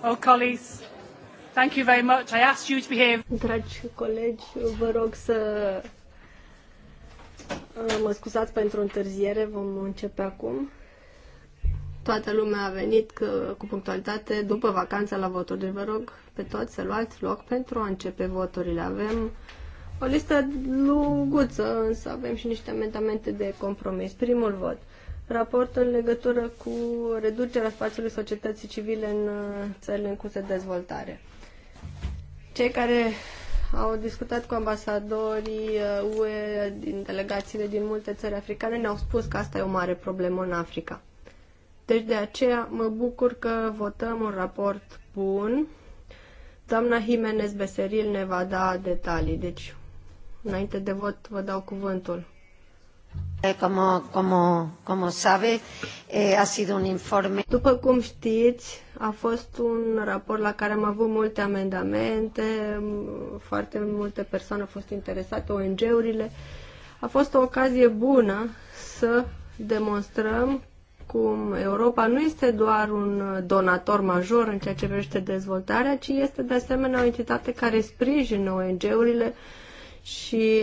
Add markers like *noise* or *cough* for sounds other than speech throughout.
Dragi colegi, vă rog să uh, mă scuzați pentru întârziere, vom începe acum. Toată lumea a venit că, cu punctualitate după vacanța la voturi. vă rog pe toți să luați loc pentru a începe voturile. Avem o listă lunguță, însă avem și niște amendamente de compromis. Primul vot raportul în legătură cu reducerea spațiului societății civile în uh, țările în curs de dezvoltare. Cei care au discutat cu ambasadorii UE uh, din delegațiile din multe țări africane ne-au spus că asta e o mare problemă în Africa. Deci de aceea mă bucur că votăm un raport bun. Doamna Jimenez Beseril ne va da detalii, deci înainte de vot vă dau cuvântul. Eh, como, como, como sabe, eh, sido un informe. După cum știți, a fost un raport la care am avut multe amendamente, foarte multe persoane au fost interesate, ONG-urile. A fost o ocazie bună să demonstrăm cum Europa nu este doar un donator major în ceea ce privește dezvoltarea, ci este de asemenea o entitate care sprijină ONG-urile și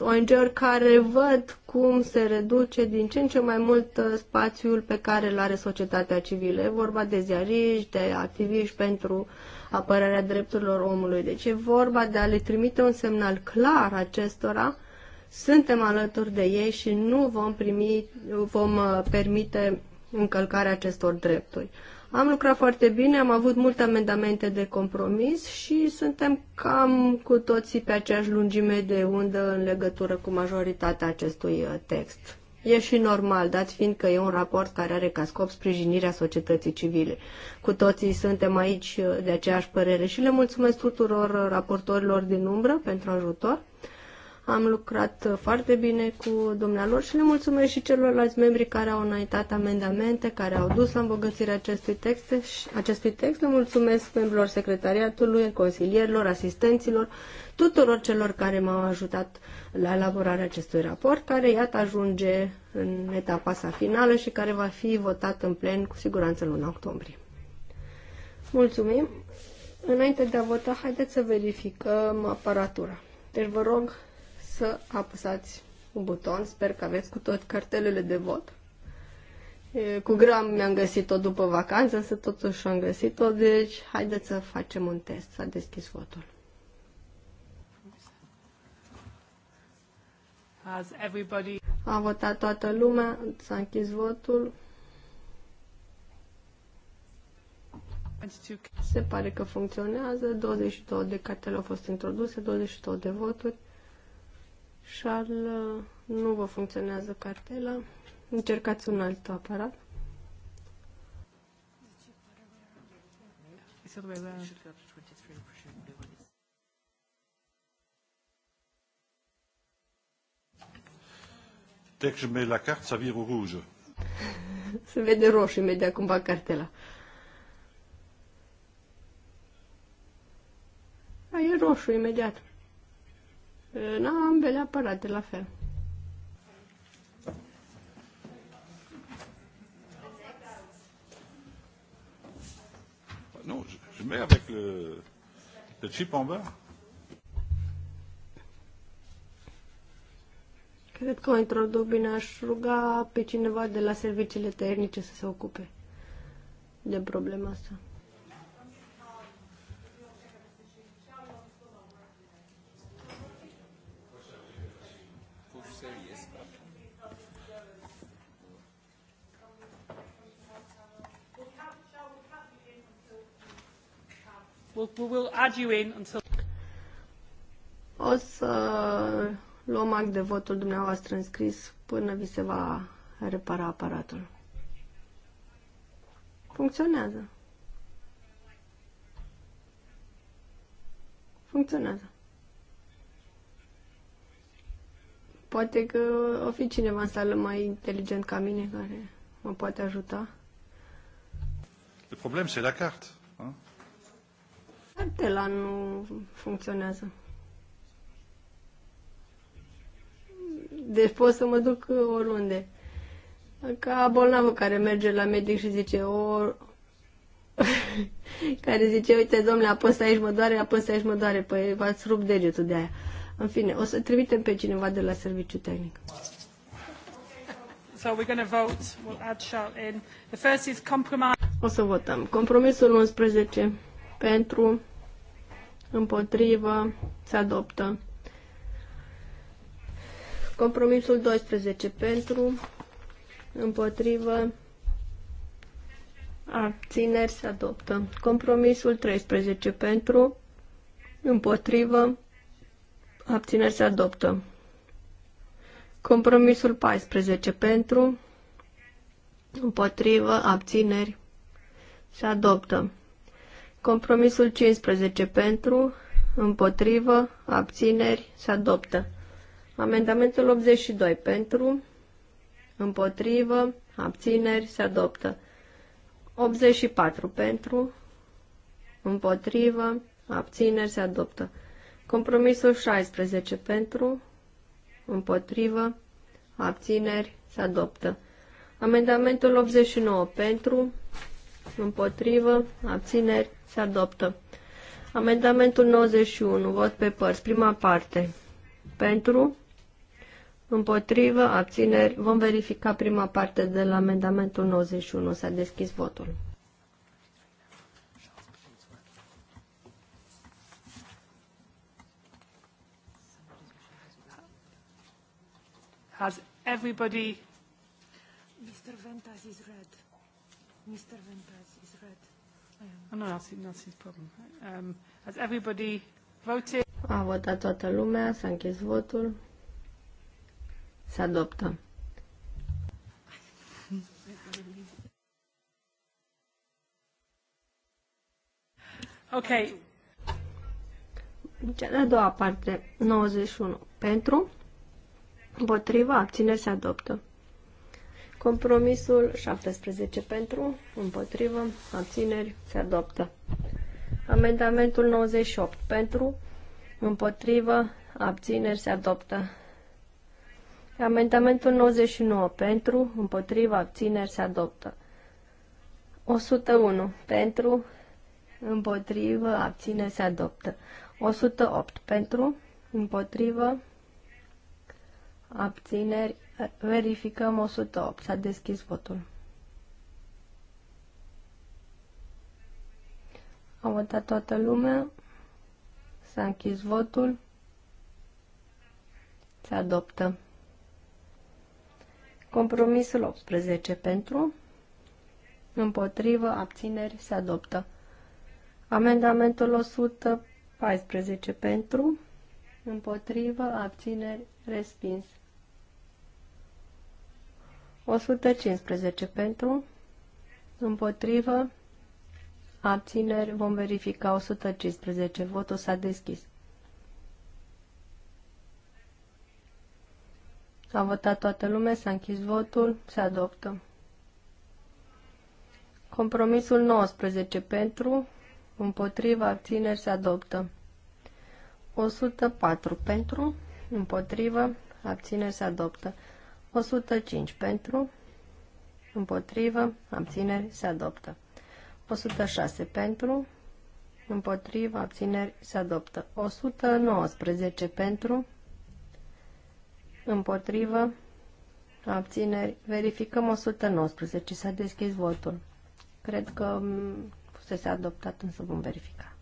ONG-uri care văd cum se reduce din ce în ce mai mult uh, spațiul pe care îl are societatea civilă. E vorba de ziariști, de activiști pentru apărarea drepturilor omului. Deci e vorba de a le trimite un semnal clar acestora. Suntem alături de ei și nu vom, primi, vom uh, permite încălcarea acestor drepturi. Am lucrat foarte bine, am avut multe amendamente de compromis și suntem cam cu toții pe aceeași lungime de undă în legătură cu majoritatea acestui uh, text. E și normal, dat fiind că e un raport care are ca scop sprijinirea societății civile. Cu toții suntem aici uh, de aceeași părere și le mulțumesc tuturor uh, raportorilor din umbră pentru ajutor. Am lucrat uh, foarte bine cu dumnealor și le mulțumesc și celorlalți membri care au înaintat amendamente, care au dus la îmbogățirea acestui text. Și acestui text le mulțumesc membrilor secretariatului, consilierilor, asistenților, tuturor celor care m-au ajutat la elaborarea acestui raport, care iată ajunge în etapa sa finală și care va fi votat în plen cu siguranță luna octombrie. Mulțumim! Înainte de a vota, haideți să verificăm aparatura. Deci vă rog să apăsați un buton. Sper că aveți cu tot cartelele de vot. Cu gram mi-am găsit-o după vacanță, însă totuși am găsit-o, deci haideți să facem un test. S-a deschis votul. everybody... A votat toată lumea, s-a închis votul. Se pare că funcționează, 22 de cartele au fost introduse, 22 de voturi. Șal nu vă funcționează cartela. Încercați un alt aparat. Dès que je mets la carte, ça vire au rouge. *laughs* Se vede roșu imediat cum va cartela. A, e roșu imediat. În ambele aparate, la fel. Non, je, je mets avec le, le chip en bas. Cred că o introduc bine. Aș ruga pe cineva de la serviciile tehnice să se ocupe de problema asta. we will add you in until... O să luăm act de votul dumneavoastră înscris până vi se va repara aparatul. Funcționează. Funcționează. Poate că o fi cineva în sală mai inteligent ca mine care mă poate ajuta. Le este c'est la carte. Cartela nu funcționează. Deci pot să mă duc oriunde. Ca bolnavul care merge la medic și zice o... *laughs* care zice, uite domnule, apăs aici mă doare, apăs aici mă doare, păi v-ați rupt degetul de aia. În fine, o să trimitem pe cineva de la serviciu tehnic. So we're going to vote. We'll add shall in. The first is compromise. O să votăm. Compromisul 11 pentru împotrivă, se adoptă. Compromisul 12 pentru, împotrivă, abțineri, se adoptă. Compromisul 13 pentru, împotrivă, abțineri, se adoptă. Compromisul 14 pentru, împotrivă, abțineri, se adoptă. Compromisul 15 pentru, împotrivă, abțineri, se adoptă. Amendamentul 82 pentru, împotrivă, abțineri, se adoptă. 84 pentru, împotrivă, abțineri, se adoptă. Compromisul 16 pentru, împotrivă, abțineri, se adoptă. Amendamentul 89 pentru, împotrivă, abțineri, se adoptă. Amendamentul 91, vot pe părți, prima parte. Pentru, împotrivă, abțineri, vom verifica prima parte de la amendamentul 91, s-a deschis votul. Has everybody Mr. Ventas is red. Mr. Ventas. Um, everybody voted? A votat toată lumea, s-a închis votul. Se adoptă. Ok. Cea deci, de-a doua parte, 91. Pentru, împotriva, abțineri se adoptă. Compromisul 17 pentru, împotrivă, abțineri, se adoptă. Amendamentul 98 pentru, împotrivă, abțineri, se adoptă. Amendamentul 99 pentru, împotrivă, abțineri, se adoptă. 101 pentru, împotrivă, abțineri, se adoptă. 108 pentru, împotrivă, abțineri, Verificăm 108. S-a deschis votul. A votat toată lumea. S-a închis votul. Se adoptă. Compromisul 18 pentru. Împotrivă. Abțineri. Se adoptă. Amendamentul 114 pentru. Împotrivă. Abțineri. Respins. 115 pentru, împotrivă, abțineri, vom verifica 115. Votul s-a deschis. A votat toată lumea, s-a închis votul, se adoptă. Compromisul 19 pentru, împotriva, abțineri, se adoptă. 104 pentru, împotrivă, abțineri, se adoptă. 105 pentru, împotrivă, abțineri, se adoptă. 106 pentru, împotrivă, abțineri, se adoptă. 119 pentru, împotrivă, abțineri, verificăm 119, s-a deschis votul. Cred că mm, fusese adoptat, însă vom verifica.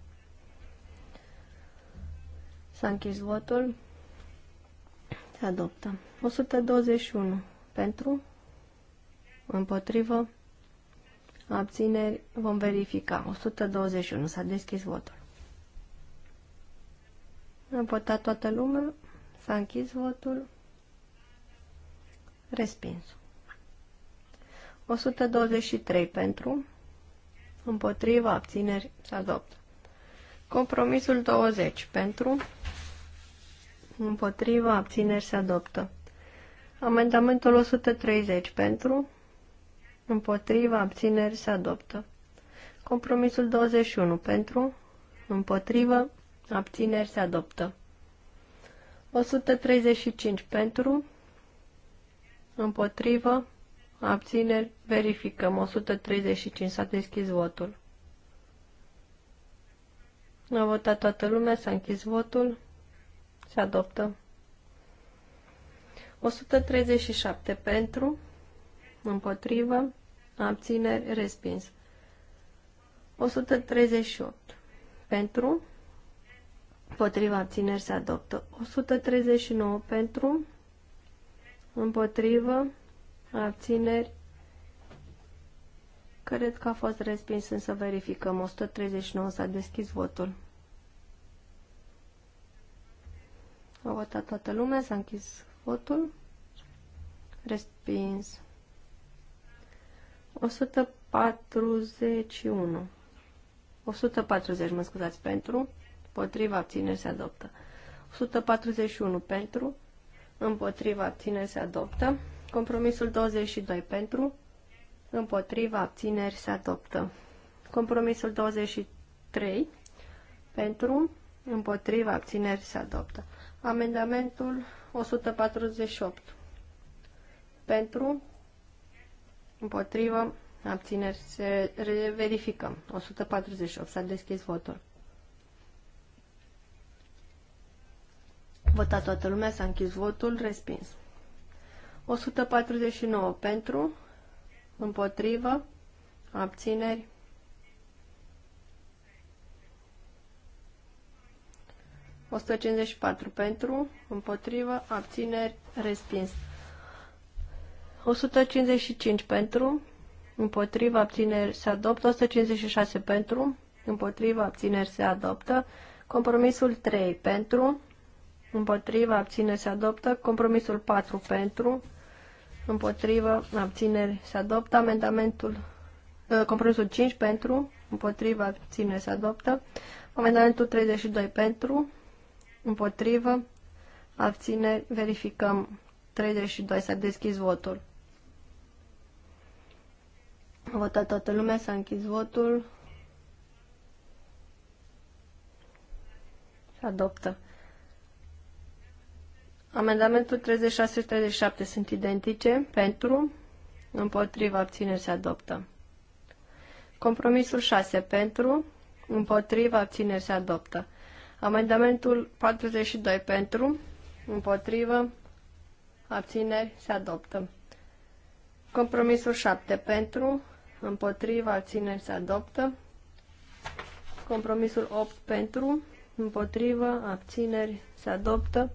S-a închis votul. Se adoptă. 121 pentru, împotrivă, abțineri, vom verifica. 121, s-a deschis votul. A votat toată lumea, s-a închis votul, respins. 123 pentru, împotrivă, abțineri, a adoptă. Compromisul 20 pentru, împotriva abțineri se adoptă. Amendamentul 130 pentru, împotriva abțineri se adoptă. Compromisul 21 pentru, împotrivă, abțineri se adoptă. 135 pentru, împotrivă, abțineri, verificăm. 135 s-a deschis votul. A votat toată lumea, s-a închis votul. Se adoptă. 137 pentru, împotrivă, abțineri, respins. 138 pentru, împotrivă, abțineri se adoptă. 139 pentru, împotrivă, abțineri, cred că a fost respins, însă verificăm. 139 s-a deschis votul. A votat toată lumea, s-a închis votul. Respins. 141. 140, mă scuzați, pentru. Potriva abțineri se adoptă. 141 pentru. Împotriva abțineri se adoptă. Compromisul 22 pentru. Împotriva abțineri se adoptă. Compromisul 23 pentru. Împotriva abțineri se adoptă. Amendamentul 148. Pentru, împotrivă, abțineri, se verificăm. 148. S-a deschis votul. Votat toată lumea, s-a închis votul, respins. 149 pentru, împotrivă, abțineri, 154 pentru, împotrivă, abțineri, respins. 155 pentru, împotrivă, abțineri, se adoptă. 156 pentru, împotrivă, abțineri, se adoptă. Compromisul 3 pentru, împotrivă, abțineri, se adoptă. Compromisul 4 pentru, împotrivă, abțineri, se adoptă. Amendamentul, uh, compromisul 5 pentru, împotrivă, abțineri, se adoptă. Amendamentul 32 pentru, împotrivă, abține, verificăm 32, s-a deschis votul. A votat toată lumea, s-a închis votul. Se adoptă. Amendamentul 36 și 37 sunt identice. Pentru, împotrivă, abțineri se adoptă. Compromisul 6. Pentru, împotrivă, abțineri se adoptă. Amendamentul 42 pentru, împotrivă, abțineri, se adoptă. Compromisul 7 pentru, împotrivă, abțineri, se adoptă. Compromisul 8 pentru, împotrivă, abțineri, se adoptă.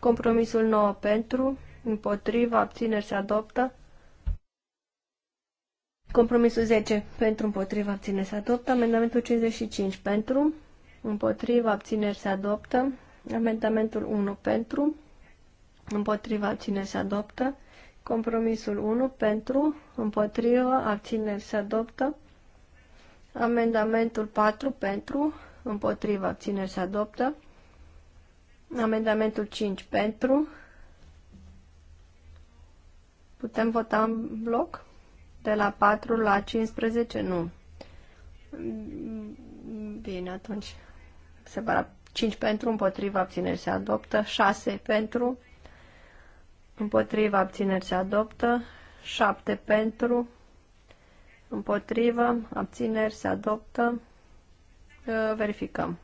Compromisul 9 pentru, împotrivă, abțineri, se adoptă. Compromisul 10 pentru, împotrivă, abțineri, se adoptă. Amendamentul 55 pentru, împotriva abțineri se adoptă, amendamentul 1 pentru, împotriva abțineri se adoptă, compromisul 1 pentru, împotriva abțineri se adoptă, amendamentul 4 pentru, împotriva abțineri se adoptă, amendamentul 5 pentru, putem vota în bloc? De la 4 la 15? Nu. Bine, atunci separat 5 pentru, împotriva abțineri se adoptă, 6 pentru, împotriva abțineri se adoptă, 7 pentru, împotriva abțineri se adoptă, ă, verificăm.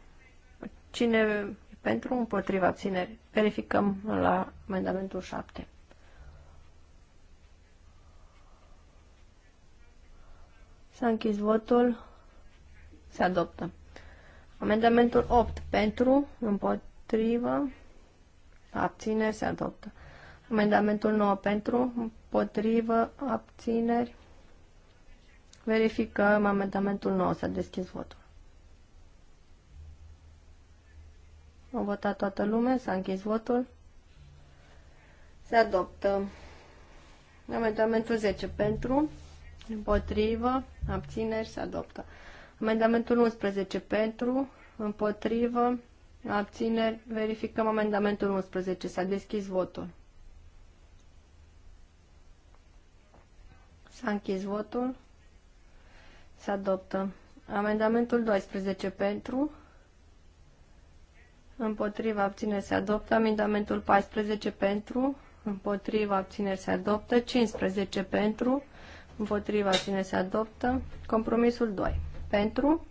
Cine pentru, împotriva abțineri, verificăm la amendamentul 7. S-a închis votul, se adoptă. Amendamentul 8 pentru, împotrivă, abțineri se adoptă. Amendamentul 9 pentru, împotrivă, abțineri. Verificăm amendamentul 9. S-a deschis votul. A votat toată lumea, s-a închis votul. Se adoptă amendamentul 10 pentru, împotrivă, abțineri, se adoptă. Amendamentul 11 pentru, împotrivă, abțineri. Verificăm amendamentul 11. S-a deschis votul. S-a închis votul. Se adoptă. Amendamentul 12 pentru. împotrivă, abțineri se adoptă. Amendamentul 14 pentru. împotrivă, abțineri se adoptă. 15 pentru. împotrivă, abțineri se adoptă. Compromisul 2. Pentru?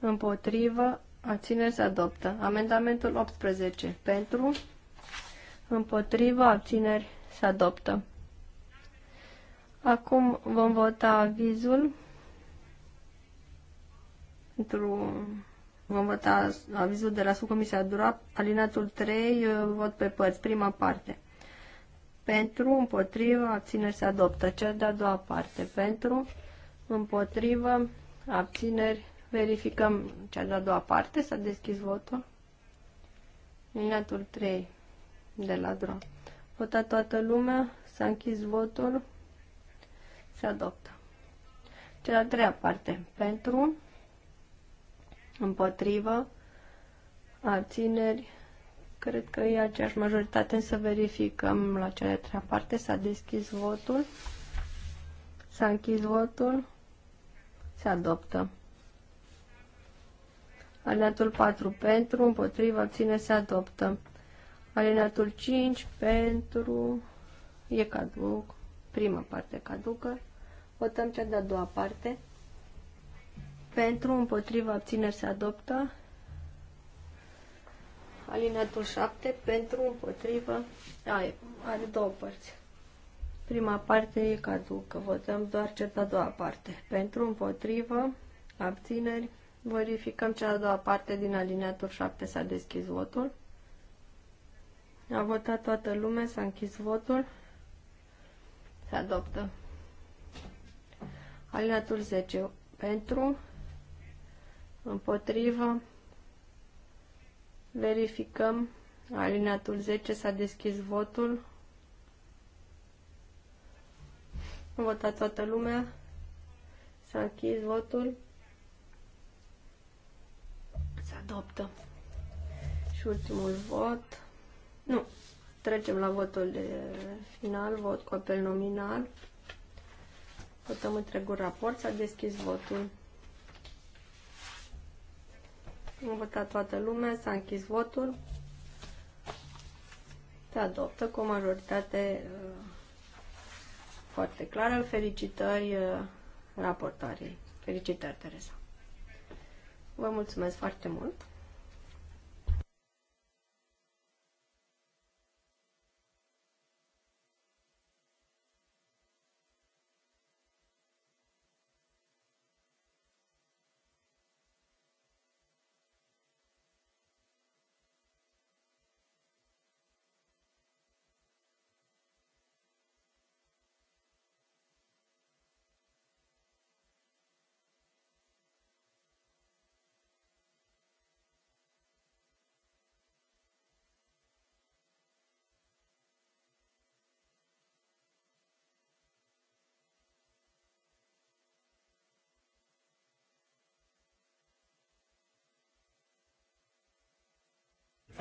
Împotrivă? Abțineri se adoptă. Amendamentul 18. Pentru? Împotrivă? Abțineri se adoptă. Acum vom vota avizul. Pentru... Vom vota avizul de la subcomisia DURA, alinatul 3, uh, vot pe părți, prima parte. Pentru, împotrivă, abțineri se adoptă. Cea de-a doua parte. Pentru, împotrivă, abțineri, verificăm cea de-a doua parte, s-a deschis votul. Minatul 3 de la DRO. Votat toată lumea, s-a închis votul, se adoptă. Cea de-a treia parte, pentru, împotrivă, abțineri, cred că e aceeași majoritate, să verificăm la cea de-a treia parte, s-a deschis votul, s-a închis votul, se adoptă. Alineatul 4 pentru, împotriva, abține, se adoptă. Alineatul 5 pentru, e caduc, prima parte caducă. Votăm cea de-a doua parte. Pentru, împotriva, abțineri se adoptă. Alineatul 7, pentru, împotriva, ai, are două părți. Prima parte e caducă. Votăm doar cea de-a doua parte. Pentru, împotrivă, abțineri. Verificăm cea de-a doua parte din alineatul 7. S-a deschis votul. A votat toată lumea, s-a închis votul. Se adoptă. Alineatul 10. Pentru, împotrivă, verificăm. Alineatul 10 s-a deschis votul. A votat toată lumea. S-a închis votul. Se adoptă. Și ultimul vot. Nu. Trecem la votul de final, vot cu apel nominal. Votăm întregul raport, s-a deschis votul. A votat toată lumea, s-a închis votul. Se adoptă cu o majoritate uh, foarte clară. Felicitări uh, raportoarei. Felicitări, Teresa. Vă mulțumesc foarte mult.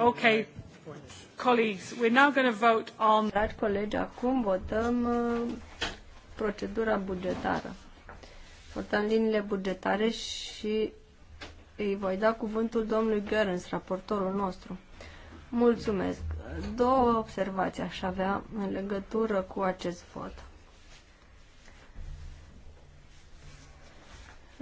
Okay. Colleagues, we're now going to vote on... Dragi colegi, acum votăm uh, procedura bugetară. Votăm liniile bugetare și îi voi da cuvântul domnului Gerens, raportorul nostru. Mulțumesc. Două observații aș avea în legătură cu acest vot.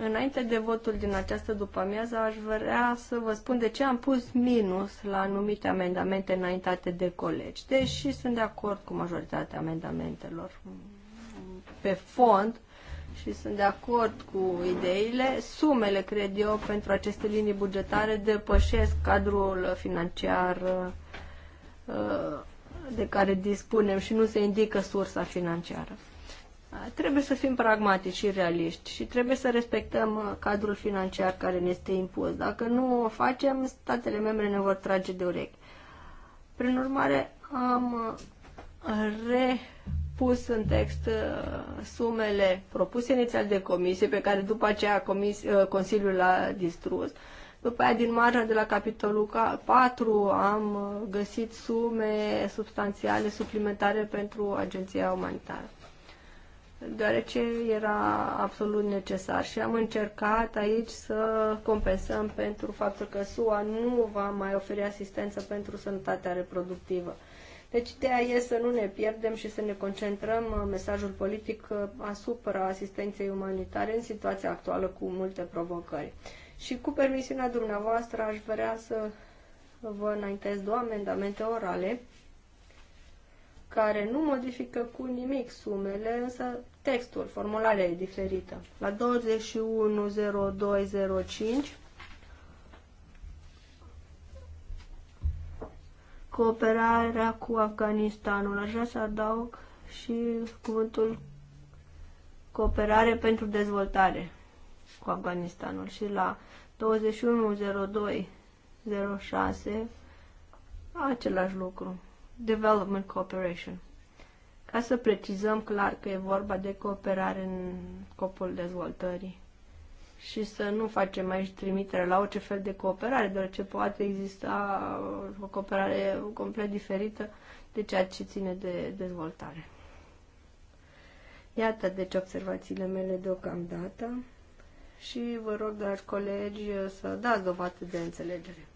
Înainte de votul din această după-amiază, aș vrea să vă spun de ce am pus minus la anumite amendamente înaintate de colegi, deși sunt de acord cu majoritatea amendamentelor pe fond și sunt de acord cu ideile. Sumele, cred eu, pentru aceste linii bugetare depășesc cadrul financiar uh, de care dispunem și nu se indică sursa financiară. Trebuie să fim pragmatici și realiști și trebuie să respectăm uh, cadrul financiar care ne este impus. Dacă nu o facem, statele membre ne vor trage de urechi. Prin urmare, am uh, repus în text uh, sumele propuse inițial de comisie, pe care după aceea comis, Consiliul l-a distrus. După aia, din marja de la capitolul 4, am găsit sume substanțiale suplimentare pentru Agenția Umanitară deoarece era absolut necesar și am încercat aici să compensăm pentru faptul că SUA nu va mai oferi asistență pentru sănătatea reproductivă. Deci ideea e să nu ne pierdem și să ne concentrăm uh, mesajul politic uh, asupra asistenței umanitare în situația actuală cu multe provocări. Și cu permisiunea dumneavoastră aș vrea să vă înaintez două amendamente orale care nu modifică cu nimic sumele, însă textul, formularea e diferită. La 210205 cooperarea cu Afganistanul. Aș vrea să adaug și cuvântul cooperare pentru dezvoltare cu Afganistanul și la 210206 același lucru. Development Cooperation. Ca să precizăm clar că e vorba de cooperare în scopul dezvoltării și să nu facem aici trimitere la orice fel de cooperare, deoarece poate exista o cooperare complet diferită de ceea ce ține de dezvoltare. Iată, deci, observațiile mele deocamdată și vă rog, dragi colegi, să dați dovadă de înțelegere.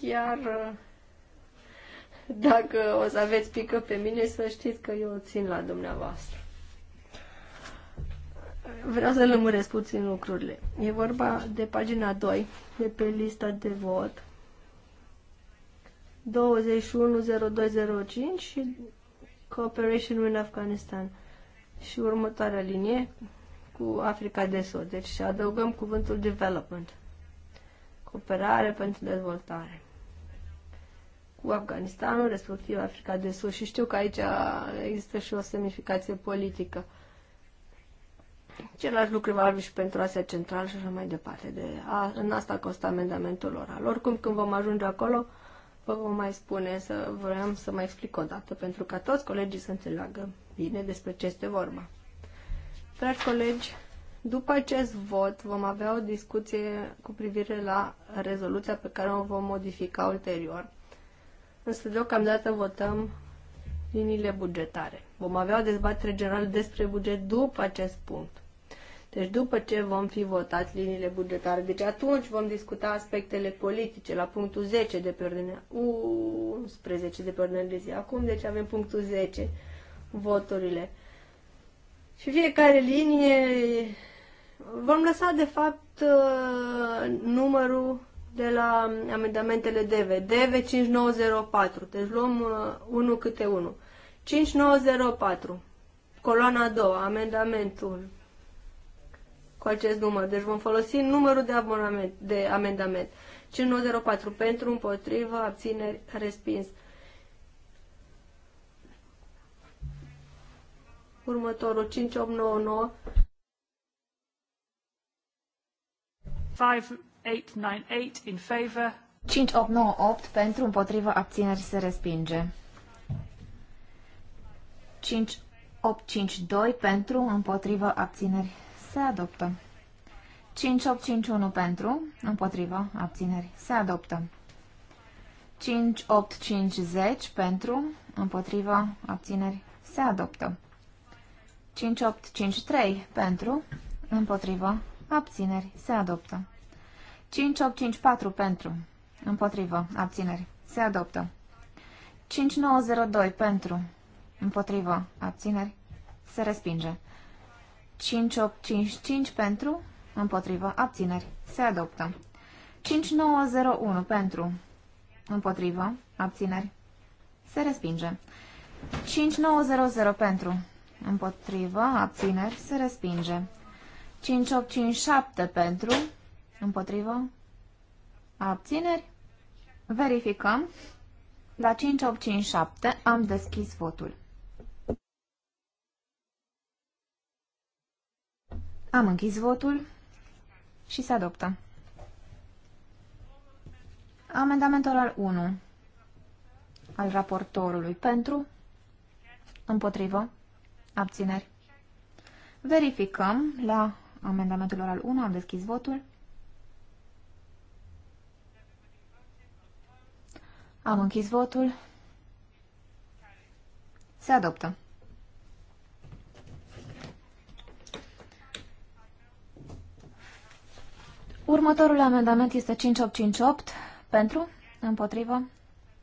Chiar dacă o să aveți pică pe mine, să știți că eu o țin la dumneavoastră. Vreau să lămuresc puțin lucrurile. E vorba de pagina 2, de pe lista de vot. 210205 și Cooperation in Afghanistan. Și următoarea linie cu Africa de Sud. Deci adăugăm cuvântul development. Cooperare pentru dezvoltare cu Afganistanul, respectiv Africa de Sud. Și știu că aici există și o semnificație politică. Același lucru va avea și pentru Asia Centrală și așa mai departe. De a, în asta constă amendamentul lor. Oricum, când vom ajunge acolo, vă vom mai spune, să vreau să mai explic o dată, pentru ca toți colegii să înțeleagă bine despre ce este vorba. Dragi colegi, după acest vot vom avea o discuție cu privire la rezoluția pe care o vom modifica ulterior. Însă deocamdată votăm liniile bugetare. Vom avea o dezbatere generală despre buget după acest punct. Deci după ce vom fi votat liniile bugetare, deci atunci vom discuta aspectele politice la punctul 10 de pe ordinea, 11 de pe ordinea de zi. Acum deci avem punctul 10, voturile. Și fiecare linie vom lăsa de fapt uh, numărul de la amendamentele DV. DV 5904. Deci luăm uh, unul câte unul. 5904. Coloana a doua. Amendamentul cu acest număr. Deci vom folosi numărul de, abonament, de amendament. 5904 pentru, împotrivă, abțineri, respins. Următorul 5899 898 in favor. 5898 pentru împotrivă abțineri se respinge. 5852 pentru împotrivă abțineri se adoptă. 5851 pentru împotrivă abțineri se adoptă. 5850 pentru împotrivă abțineri se adoptă. 5853 pentru împotrivă abțineri se adoptă. 5854 pentru. Împotrivă. Abțineri. Se adoptă. 5902 pentru. Împotrivă. Abțineri. Se respinge. 5855 pentru. Împotrivă. Abțineri. Se adoptă. 5901 pentru. Împotrivă. Abțineri. Se respinge. 5900 pentru. Împotrivă. Abțineri. Se respinge. 5857 pentru. Împotrivă? Abțineri? Verificăm. La 5857 am deschis votul. Am închis votul și se adoptă. Amendamentul al 1 al raportorului pentru, împotrivă, abțineri. Verificăm la amendamentul al 1, am deschis votul. Am închis votul. Se adoptă. Următorul amendament este 5858. Pentru? Împotrivă?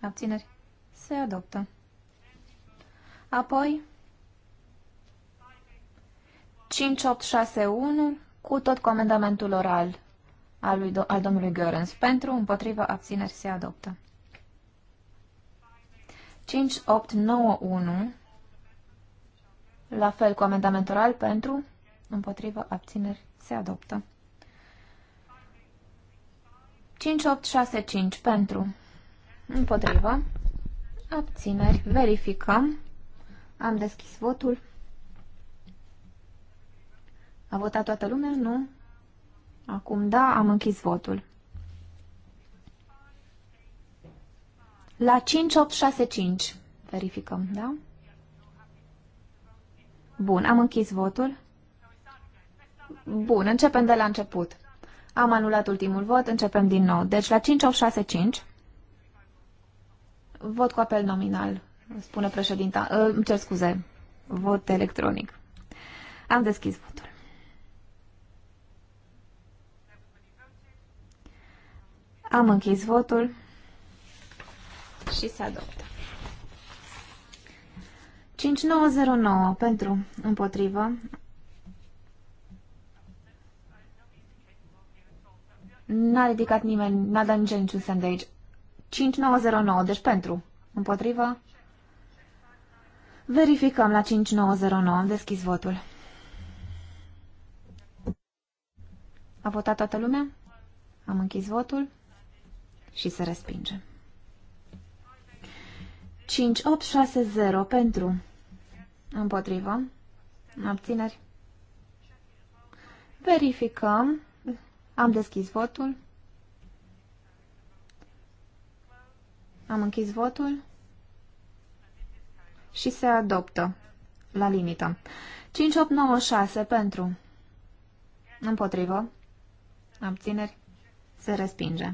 Abțineri? Se adoptă. Apoi, 5861 cu tot cu amendamentul oral al, lui, al domnului Görens. Pentru, împotrivă, abțineri se adoptă. 5891, la fel cu amendament oral pentru, împotrivă, abțineri, se adoptă. 5865 pentru, împotrivă, abțineri, verificăm, am deschis votul. A votat toată lumea? Nu. Acum da, am închis votul. La 5865 verificăm, da? Bun, am închis votul. Bun, începem de la început. Am anulat ultimul vot, începem din nou. Deci la 5865 vot cu apel nominal, spune președinta. Îmi cer scuze, vot electronic. Am deschis votul. Am închis votul și se adoptă. 5909 pentru împotrivă. N-a ridicat nimeni, n-a dat nici niciun semn de aici. 5909, deci pentru împotrivă. Verificăm la 5909. Am deschis votul. A votat toată lumea? Am închis votul și se respinge. 5860 pentru împotrivă abțineri. Verificăm. Am deschis votul. Am închis votul și se adoptă la limită. 5896 pentru împotrivă abțineri se respinge.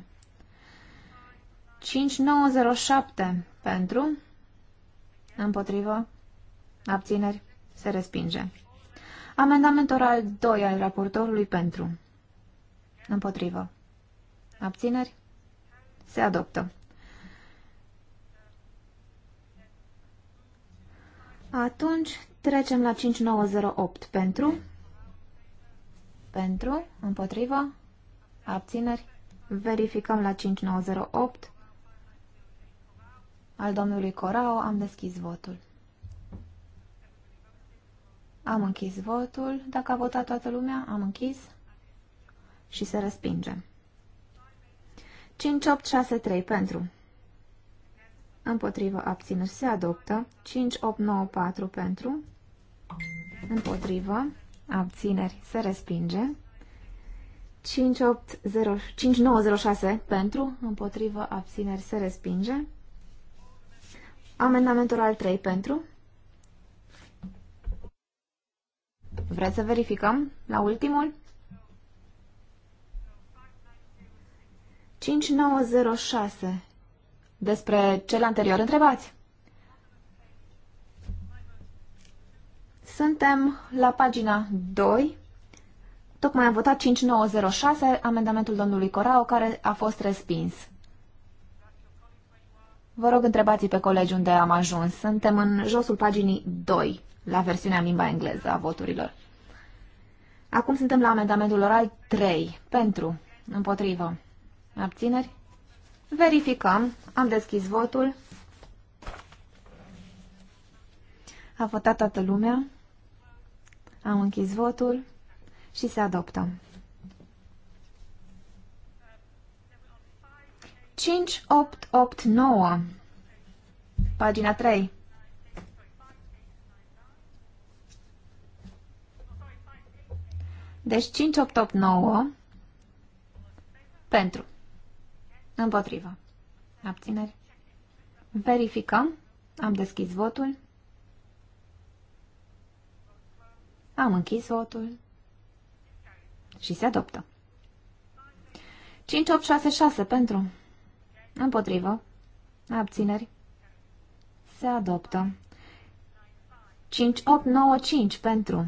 5907 pentru. Împotrivă. Abțineri. Se respinge. Amendament oral 2 al raportorului pentru. Împotrivă. Abțineri. Se adoptă. Atunci trecem la 5908 pentru. Pentru. Împotrivă. Abțineri. Verificăm la 5908 al domnului Corao. Am deschis votul. Am închis votul. Dacă a votat toată lumea, am închis și se respinge. 5863 pentru. Împotrivă abținere, se adoptă. 5894 pentru. Împotrivă abțineri se respinge. 6, pentru. Împotrivă abțineri se respinge. Amendamentul al 3 pentru. Vreți să verificăm la ultimul? 5906. Despre cel anterior întrebați. Suntem la pagina 2. Tocmai am votat 5906, amendamentul domnului Corao, care a fost respins. Vă rog, întrebați pe colegi unde am ajuns. Suntem în josul paginii 2, la versiunea în limba engleză a voturilor. Acum suntem la amendamentul oral 3. Pentru. Împotrivă. Abțineri? Verificăm. Am deschis votul. A votat toată lumea. Am închis votul și se adoptă. 5889. Pagina 3. Deci 5889 pentru. Împotrivă. Abțineri. Verificăm. Am deschis votul. Am închis votul. Și se adoptă. 5866 pentru. Împotrivă. Abțineri. Se adoptă. 5895 pentru.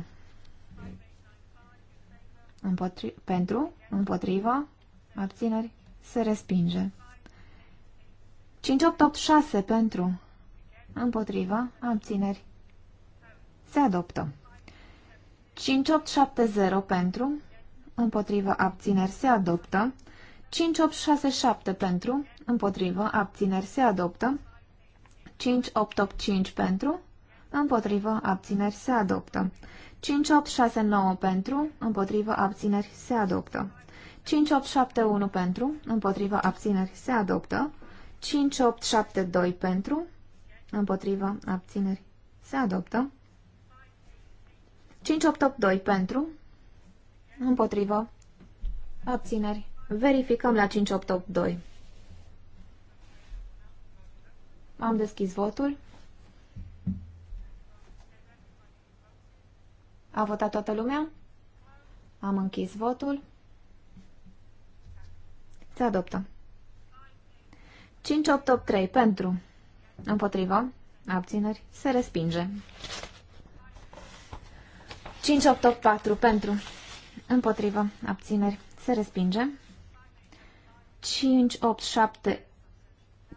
Împotri pentru. Împotriva. Abțineri. Se respinge. 5886 pentru. Împotriva. Abțineri. Se adoptă. 5870 pentru. Împotriva abțineri se adoptă. 5867 pentru, împotrivă, abțineri se adoptă. 5885 pentru, împotrivă, abțineri se adoptă. 5869 pentru, împotrivă, abțineri se adoptă. 5871 pentru, împotrivă, abțineri se adoptă. 5872 pentru, împotrivă, abțineri se adoptă. 5882 pentru, împotrivă, abțineri Verificăm la 5882. Am deschis votul. A votat toată lumea? Am închis votul. Se adoptă. 5883 pentru. Împotrivă. Abțineri. Se respinge. 5884 pentru. Împotrivă. Abțineri. Se respinge. 5, 8, 7,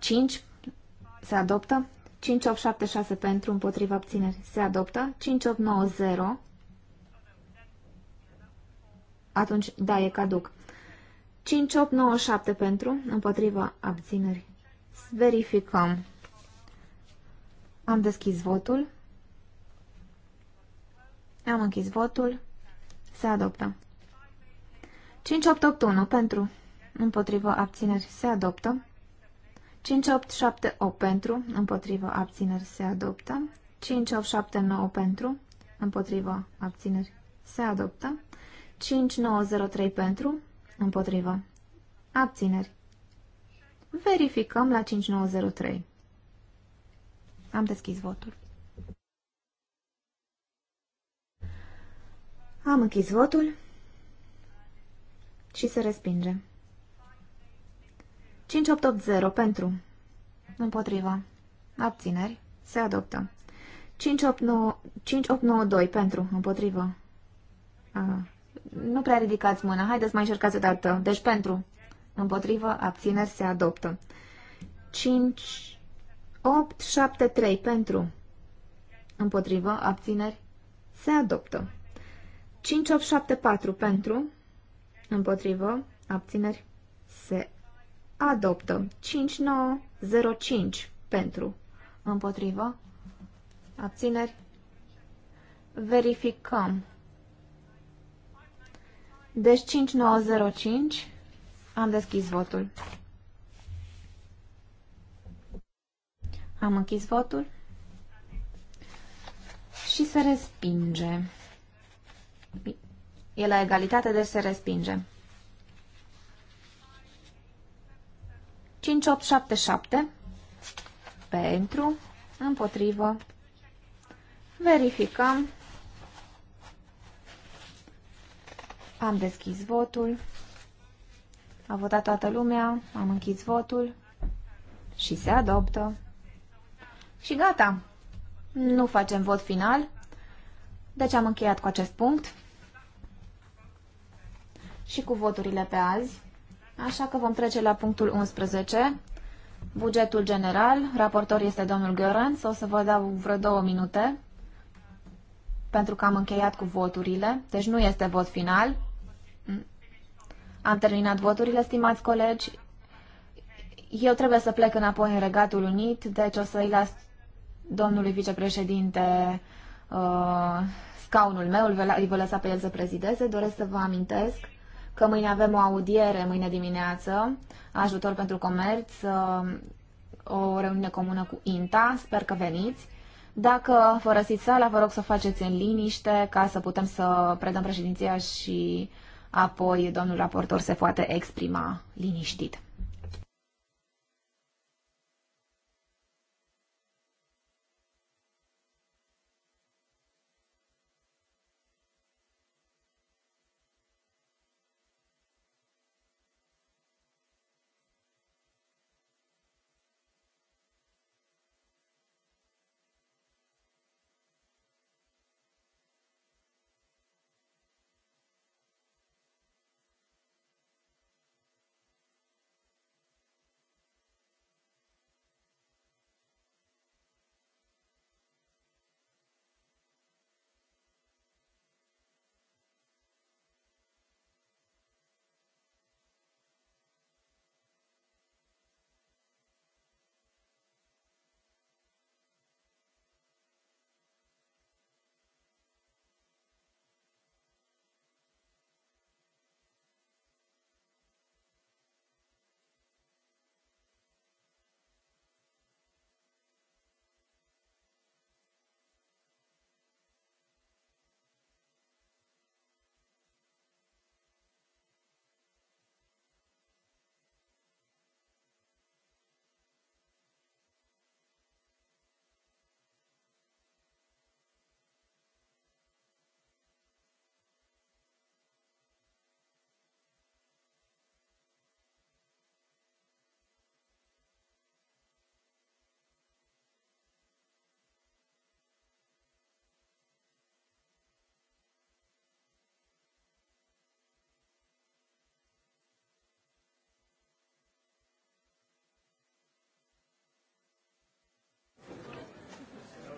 5 se adoptă. 5, 8, 7, 6 pentru, împotriva abțineri se adoptă. 5, 8, 9, 0. Atunci, da, e caduc. 5, 8, 9, 7 pentru, împotriva abțineri. Verificăm. Am deschis votul. Am închis votul. Se adoptă. 5881 pentru împotrivă abțineri se adoptă. 5878 pentru, împotrivă abțineri se adoptă. 5879 pentru, împotrivă abțineri se adoptă. 5903 pentru, împotrivă abțineri. Verificăm la 5903. Am deschis votul. Am închis votul și se respinge. 5880 pentru. Împotriva. Abțineri. Se adoptă. 5892 pentru. Împotrivă. A, nu prea ridicați mâna. Haideți mai încercați o dată. Deci pentru. Împotrivă. Abțineri. Se adoptă. 5873 pentru. Împotrivă. Abțineri. Se adoptă. 5874 pentru. Împotrivă. Abțineri adoptă. 5905 pentru, împotrivă, abțineri, verificăm. Deci 5905, am deschis votul. Am închis votul și se respinge. E la egalitate, deci se respinge. 5877 pentru, împotrivă, verificăm, am deschis votul, a votat toată lumea, am închis votul și se adoptă. Și gata, nu facem vot final, deci am încheiat cu acest punct și cu voturile pe azi. Așa că vom trece la punctul 11. Bugetul general. Raportor este domnul Gheorenț. O să vă dau vreo două minute pentru că am încheiat cu voturile. Deci nu este vot final. Am terminat voturile, stimați colegi. Eu trebuie să plec înapoi în Regatul Unit, deci o să-i las domnului vicepreședinte uh, scaunul meu, îl voi lăsa pe el să prezideze. Doresc să vă amintesc că mâine avem o audiere, mâine dimineață, ajutor pentru comerț, uh, o reuniune comună cu INTA, sper că veniți. Dacă vă răsiți sala, vă rog să o faceți în liniște ca să putem să predăm președinția și apoi domnul raportor se poate exprima liniștit.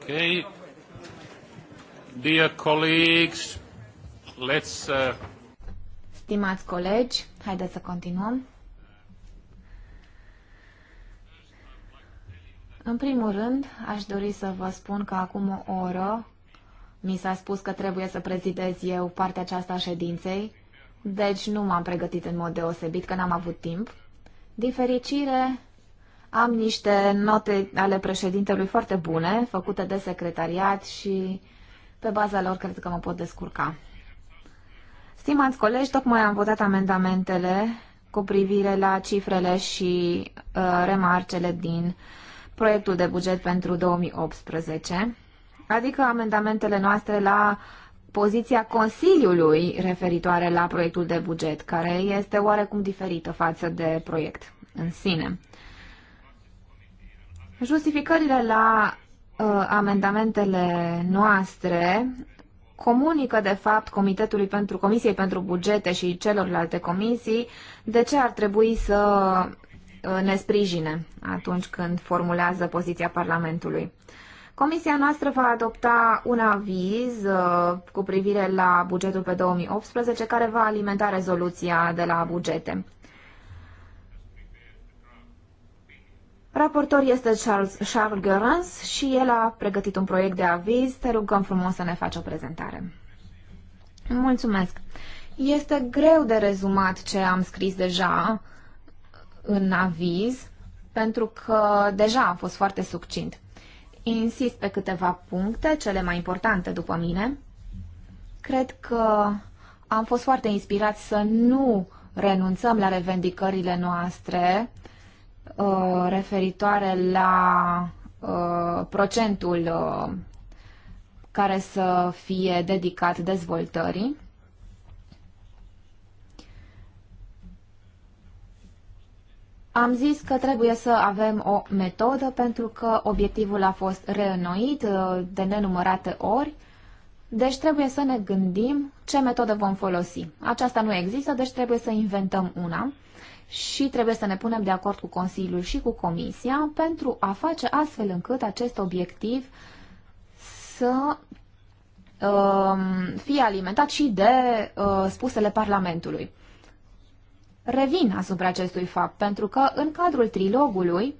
Okay. Dear colleagues, let's... Uh... Stimați colegi, haideți să continuăm. În primul rând, aș dori să vă spun că acum o oră mi s-a spus că trebuie să prezidez eu partea aceasta a ședinței, deci nu m-am pregătit în mod deosebit, că n-am avut timp. Din fericire, am niște note ale președintelui foarte bune, făcute de secretariat și pe baza lor cred că mă pot descurca. Stimați colegi, tocmai am votat amendamentele cu privire la cifrele și uh, remarcele din proiectul de buget pentru 2018, adică amendamentele noastre la poziția Consiliului referitoare la proiectul de buget, care este oarecum diferită față de proiect în sine. Justificările la uh, amendamentele noastre comunică, de fapt, Comitetului pentru Comisiei pentru Bugete și celorlalte comisii de ce ar trebui să uh, ne sprijine atunci când formulează poziția Parlamentului. Comisia noastră va adopta un aviz uh, cu privire la bugetul pe 2018 care va alimenta rezoluția de la bugete. Raportor este Charles, Charles Görans și el a pregătit un proiect de aviz. Te rugăm frumos să ne faci o prezentare. Mulțumesc. Este greu de rezumat ce am scris deja în aviz, pentru că deja a fost foarte succint. Insist pe câteva puncte, cele mai importante după mine. Cred că am fost foarte inspirați să nu renunțăm la revendicările noastre, uh, referitoare la uh, procentul uh, care să fie dedicat dezvoltării. Am zis că trebuie să avem o metodă pentru că obiectivul a fost reînnoit uh, de nenumărate ori, deci trebuie să ne gândim ce metodă vom folosi. Aceasta nu există, deci trebuie să inventăm una și trebuie să ne punem de acord cu Consiliul și cu Comisia pentru a face astfel încât acest obiectiv să um, fie alimentat și de uh, spusele Parlamentului. Revin asupra acestui fapt, pentru că în cadrul trilogului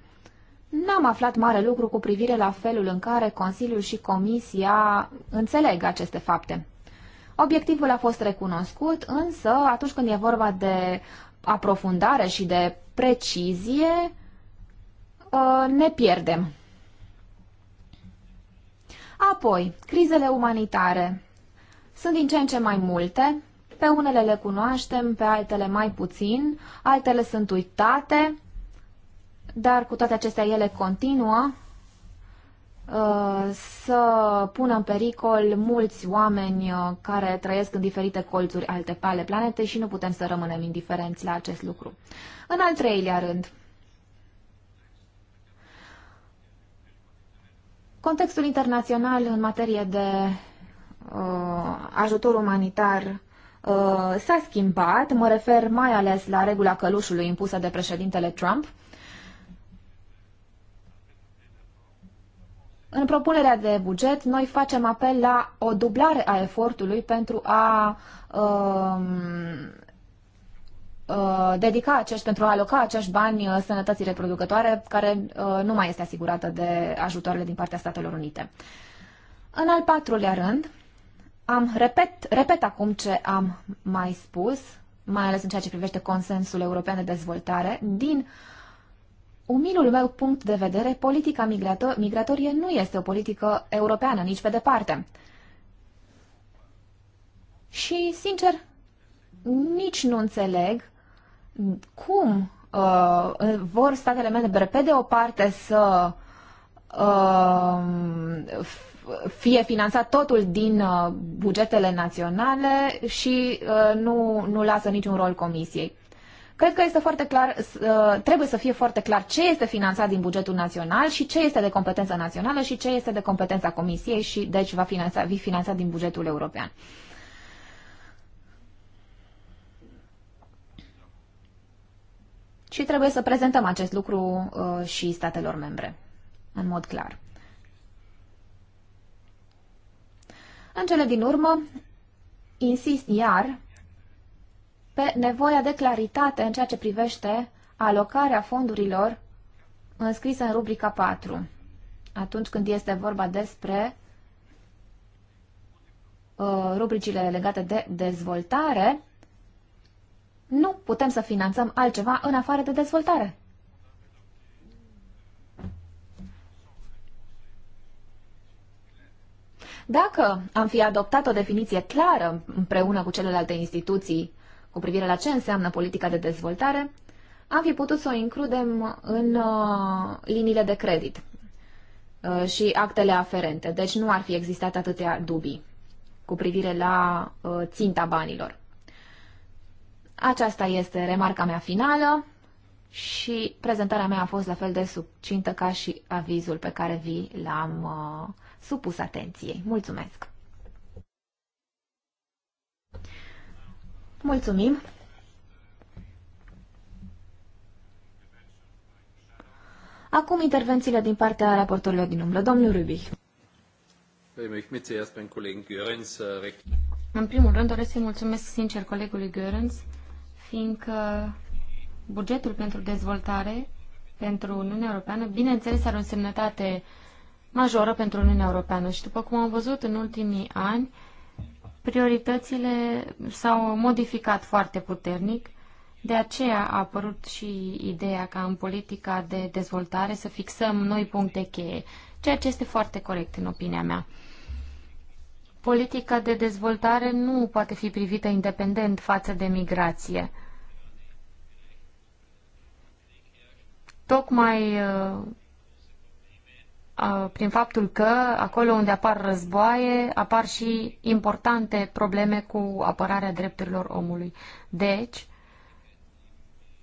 n-am aflat mare lucru cu privire la felul în care Consiliul și Comisia înțeleg aceste fapte. Obiectivul a fost recunoscut, însă atunci când e vorba de aprofundare și de precizie, uh, ne pierdem. Apoi, crizele umanitare. Sunt din ce în ce mai multe, pe unele le cunoaștem, pe altele mai puțin, altele sunt uitate, dar cu toate acestea ele continuă Uh, să pună în pericol mulți oameni uh, care trăiesc în diferite colțuri alte ale planetei și nu putem să rămânem indiferenți la acest lucru. În al treilea rând, contextul internațional în materie de uh, ajutor umanitar uh, s-a schimbat, mă refer mai ales la regula călușului impusă de președintele Trump, uh, În propunerea de buget, noi facem apel la o dublare a efortului pentru a um, uh, dedica acești, pentru a aloca acești bani uh, sănătății reproducătoare, care uh, nu mai este asigurată de ajutoarele din partea Statelor Unite. În al patrulea rând, am repet, repet acum ce am mai spus, mai ales în ceea ce privește consensul european de dezvoltare, din uh, umilul meu punct de vedere, politica migrator migratorie nu este o politică europeană, nici pe departe. Și, sincer, nici nu înțeleg cum uh, vor statele membre, pe de o parte, să uh, fie finanțat totul din uh, bugetele naționale și uh, nu, nu lasă niciun rol comisiei. Cred că este foarte clar, uh, trebuie să fie foarte clar ce este finanțat din bugetul național și ce este de competență națională și ce este de competența Comisiei și deci va finanța, fi finanțat din bugetul european. Și trebuie să prezentăm acest lucru uh, și statelor membre, în mod clar. În cele din urmă, insist iar pe nevoia de claritate în ceea ce privește alocarea fondurilor înscrisă în rubrica 4, atunci când este vorba despre uh, rubricile legate de dezvoltare, nu putem să finanțăm altceva în afară de dezvoltare. Dacă am fi adoptat o definiție clară împreună cu celelalte instituții cu privire la ce înseamnă politica de dezvoltare, am fi putut să o includem în uh, liniile de credit uh, și actele aferente. Deci nu ar fi existat atâtea dubii cu privire la uh, ținta banilor. Aceasta este remarca mea finală și prezentarea mea a fost la fel de subcintă ca și avizul pe care vi l-am supus atenției. Mulțumesc! Mulțumim! Acum intervențiile din partea raportorilor din umbră. Domnul Rubic. În primul rând doresc să-i mulțumesc sincer colegului Görens, fiindcă bugetul pentru dezvoltare pentru Uniunea Europeană, bineînțeles, are o semnătate majoră pentru Uniunea Europeană și după cum am văzut în ultimii ani, prioritățile s-au modificat foarte puternic, de aceea a apărut și ideea ca în politica de dezvoltare să fixăm noi puncte cheie, ceea ce este foarte corect în opinia mea. Politica de dezvoltare nu poate fi privită independent față de migrație. Tocmai uh, prin faptul că acolo unde apar războaie, apar și importante probleme cu apărarea drepturilor omului. Deci,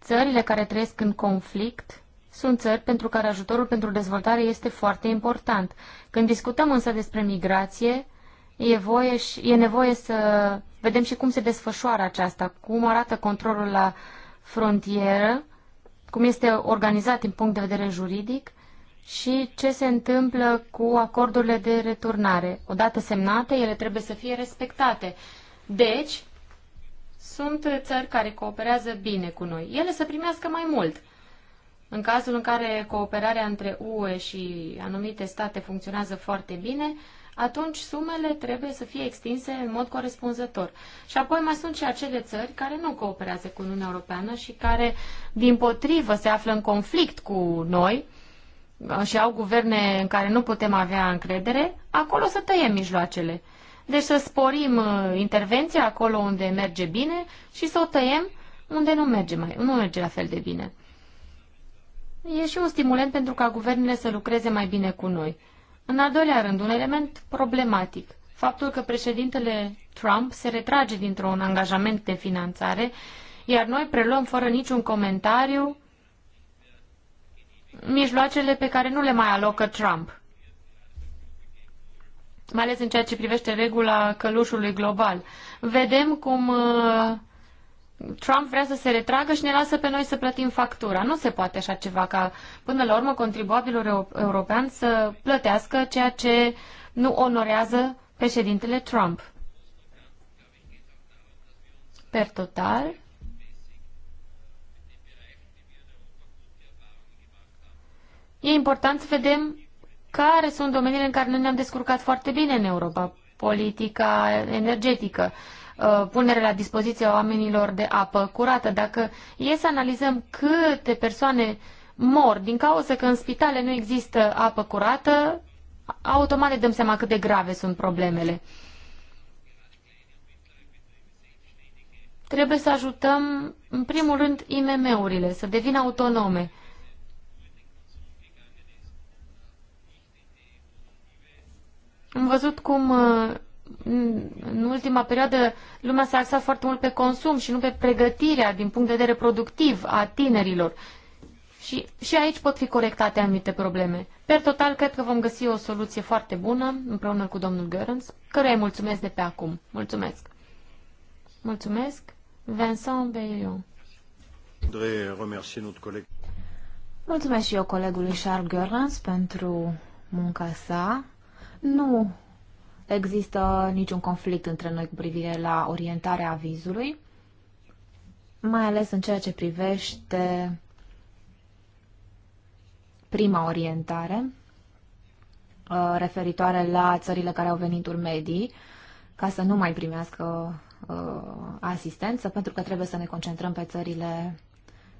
țările care trăiesc în conflict sunt țări pentru care ajutorul pentru dezvoltare este foarte important. Când discutăm însă despre migrație, e, voie și, e nevoie să vedem și cum se desfășoară aceasta, cum arată controlul la frontieră, cum este organizat din punct de vedere juridic, și ce se întâmplă cu acordurile de returnare. Odată semnate, ele trebuie să fie respectate. Deci, sunt țări care cooperează bine cu noi. Ele să primească mai mult. În cazul în care cooperarea între UE și anumite state funcționează foarte bine, atunci sumele trebuie să fie extinse în mod corespunzător. Și apoi mai sunt și acele țări care nu cooperează cu Uniunea Europeană și care, din potrivă, se află în conflict cu noi și au guverne în care nu putem avea încredere, acolo să tăiem mijloacele. Deci să sporim uh, intervenția acolo unde merge bine și să o tăiem unde nu merge, mai, nu merge la fel de bine. E și un stimulent pentru ca guvernele să lucreze mai bine cu noi. În al doilea rând, un element problematic. Faptul că președintele Trump se retrage dintr-un angajament de finanțare, iar noi preluăm fără niciun comentariu mijloacele pe care nu le mai alocă Trump, mai ales în ceea ce privește regula călușului global. Vedem cum uh, Trump vrea să se retragă și ne lasă pe noi să plătim factura. Nu se poate așa ceva ca până la urmă contribuabilul european să plătească ceea ce nu onorează președintele Trump. Per total, E important să vedem care sunt domeniile în care noi ne-am descurcat foarte bine în Europa. Politica energetică, uh, punerea la dispoziția oamenilor de apă curată. Dacă e să analizăm câte persoane mor din cauza că în spitale nu există apă curată, automat ne dăm seama cât de grave sunt problemele. Trebuie să ajutăm, în primul rând, IMM-urile să devină autonome. Am văzut cum uh, în ultima perioadă lumea s-a axat foarte mult pe consum și nu pe pregătirea din punct de vedere productiv a tinerilor. Și, și aici pot fi corectate anumite probleme. Per total, cred că vom găsi o soluție foarte bună împreună cu domnul Görens, căruia îi mulțumesc de pe acum. Mulțumesc! Mulțumesc! Vincent Beillon. Mulțumesc și eu colegului Charles Görens pentru munca sa nu există niciun conflict între noi cu privire la orientarea avizului, mai ales în ceea ce privește prima orientare uh, referitoare la țările care au venit urmedii ca să nu mai primească uh, asistență, pentru că trebuie să ne concentrăm pe țările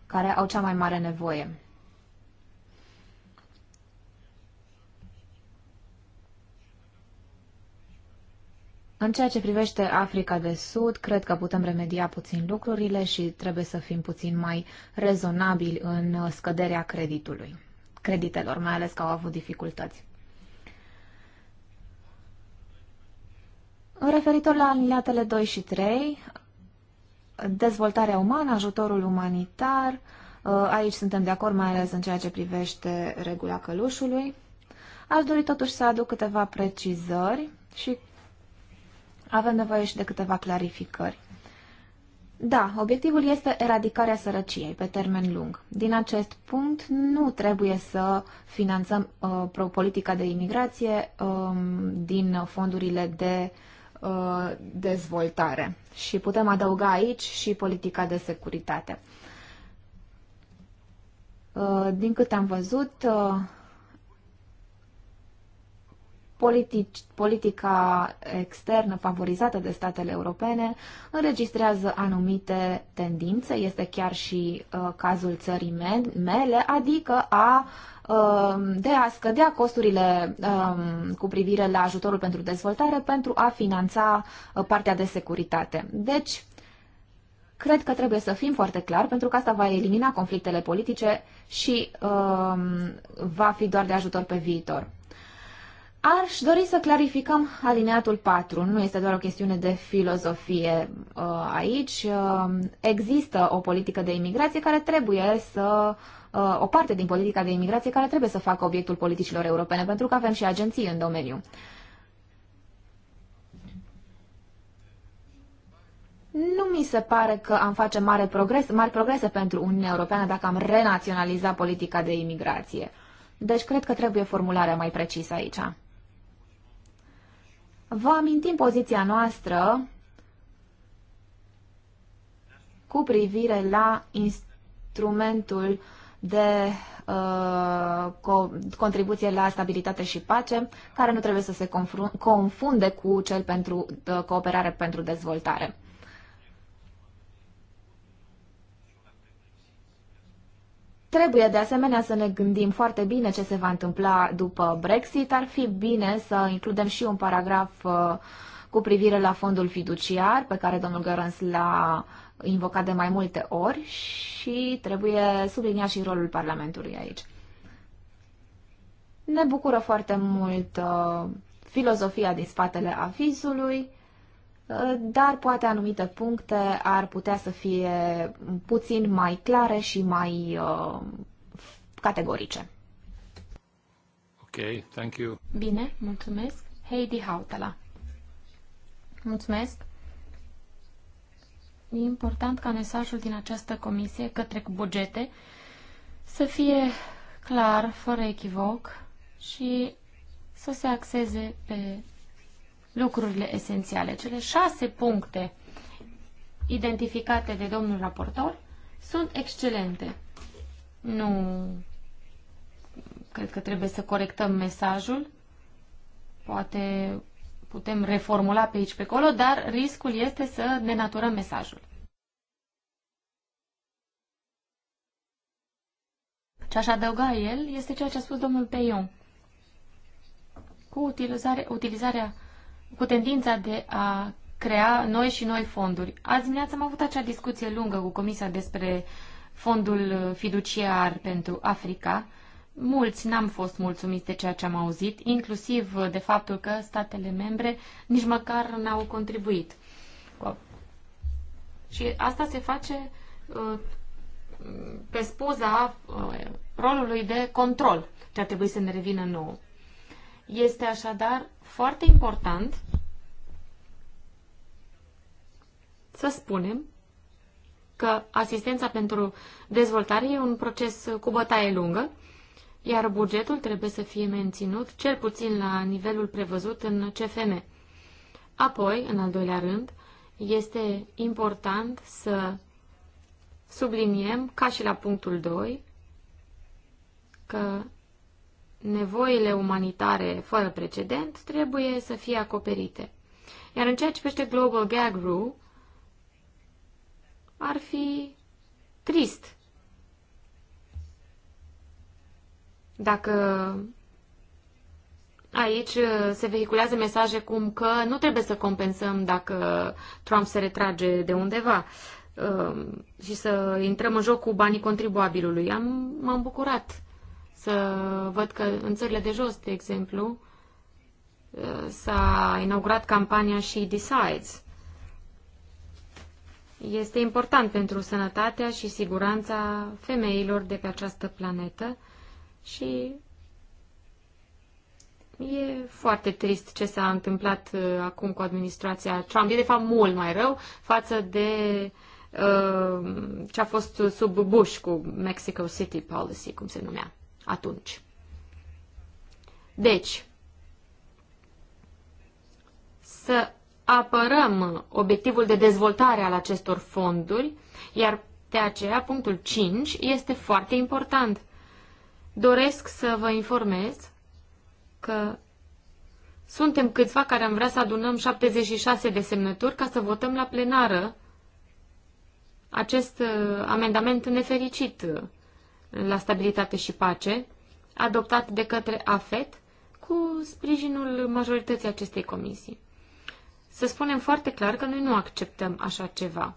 care au cea mai mare nevoie. În ceea ce privește Africa de Sud, cred că putem remedia puțin lucrurile și trebuie să fim puțin mai rezonabili în scăderea creditului, creditelor, mai ales că au avut dificultăți. Referitor la aliniatele 2 și 3, dezvoltarea umană, ajutorul umanitar, ă, aici suntem de acord, mai ales în ceea ce privește regula călușului. Aș dori totuși să aduc câteva precizări și avem nevoie și de câteva clarificări. Da, obiectivul este eradicarea sărăciei pe termen lung. Din acest punct, nu trebuie să finanțăm uh, politica de imigrație um, din fondurile de uh, dezvoltare. Și putem adăuga aici și politica de securitate. Uh, din câte am văzut, uh, Politici, politica externă favorizată de statele europene înregistrează anumite tendințe, este chiar și uh, cazul țării mele, adică a uh, de a scădea costurile um, cu privire la ajutorul pentru dezvoltare pentru a finanța uh, partea de securitate. Deci, cred că trebuie să fim foarte clar, pentru că asta va elimina conflictele politice și um, va fi doar de ajutor pe viitor. Aș dori să clarificăm alineatul 4. Nu este doar o chestiune de filozofie uh, aici. Uh, există o politică de imigrație care trebuie să. Uh, o parte din politica de imigrație care trebuie să facă obiectul politicilor europene, pentru că avem și agenții în domeniu. Nu mi se pare că am face mare progres, mari progrese pentru Uniunea Europeană dacă am renaționalizat politica de imigrație. Deci cred că trebuie formularea mai precisă aici. Vă amintim poziția noastră cu privire la instrumentul de uh, co- contribuție la stabilitate și pace, care nu trebuie să se confunde cu cel pentru uh, cooperare pentru dezvoltare. Trebuie de asemenea să ne gândim foarte bine ce se va întâmpla după Brexit. Ar fi bine să includem și un paragraf uh, cu privire la fondul fiduciar, pe care domnul Gărâns l-a invocat de mai multe ori și trebuie subliniat și rolul Parlamentului aici. Ne bucură foarte mult uh, filozofia din spatele avizului dar poate anumite puncte ar putea să fie puțin mai clare și mai uh, categorice. Ok, thank you. Bine, mulțumesc. Heidi Hautala. Mulțumesc. E important ca mesajul din această comisie către bugete să fie clar, fără echivoc și să se axeze pe lucrurile esențiale. Cele șase puncte identificate de domnul raportor sunt excelente. Nu cred că trebuie să corectăm mesajul. Poate putem reformula pe aici, pe acolo, dar riscul este să denaturăm mesajul. Ce aș adăuga el este ceea ce a spus domnul Peion. Cu utilizare, utilizarea cu tendința de a crea noi și noi fonduri. Azi dimineața am avut acea discuție lungă cu Comisia despre fondul fiduciar pentru Africa. Mulți n-am fost mulțumiți de ceea ce am auzit, inclusiv de faptul că statele membre nici măcar n-au contribuit. Și asta se face uh, pe spuza uh, rolului de control ce ar trebui să ne revină nouă. Este așadar foarte important să spunem că asistența pentru dezvoltare e un proces cu bătaie lungă, iar bugetul trebuie să fie menținut cel puțin la nivelul prevăzut în CFM. Apoi, în al doilea rând, este important să subliniem, ca și la punctul 2, că nevoile umanitare fără precedent trebuie să fie acoperite. Iar în ceea ce privește Global Gag Rule, ar fi trist dacă aici uh, se vehiculează mesaje cum că nu trebuie să compensăm dacă Trump se retrage de undeva um, și să intrăm în joc cu banii contribuabilului. Am, m-am bucurat să văd că în țările de jos, de exemplu, s-a inaugurat campania și Decides. Este important pentru sănătatea și siguranța femeilor de pe această planetă și E foarte trist ce s-a întâmplat uh, acum cu administrația Trump. E de fapt mult mai rău față de uh, ce a fost sub Bush cu Mexico City Policy, cum se numea atunci. Deci, să apărăm obiectivul de dezvoltare al acestor fonduri, iar de aceea punctul 5 este foarte important. Doresc să vă informez că suntem câțiva care am vrea să adunăm 76 de semnături ca să votăm la plenară acest uh, amendament nefericit la stabilitate și pace, adoptat de către AFET cu sprijinul majorității acestei comisii. Să spunem foarte clar că noi nu acceptăm așa ceva.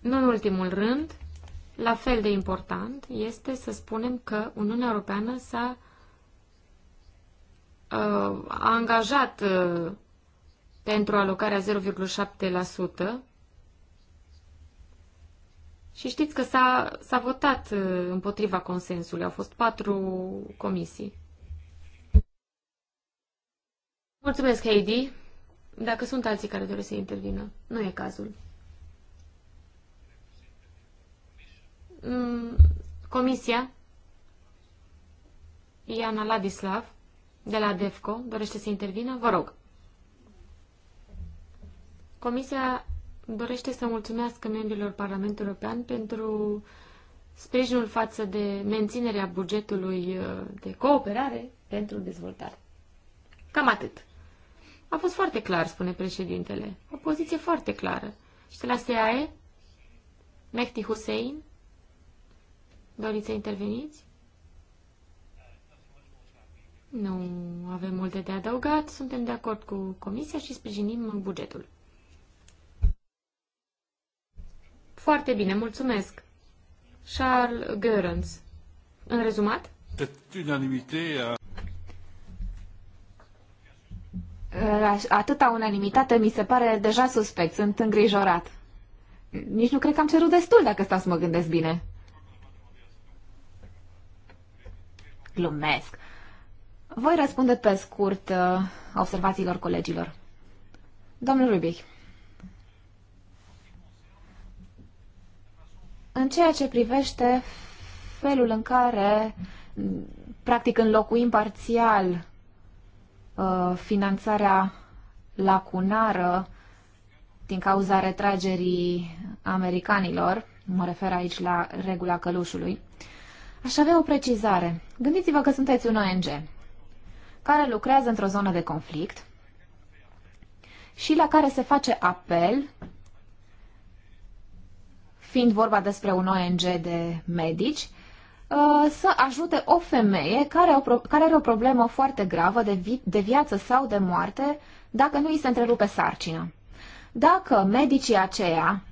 Nu în ultimul rând, la fel de important este să spunem că Uniunea Europeană s-a uh, a angajat uh, pentru alocarea 0,7% și știți că s-a, s-a votat uh, împotriva consensului. Au fost patru comisii. Mulțumesc, Heidi. Dacă sunt alții care doresc să intervină, nu e cazul. Mm, comisia Iana Ladislav de la DEFCO dorește să intervină? Vă rog. Comisia dorește să mulțumească membrilor Parlamentului European pentru sprijinul față de menținerea bugetului uh, de cooperare pentru dezvoltare. Cam atât. A fost foarte clar, spune președintele. O poziție foarte clară. Și de la SEAE? Mehdi Hussein? Doriți să interveniți? Nu avem multe de adăugat, suntem de acord cu comisia și sprijinim bugetul. Foarte bine, mulțumesc. Charles Görens. În rezumat? Unanimitatea... Atâta unanimitate mi se pare deja suspect. Sunt îngrijorat. Nici nu cred că am cerut destul, dacă stau să mă gândesc bine. Glumesc. Voi răspunde pe scurt uh, observațiilor colegilor. Domnul Rubic. În ceea ce privește felul în care, practic, înlocuim parțial uh, finanțarea lacunară din cauza retragerii americanilor, mă refer aici la regula călușului, aș avea o precizare. Gândiți-vă că sunteți un ONG care lucrează într-o zonă de conflict și la care se face apel fiind vorba despre un ONG de medici, uh, să ajute o femeie care, o, care are o problemă foarte gravă de, vi, de viață sau de moarte dacă nu îi se întrerupe sarcina. Dacă medicii aceia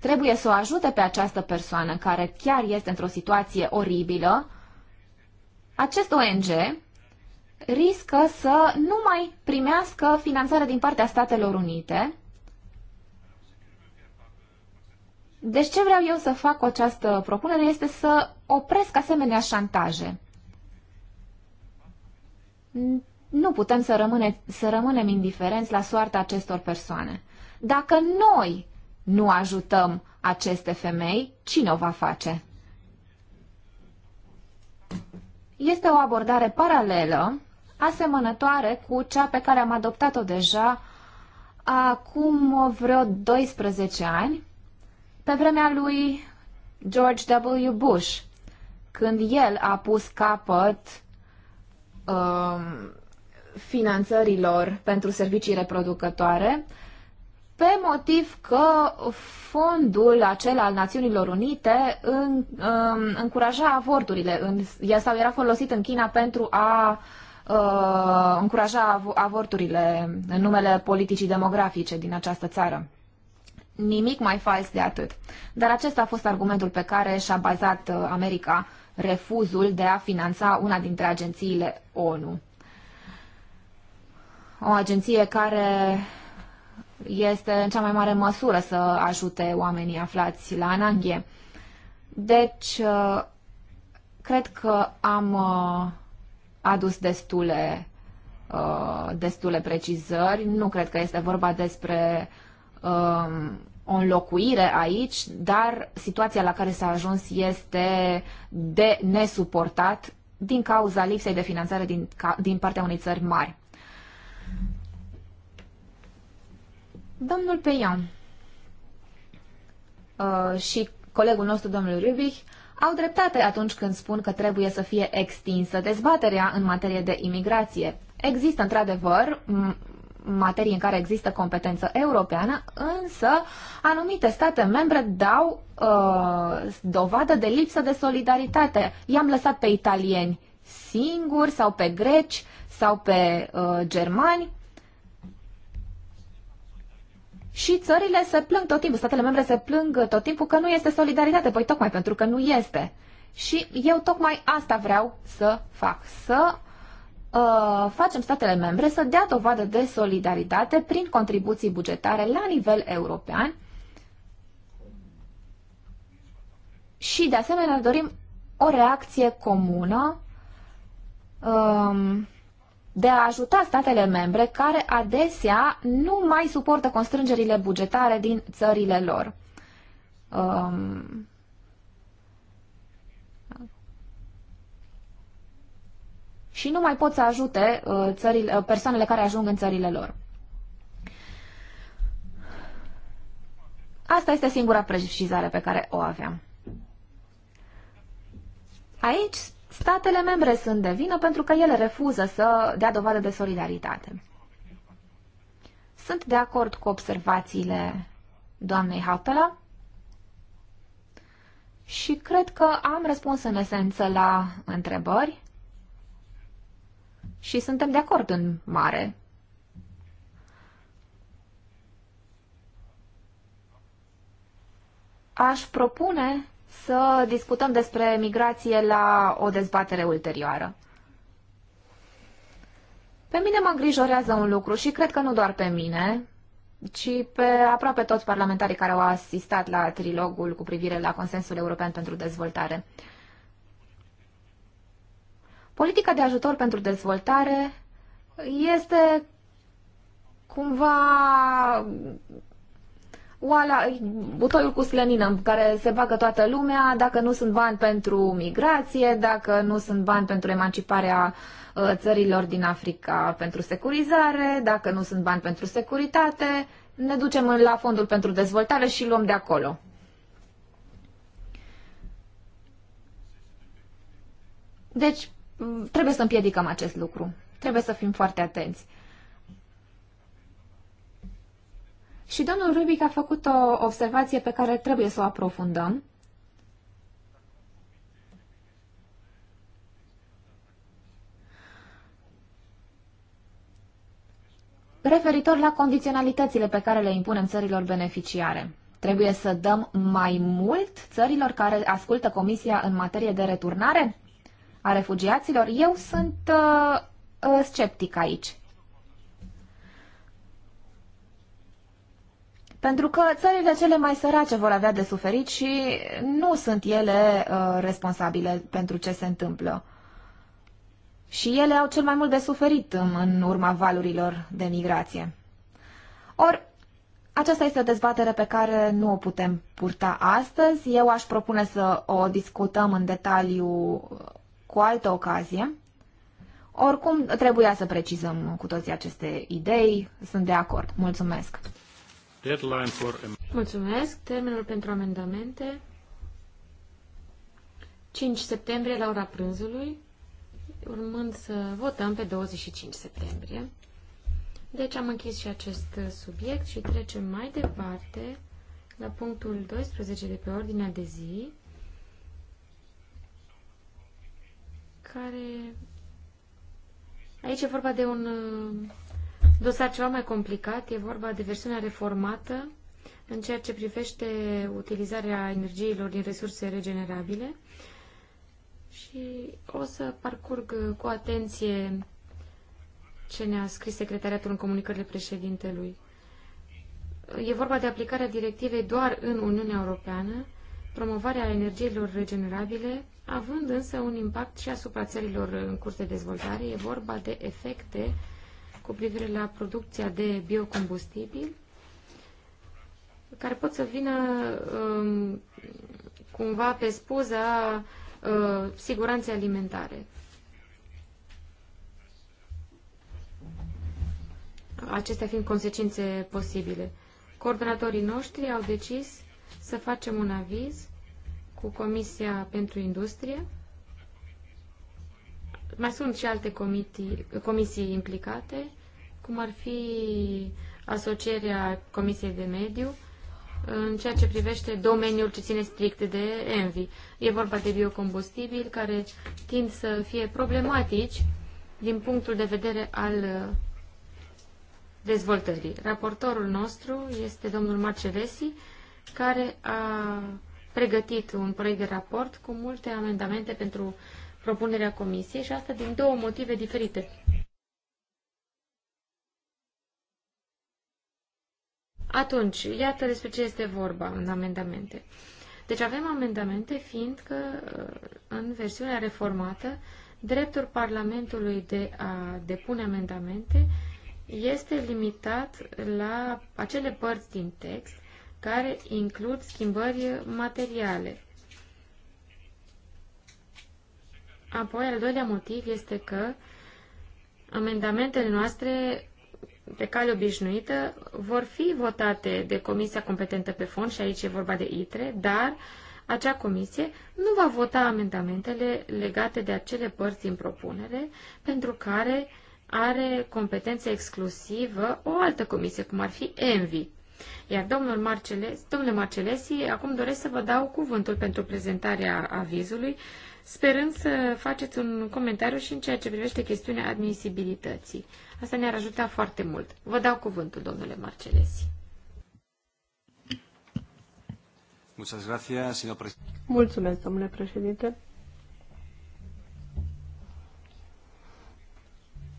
trebuie să o ajute pe această persoană care chiar este într-o situație oribilă, acest ONG riscă să nu mai primească finanțare din partea Statelor Unite Deci ce vreau eu să fac cu această propunere este să opresc asemenea șantaje. Nu putem să, rămâne, să rămânem indiferenți la soarta acestor persoane. Dacă noi nu ajutăm aceste femei, cine o va face? Este o abordare paralelă, asemănătoare cu cea pe care am adoptat-o deja acum vreo 12 ani, pe vremea lui George W. Bush, când el a pus capăt um, finanțărilor pentru servicii reproducătoare, pe motiv că fondul acela al Națiunilor Unite în, um, încuraja avorturile, în, sau era folosit în China pentru a uh, încuraja av- avorturile în numele politicii demografice din această țară nimic mai fals de atât. Dar acesta a fost argumentul pe care și-a bazat uh, America refuzul de a finanța una dintre agențiile ONU. O agenție care este în cea mai mare măsură să ajute oamenii aflați la ananghie. Deci, uh, cred că am uh, adus destule, destule precizări. Nu cred că este vorba despre Um, o înlocuire aici, dar situația la care s-a ajuns este de nesuportat din cauza lipsei de finanțare din, din partea unei țări mari. Domnul Peian uh, și colegul nostru, domnul Rubich, au dreptate atunci când spun că trebuie să fie extinsă dezbaterea în materie de imigrație. Există, într-adevăr, materii în care există competență europeană, însă anumite state membre dau uh, dovadă de lipsă de solidaritate. I-am lăsat pe italieni singuri sau pe greci sau pe uh, germani și țările se plâng tot timpul, statele membre se plâng tot timpul că nu este solidaritate, păi tocmai pentru că nu este. Și eu tocmai asta vreau să fac, să uh, Uh, facem statele membre să dea dovadă de solidaritate prin contribuții bugetare la nivel european și, de asemenea, dorim o reacție comună um, de a ajuta statele membre care adesea nu mai suportă constrângerile bugetare din țările lor. Um, și nu mai pot să ajute uh, țările, uh, persoanele care ajung în țările lor. Asta este singura precizare pe care o aveam. Aici, statele membre sunt de vină pentru că ele refuză să dea dovadă de solidaritate. Sunt de acord cu observațiile doamnei Hapela și cred că am răspuns în esență la întrebări și suntem de acord în mare. Aș propune să discutăm despre migrație la o dezbatere ulterioară. Pe mine mă îngrijorează un lucru și cred că nu doar pe mine, ci pe aproape toți parlamentarii care au asistat la trilogul cu privire la Consensul European pentru Dezvoltare. Uh, Politica de ajutor pentru dezvoltare este cumva oala, butoiul cu slănină în care se bagă toată lumea, dacă nu sunt bani pentru migrație, dacă nu sunt bani pentru emanciparea uh, țărilor din Africa pentru securizare, dacă nu sunt bani pentru securitate, ne ducem la fondul pentru dezvoltare și luăm de acolo. Deci, Mm, trebuie să împiedicăm acest lucru. Trebuie să fim foarte atenți. Și domnul Rubic a făcut o observație pe care trebuie să o aprofundăm. referitor la condiționalitățile pe care le impunem țărilor beneficiare. Trebuie să dăm mai mult țărilor care ascultă Comisia în materie de returnare? a refugiaților. Eu sunt uh, uh, sceptic aici. Pentru că țările cele mai sărace vor avea de suferit și nu sunt ele uh, responsabile pentru ce se întâmplă. Și ele au cel mai mult de suferit în, în urma valurilor de migrație. Or, aceasta este o dezbatere pe care nu o putem purta astăzi. Eu aș propune să o discutăm în detaliu cu altă ocazie. Oricum, trebuia să precizăm cu toții aceste idei. Sunt de acord. Mulțumesc. Deadline for... Mulțumesc. Termenul pentru amendamente. 5 septembrie la ora prânzului, urmând să votăm pe 25 septembrie. Deci am închis și acest subiect și trecem mai departe la punctul 12 de pe ordinea de zi, care... Aici e vorba de un uh, dosar ceva mai complicat, e vorba de versiunea reformată în ceea ce privește utilizarea energiilor din resurse regenerabile și o să parcurg uh, cu atenție ce ne-a scris secretariatul în comunicările președintelui. E vorba de aplicarea directivei doar în Uniunea Europeană promovarea energiilor regenerabile, având însă un impact și asupra țărilor în curs de dezvoltare. E vorba de efecte cu privire la producția de biocombustibil care pot să vină um, cumva pe spuza uh, siguranței alimentare. Acestea fiind consecințe posibile. Coordonatorii noștri au decis să facem un aviz cu Comisia pentru Industrie. Mai sunt și alte comitii, comisii implicate, cum ar fi asocierea Comisiei de Mediu în ceea ce privește domeniul ce ține strict de ENVI. E vorba de biocombustibili care tind să fie problematici din punctul de vedere al uh, dezvoltării. Raportorul nostru este domnul Marcelesi, care a pregătit un proiect de raport cu multe amendamente pentru propunerea comisiei și asta din două motive diferite. Atunci, iată despre ce este vorba în amendamente. Deci avem amendamente fiindcă uh, în versiunea reformată dreptul Parlamentului de a depune amendamente este limitat la acele părți din text care includ schimbări materiale. Apoi, al doilea motiv este că amendamentele noastre pe cale obișnuită vor fi votate de comisia competentă pe fond, și aici e vorba de ITRE, dar acea comisie nu va vota amendamentele legate de acele părți în propunere pentru care are competență exclusivă o altă comisie, cum ar fi ENVI. Iar domnul Marcelesi, domnule Marcelesi, acum doresc să vă dau cuvântul pentru prezentarea avizului, sperând să faceți un comentariu și în ceea ce privește chestiunea admisibilității. Asta ne-ar ajuta foarte mult. Vă dau cuvântul, domnule Marcelesi. Mulțumesc, domnule președinte.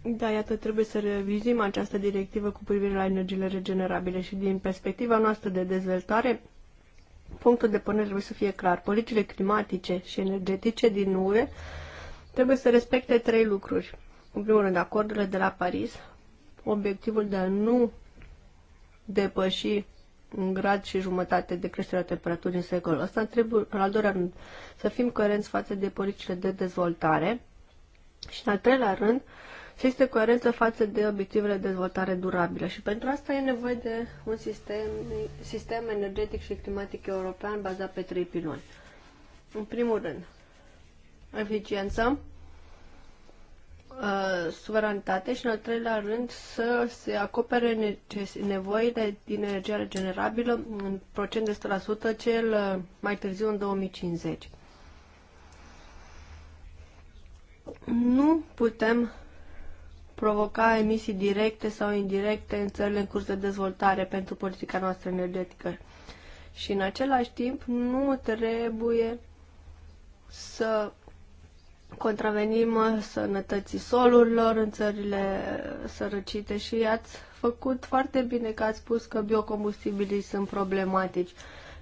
Da, iată, trebuie să revizim această directivă cu privire la energiile regenerabile și din perspectiva noastră de dezvoltare, punctul de până trebuie să fie clar. Politicile climatice și energetice din UE trebuie să respecte trei lucruri. În primul rând, acordurile de la Paris, obiectivul de a nu depăși un grad și jumătate de creșterea temperaturii în secolul ăsta, trebuie, în al doilea rând, să fim coerenți față de politicile de dezvoltare și, în al treilea rând, și este coerentă față de obiectivele de dezvoltare durabilă. Și pentru asta e nevoie de un sistem, sistem energetic și climatic european bazat pe trei piloni. În primul rând, eficiență, uh, suveranitate și, în al treilea rând, să se acopere nevoile din energia regenerabilă în procent de 100% cel uh, mai târziu în 2050. Nu putem provoca emisii directe sau indirecte în țările în curs de dezvoltare pentru politica noastră energetică. Și în același timp nu trebuie să contravenim sănătății solurilor în țările sărăcite și ați făcut foarte bine că ați spus că biocombustibilii sunt problematici.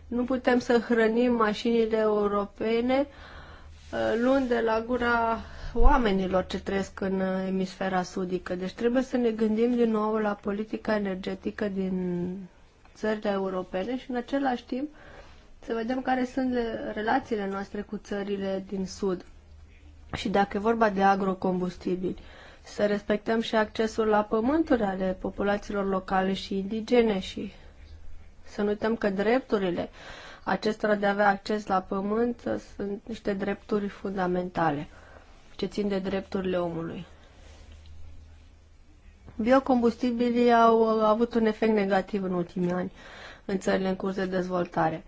Nu putem să hrănim mașinile europene uh, luând de la gura oamenilor ce trăiesc în emisfera sudică. Deci trebuie să ne gândim din nou la politica energetică din țările europene și în același timp să vedem care sunt relațiile noastre cu țările din sud. Și dacă e vorba de agrocombustibili, să respectăm și accesul la pământuri ale populațiilor locale și indigene și să nu uităm că drepturile acestora de a avea acces la pământ sunt niște drepturi fundamentale ce țin de drepturile omului. Biocombustibilii au, avut un efect negativ în ultimii ani în țările în curs de dezvoltare.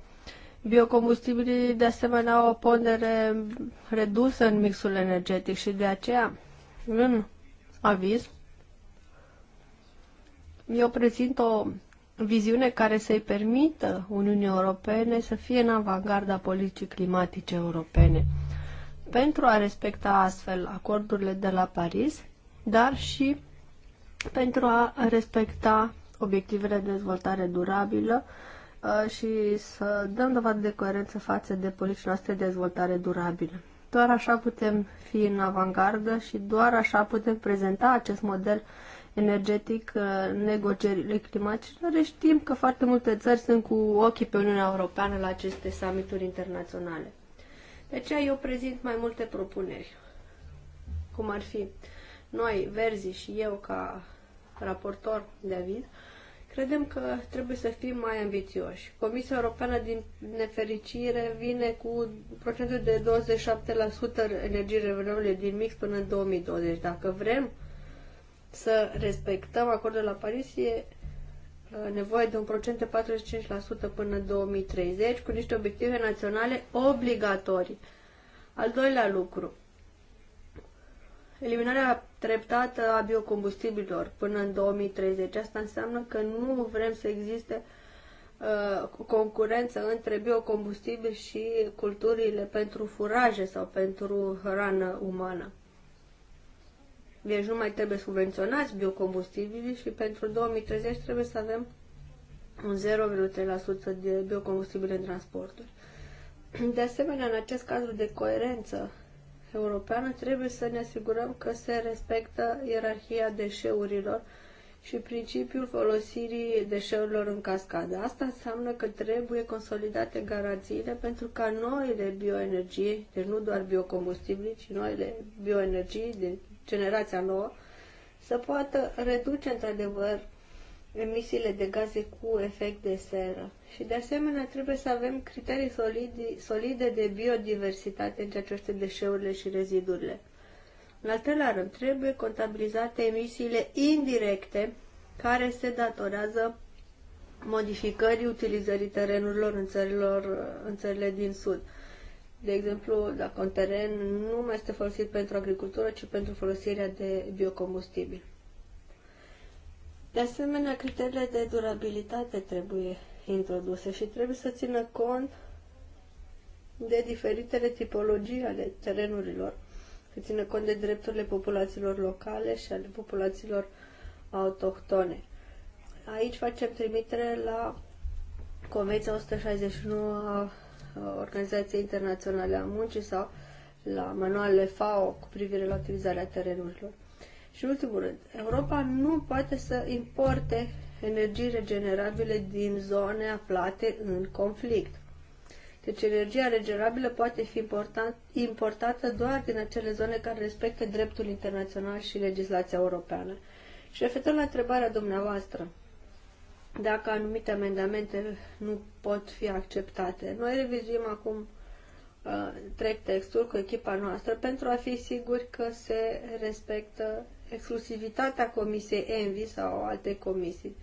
Biocombustibilii, de asemenea, au o pondere redusă în mixul energetic și de aceea, în aviz, eu prezint o viziune care să-i permită Uniunii Europene să fie în avangarda politicii climatice europene pentru a respecta astfel acordurile de la Paris, dar și pentru a respecta obiectivele de dezvoltare durabilă uh, și să dăm dovadă de coerență față de politicile noastre de dezvoltare durabilă. Doar așa putem fi în avangardă și doar așa putem prezenta acest model energetic, uh, negocierile climatice, dar știm că foarte multe țări sunt cu ochii pe Uniunea Europeană la aceste summituri internaționale. De aceea eu prezint mai multe propuneri, cum ar fi noi, Verzi și eu ca raportor de aviz, credem că trebuie să fim mai ambițioși. Comisia Europeană, din nefericire, vine cu procentul de 27% energie regenerabile din mix până în 2020. Dacă vrem să respectăm acordul la Paris, e nevoie de un procent de 45% până 2030 cu niște obiective naționale obligatorii. Al doilea lucru, eliminarea treptată a biocombustibililor până în 2030. Asta înseamnă că nu vrem să existe uh, concurență între biocombustibili și culturile pentru furaje sau pentru hrană umană. Deci nu mai trebuie subvenționați biocombustibilii și pentru 2030 trebuie să avem un 0,3% de biocombustibile în transporturi. De asemenea, în acest cadru de coerență europeană, trebuie să ne asigurăm că se respectă ierarhia deșeurilor și principiul folosirii deșeurilor în cascadă. Asta înseamnă că trebuie consolidate garanțiile pentru ca noile bioenergie, deci nu doar biocombustibili, ci noile bioenergie, de generația nouă, să poată reduce într-adevăr emisiile de gaze cu efect de seră. Și de asemenea trebuie să avem criterii solidi, solide de biodiversitate în ceea ce este deșeurile și rezidurile. În al treilea rând, trebuie contabilizate emisiile indirecte care se datorează modificării utilizării terenurilor în, țărilor, în țările din Sud. De exemplu, dacă un teren nu mai este folosit pentru agricultură, ci pentru folosirea de biocombustibil. De asemenea, criteriile de durabilitate trebuie introduse și trebuie să țină cont de diferitele tipologii ale terenurilor, să țină cont de drepturile populațiilor locale și ale populațiilor autohtone. Aici facem trimitere la Convenția 169 a Uh, Organizației Internaționale a Muncii sau la manualele FAO cu privire la utilizarea terenurilor. Și în ultimul rând, Europa nu poate să importe energii regenerabile din zone aflate în conflict. Deci energia regenerabilă poate fi importat, importată doar din acele zone care respectă dreptul internațional și legislația europeană. Și referitor la întrebarea dumneavoastră, dacă anumite amendamente nu pot fi acceptate. Noi revizuim acum uh, trei texturi cu echipa noastră pentru a fi siguri că se respectă exclusivitatea Comisiei ENVI sau alte comisii.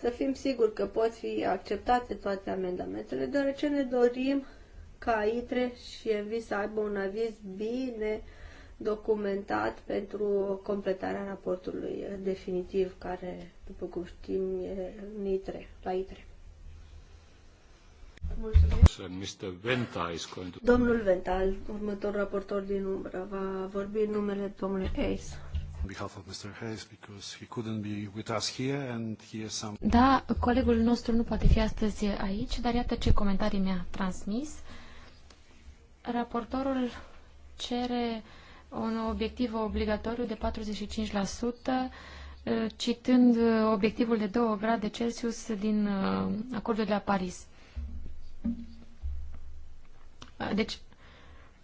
Să fim siguri că pot fi acceptate toate amendamentele, deoarece ne dorim ca ITRE și ENVI să aibă un aviz bine uh, documentat pentru completarea raportului definitiv, care, după cum știm, e în ITRE, la ITRE. Mulțumesc. Venta Domnul Vental, următor raportor din umbră, va vorbi în numele domnului Hayes. Da, colegul nostru nu poate fi astăzi aici, dar iată ce comentarii mi-a transmis. Raportorul cere un obiectiv obligatoriu de 45%, eh, citând obiectivul de 2 grade Celsius din eh, acordul de la Paris. Eh, deci,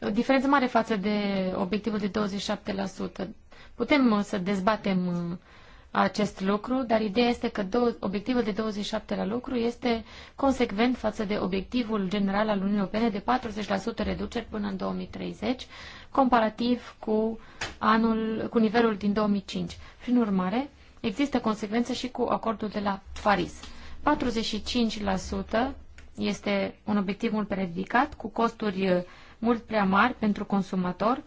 o diferență mare față de obiectivul de 27%. Putem să dezbatem acest lucru, dar ideea este că do- obiectivul de 27 la lucru este consecvent față de obiectivul general al Uniunii Europene de 40% reduceri până în 2030, comparativ cu, anul, cu nivelul din 2005. Prin urmare, există consecvență și cu acordul de la Paris. 45% este un obiectiv mult prea ridicat, cu costuri uh, mult prea mari pentru consumator,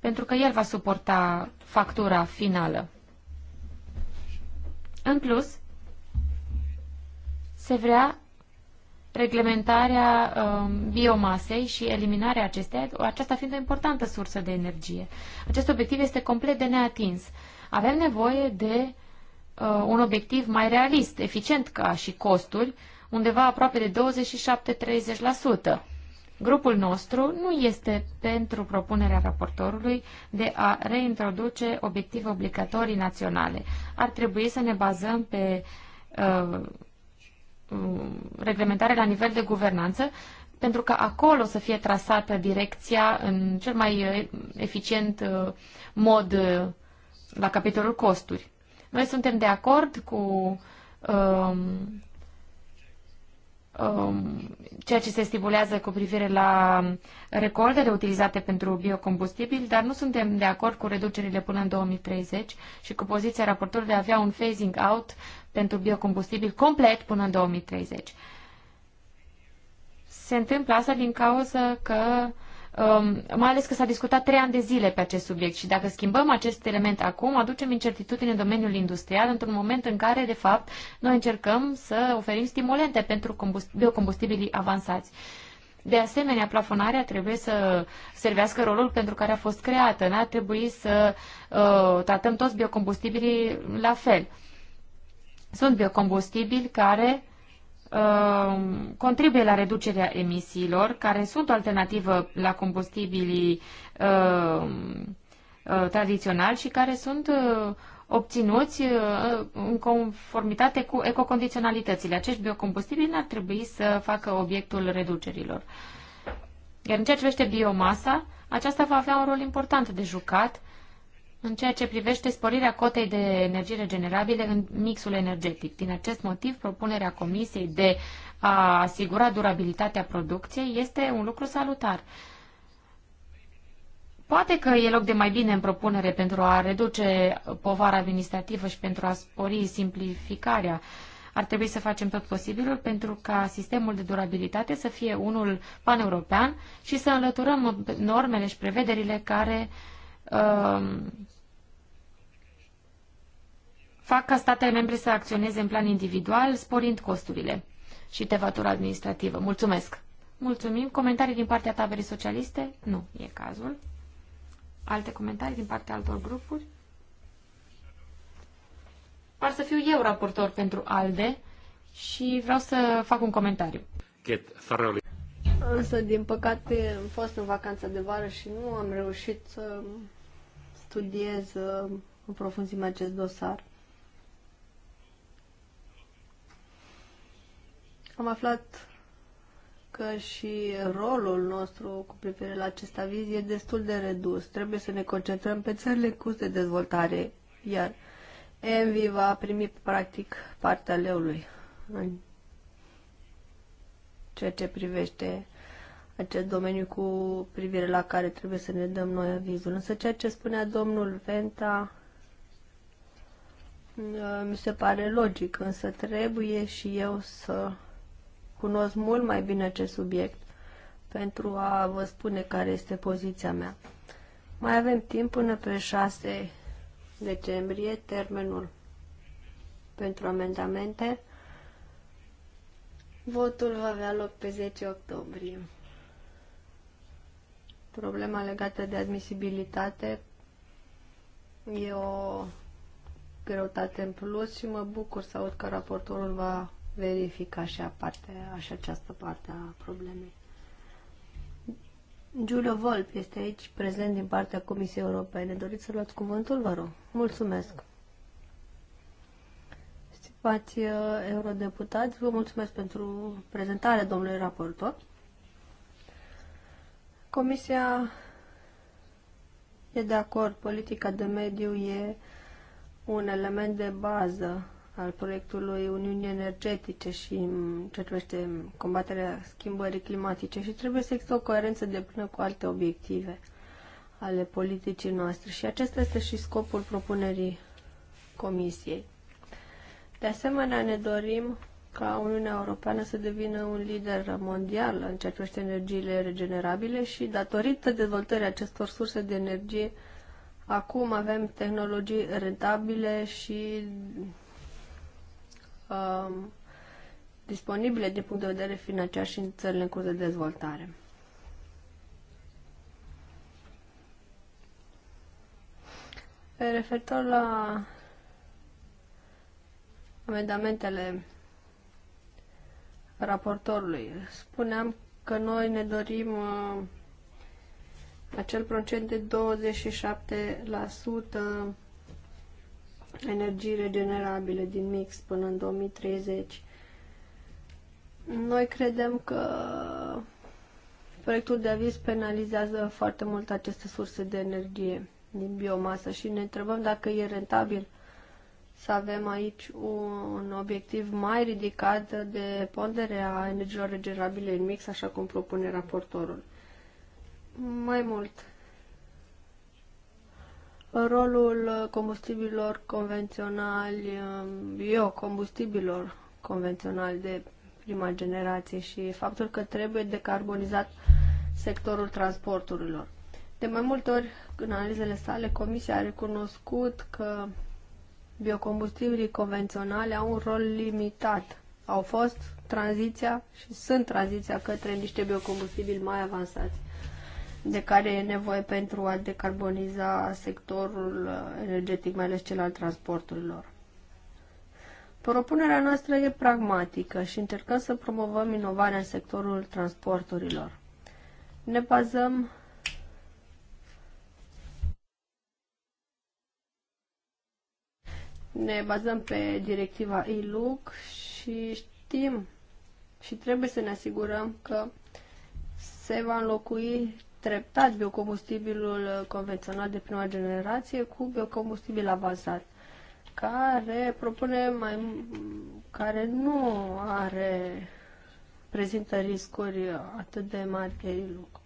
pentru că el va suporta factura finală. În plus, se vrea reglementarea um, biomasei și eliminarea acesteia, aceasta fiind o importantă sursă de energie. Acest obiectiv este complet de neatins. Avem nevoie de uh, un obiectiv mai realist, eficient ca și costuri, undeva aproape de 27-30%. Grupul nostru nu este pentru propunerea raportorului de a reintroduce obiective obligatorii naționale. Ar trebui să ne bazăm pe uh, um, reglementare la nivel de guvernanță, pentru că acolo să fie trasată direcția în cel mai uh, eficient uh, mod uh, la capitolul costuri. Noi suntem de acord cu um, Um, ceea ce se stipulează cu privire la recoltele utilizate pentru biocombustibil, dar nu suntem de acord cu reducerile până în 2030 și cu poziția raportorului de a avea un phasing out pentru biocombustibil complet până în 2030. Se întâmplă asta din cauza că Um, mai ales că s-a discutat trei ani de zile pe acest subiect și dacă schimbăm acest element acum, aducem incertitudine în domeniul industrial într-un moment în care, de fapt, noi încercăm să oferim stimulente pentru biocombustibilii avansați. De asemenea, plafonarea trebuie să servească rolul pentru care a fost creată. N-ar trebui să uh, tratăm toți biocombustibilii la fel. Sunt biocombustibili care Um, contribuie la reducerea emisiilor, care sunt o alternativă la combustibilii um, uh, tradiționali și care sunt uh, obținuți uh, în conformitate cu ecocondiționalitățile. Acești biocombustibili n-ar trebui să facă obiectul reducerilor. Iar în ceea ce privește biomasa, aceasta va avea un rol important de jucat în ceea ce privește sporirea cotei de energie regenerabile în mixul energetic. Din acest motiv, propunerea Comisiei de a asigura durabilitatea producției este un lucru salutar. Poate că e loc de mai bine în propunere pentru a reduce povara administrativă și pentru a spori simplificarea. Ar trebui să facem tot posibilul pentru ca sistemul de durabilitate să fie unul paneuropean și să înlăturăm normele și prevederile care uh, fac ca statele membre să acționeze în plan individual, sporind costurile și tevatura administrativă. Mulțumesc! Mulțumim. Comentarii din partea taberei socialiste? Nu e cazul. Alte comentarii din partea altor grupuri? Par să fiu eu raportor pentru ALDE și vreau să fac un comentariu. Însă, din păcate, am fost în vacanță de vară și nu am reușit să studiez uh, în profunzime acest dosar. Am aflat că și rolul nostru cu privire la acest aviz e destul de redus. Trebuie să ne concentrăm pe țările cu de dezvoltare, iar Envi va primi practic partea leului în ceea ce privește acest domeniu cu privire la care trebuie să ne dăm noi avizul. Însă ceea ce spunea domnul Venta mm, mi se pare logic, însă trebuie și eu să cunosc mult mai bine acest subiect pentru a vă spune care este poziția mea. Mai avem timp până pe 6 decembrie, termenul pentru amendamente. Votul va avea loc pe 10 octombrie. Problema legată de admisibilitate e o greutate în plus și mă bucur să aud că raportorul va verifica și, a parte, așa această parte a problemei. Giulio Volp este aici, prezent din partea Comisiei Europene. Doriți să luați cuvântul, vă rog. Mulțumesc. Stipați uh, eurodeputați, vă mulțumesc pentru prezentare, domnule raportor. Comisia e de acord, politica de mediu e un element de bază al proiectului Uniunii Energetice și ce privește combaterea schimbării climatice și trebuie să există o coerență de plină cu alte obiective ale politicii noastre și acesta este și scopul propunerii Comisiei. De asemenea, ne dorim ca Uniunea Europeană să devină un lider mondial în ceea ce privește energiile regenerabile și datorită dezvoltării acestor surse de energie, acum avem tehnologii rentabile și um, disponibile din punct de vedere financiar și în țările în curs de dezvoltare. Referitor la amendamentele raportorului, spuneam că noi ne dorim uh, acel procent de 27% energii regenerabile din mix până în 2030. Noi credem că proiectul de aviz penalizează foarte mult aceste surse de energie din biomasă și ne întrebăm dacă e rentabil să avem aici un obiectiv mai ridicat de pondere a energiilor regenerabile în mix, așa cum propune raportorul. Mai mult, rolul combustibilor convenționali, biocombustibilor convenționali de prima generație și faptul că trebuie decarbonizat sectorul transporturilor. De mai multe ori, în analizele sale, Comisia a recunoscut că biocombustibilii convenționale au un rol limitat. Au fost tranziția și sunt tranziția către niște biocombustibili mai avansați de care e nevoie pentru a decarboniza sectorul energetic, mai ales cel al transporturilor. Propunerea noastră e pragmatică și încercăm să promovăm inovarea în sectorul transporturilor. Ne bazăm ne bazăm pe directiva ILUC și știm și trebuie să ne asigurăm că se va înlocui treptat biocombustibilul convențional de prima generație cu biocombustibil avansat, care propune mai, care nu are prezintă riscuri atât de mari pe lucru.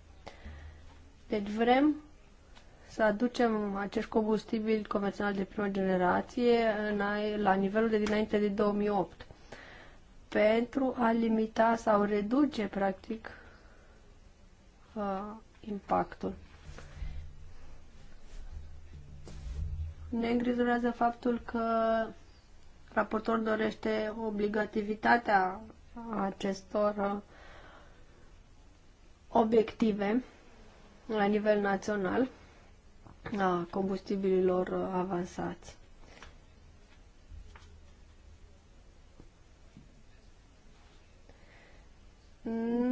Deci vrem să aducem acești combustibili convenționali de prima generație în, la nivelul de dinainte de 2008 pentru a limita sau reduce, practic, uh, impactul. Ne îngrijorează faptul că raportorul dorește obligativitatea acestor uh, obiective la nivel național a combustibililor uh, avansați.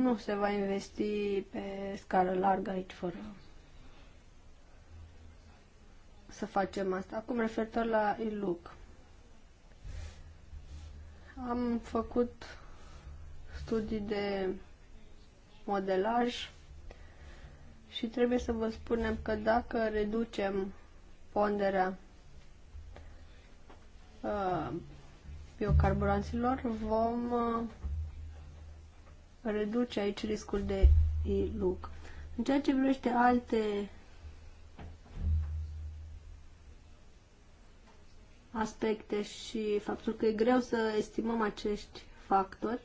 nu se va investi pe scară largă aici fără să facem asta. Acum referitor la ILUC. Am făcut studii de modelaj și trebuie să vă spunem că dacă reducem ponderea uh, biocarburanților, vom uh, reduce aici riscul de iluc. În ceea ce privește alte aspecte și faptul că e greu să estimăm acești factori,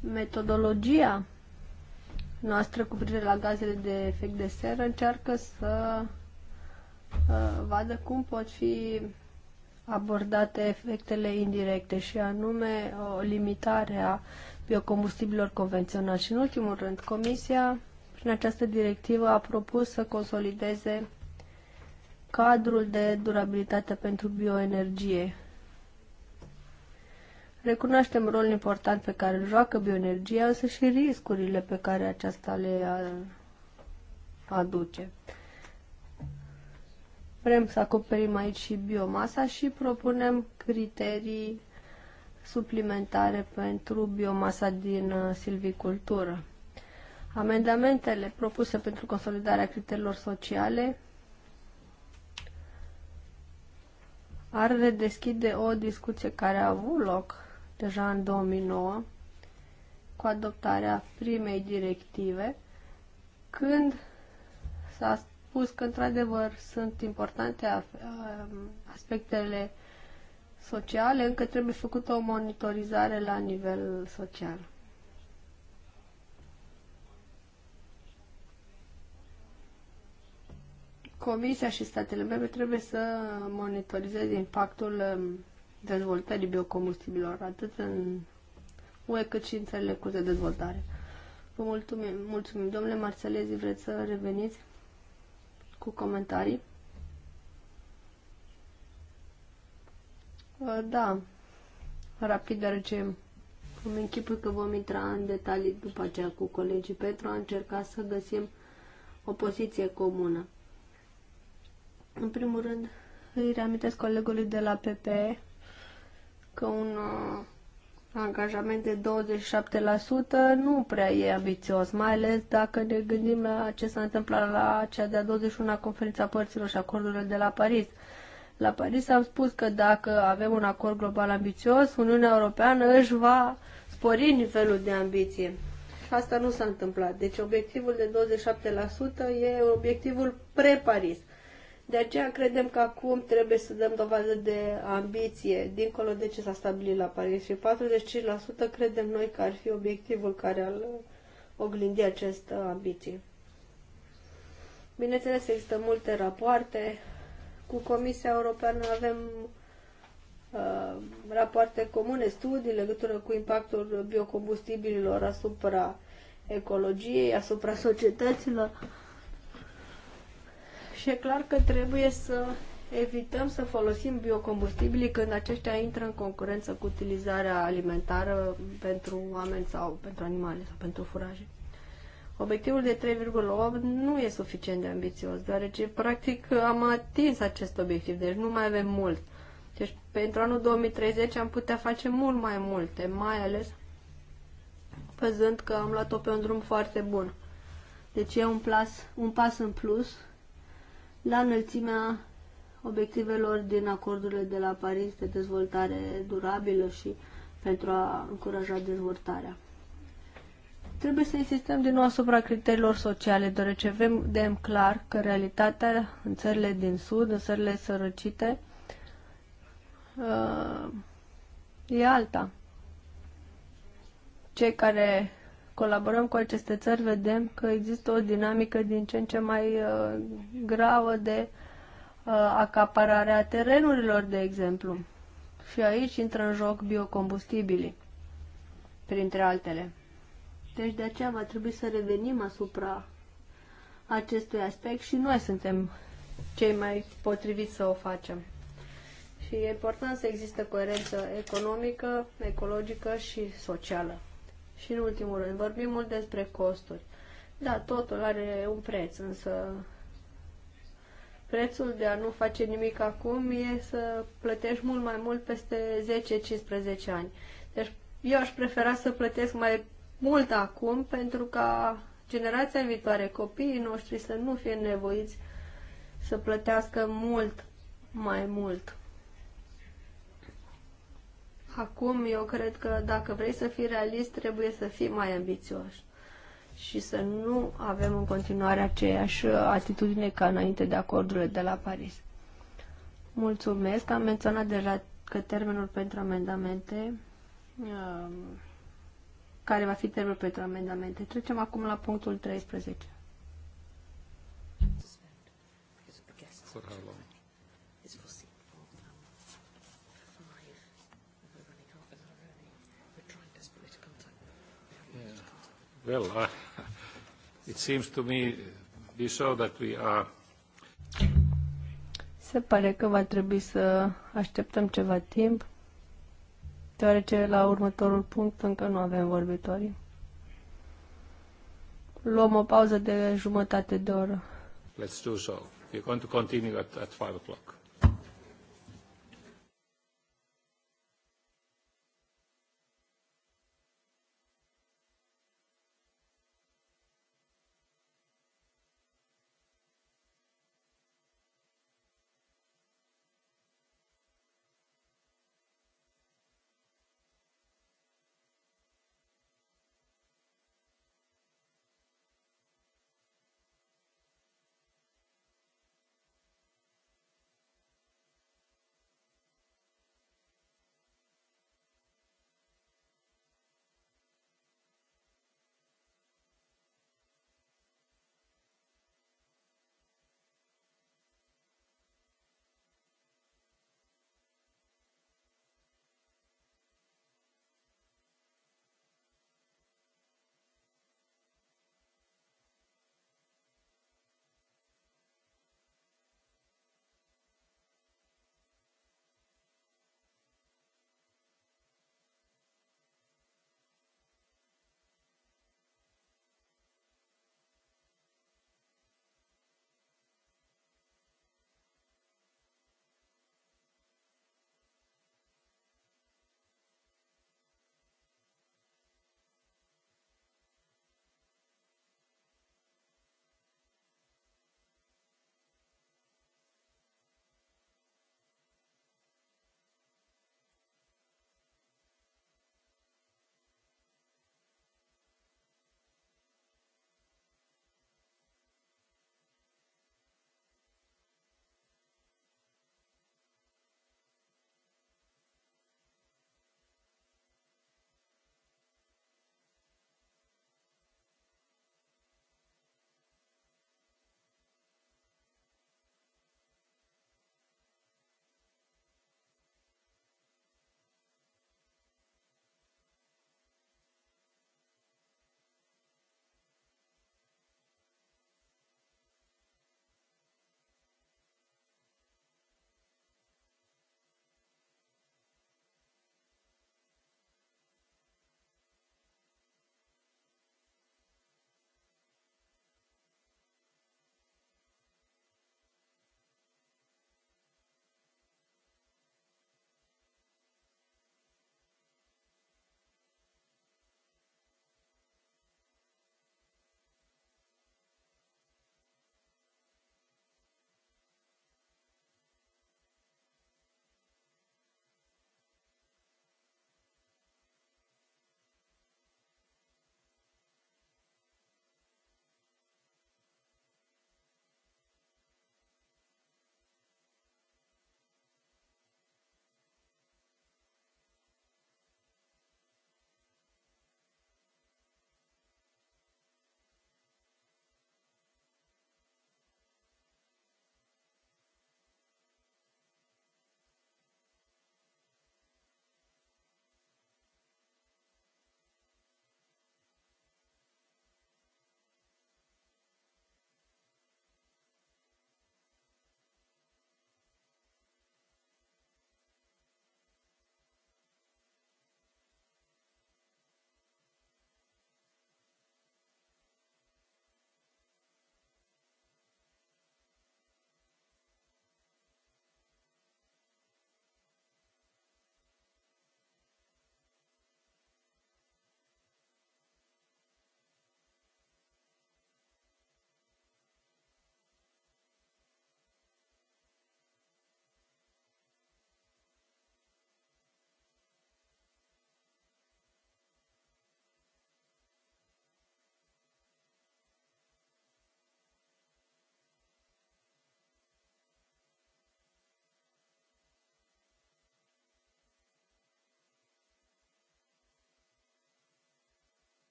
metodologia noastră cu privire la gazele de efect de seră încearcă să uh, vadă cum pot fi abordate efectele indirecte și anume o limitare a biocombustibilor convenționali. Și în ultimul rând, Comisia prin această directivă a propus să consolideze cadrul de durabilitate pentru bioenergie. Recunoaștem rolul important pe care îl joacă bioenergia, însă și riscurile pe care aceasta le aduce. Vrem să acoperim aici și biomasa și propunem criterii suplimentare pentru biomasa din uh, silvicultură. Amendamentele propuse pentru consolidarea criteriilor sociale ar redeschide o discuție care a avut loc deja în 2009 cu adoptarea primei directive, când s-a spus că, într-adevăr, sunt importante aspectele sociale, încă trebuie făcută o monitorizare la nivel social. Comisia și statele membre trebuie să monitorizeze impactul um, dezvoltării biocombustibilor, atât în UE cât și în țările cu de dezvoltare. Vă mulțumim, mulțumim. Domnule Marțelezi, vreți să reveniți? cu comentarii. Uh, da, rapid, dar ce îmi închipui că vom intra în detalii după aceea cu colegii pentru a încerca să găsim o poziție comună. În primul rând, îi reamintesc colegului de la PPE că un uh, angajament de 27% nu prea e ambițios, mai ales dacă ne gândim la ce s-a întâmplat la cea de-a 21-a conferința părților și acordurile de la Paris. La Paris am spus că dacă avem un acord global ambițios, Uniunea Europeană își va spori nivelul de ambiție. Și asta nu s-a întâmplat. Deci obiectivul de 27% e obiectivul pre-Paris. De aceea credem că acum trebuie să dăm dovadă de ambiție, dincolo de ce s-a stabilit la Paris. Și 45% credem noi că ar fi obiectivul care ar oglindi această ambiție. Bineînțeles, există multe rapoarte. Cu Comisia Europeană avem uh, rapoarte comune, studii legătură cu impactul biocombustibililor asupra ecologiei, asupra societăților și e clar că trebuie să evităm să folosim biocombustibili când aceștia intră în concurență cu utilizarea alimentară pentru oameni sau pentru animale sau pentru furaje. Obiectivul de 3,8 nu e suficient de ambițios, deoarece practic am atins acest obiectiv, deci nu mai avem mult. Deci pentru anul 2030 am putea face mult mai multe, mai ales văzând că am luat-o pe un drum foarte bun. Deci e un, plas, un pas în plus la înălțimea obiectivelor din acordurile de la Paris de dezvoltare durabilă și pentru a încuraja dezvoltarea. Trebuie să insistăm din nou asupra criteriilor sociale, deoarece vedem clar că realitatea în țările din Sud, în țările sărăcite, uh, e alta. Cei care colaborăm cu aceste țări, vedem că există o dinamică din ce în ce mai uh, gravă de uh, acapararea terenurilor, de exemplu. Și aici intră în joc biocombustibilii, printre altele. Deci de aceea va trebui să revenim asupra acestui aspect și noi suntem cei mai potriviți să o facem. Și e important să există coerență economică, ecologică și socială. Și în ultimul rând, vorbim mult despre costuri. Da, totul are un preț, însă prețul de a nu face nimic acum e să plătești mult mai mult peste 10-15 ani. Deci eu aș prefera să plătesc mai mult acum pentru ca generația viitoare, copiii noștri să nu fie nevoiți să plătească mult mai mult. Acum eu cred că dacă vrei să fii realist, trebuie să fii mai ambițios și să nu avem în continuare aceeași atitudine ca înainte de acordurile de la Paris. Mulțumesc. Am menționat deja că termenul pentru amendamente um, care va fi termenul pentru amendamente. Trecem acum la punctul 13. For how Well, uh, it seems to me be so that we are se pare că va trebui să așteptăm ceva timp, deoarece la următorul punct încă nu avem vorbitori. Luăm o pauză de jumătate de oră. Let's do so. We're going to continue at, at 5 o'clock.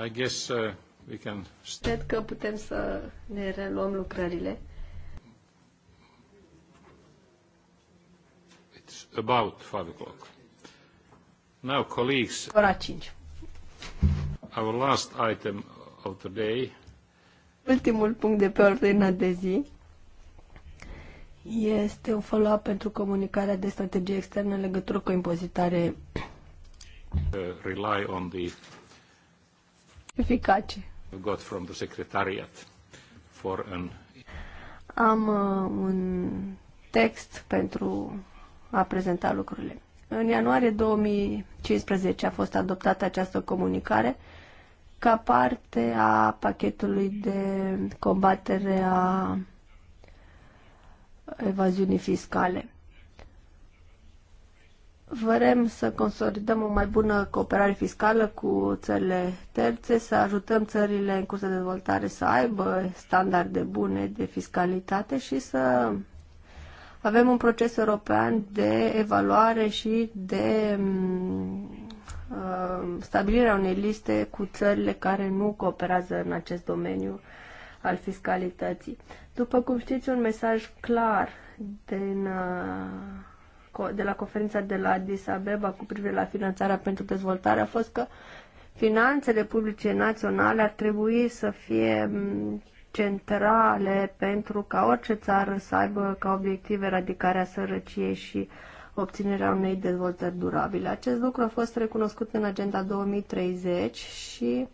I guess uh, we can... Cred că putem să ne reluăm lucrările. It's about 5 o'clock. Now, colleagues... Ora 5. Our last item of the day... Ultimul punct de pe ordinea de zi este un follow-up pentru comunicarea de strategie externă în legătură cu impozitare. Uh, rely on the eficace. Got from the secretariat for an... Am uh, un text pentru a prezenta lucrurile. În ianuarie 2015 a fost adoptată această comunicare ca parte a pachetului de combatere a evaziunii fiscale. Vrem să consolidăm o mai bună cooperare fiscală cu țările terțe, să ajutăm țările în curs de dezvoltare să aibă standarde bune de fiscalitate și să avem un proces european de evaluare și de mm, uh, stabilirea unei liste cu țările care nu cooperează în acest domeniu al fiscalității. După cum știți, un mesaj clar din uh, de la conferința de la Addis Abeba cu privire la finanțarea pentru dezvoltare a fost că finanțele publice naționale ar trebui să fie centrale pentru ca orice țară să aibă ca obiectiv eradicarea sărăciei și obținerea unei dezvoltări durabile. Acest lucru a fost recunoscut în Agenda 2030 și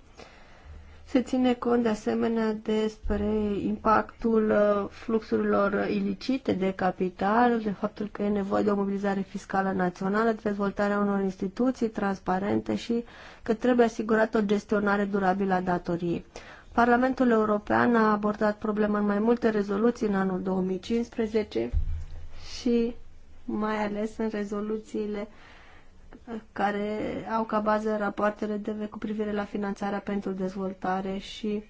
se ține cont de asemenea despre impactul uh, fluxurilor ilicite de capital, de faptul că e nevoie de o mobilizare fiscală națională, de dezvoltarea unor instituții transparente și că trebuie asigurată o gestionare durabilă a datoriei. Parlamentul European a abordat problema în mai multe rezoluții în anul 2015 și mai ales în rezoluțiile care au ca bază rapoartele DV cu privire la finanțarea pentru dezvoltare și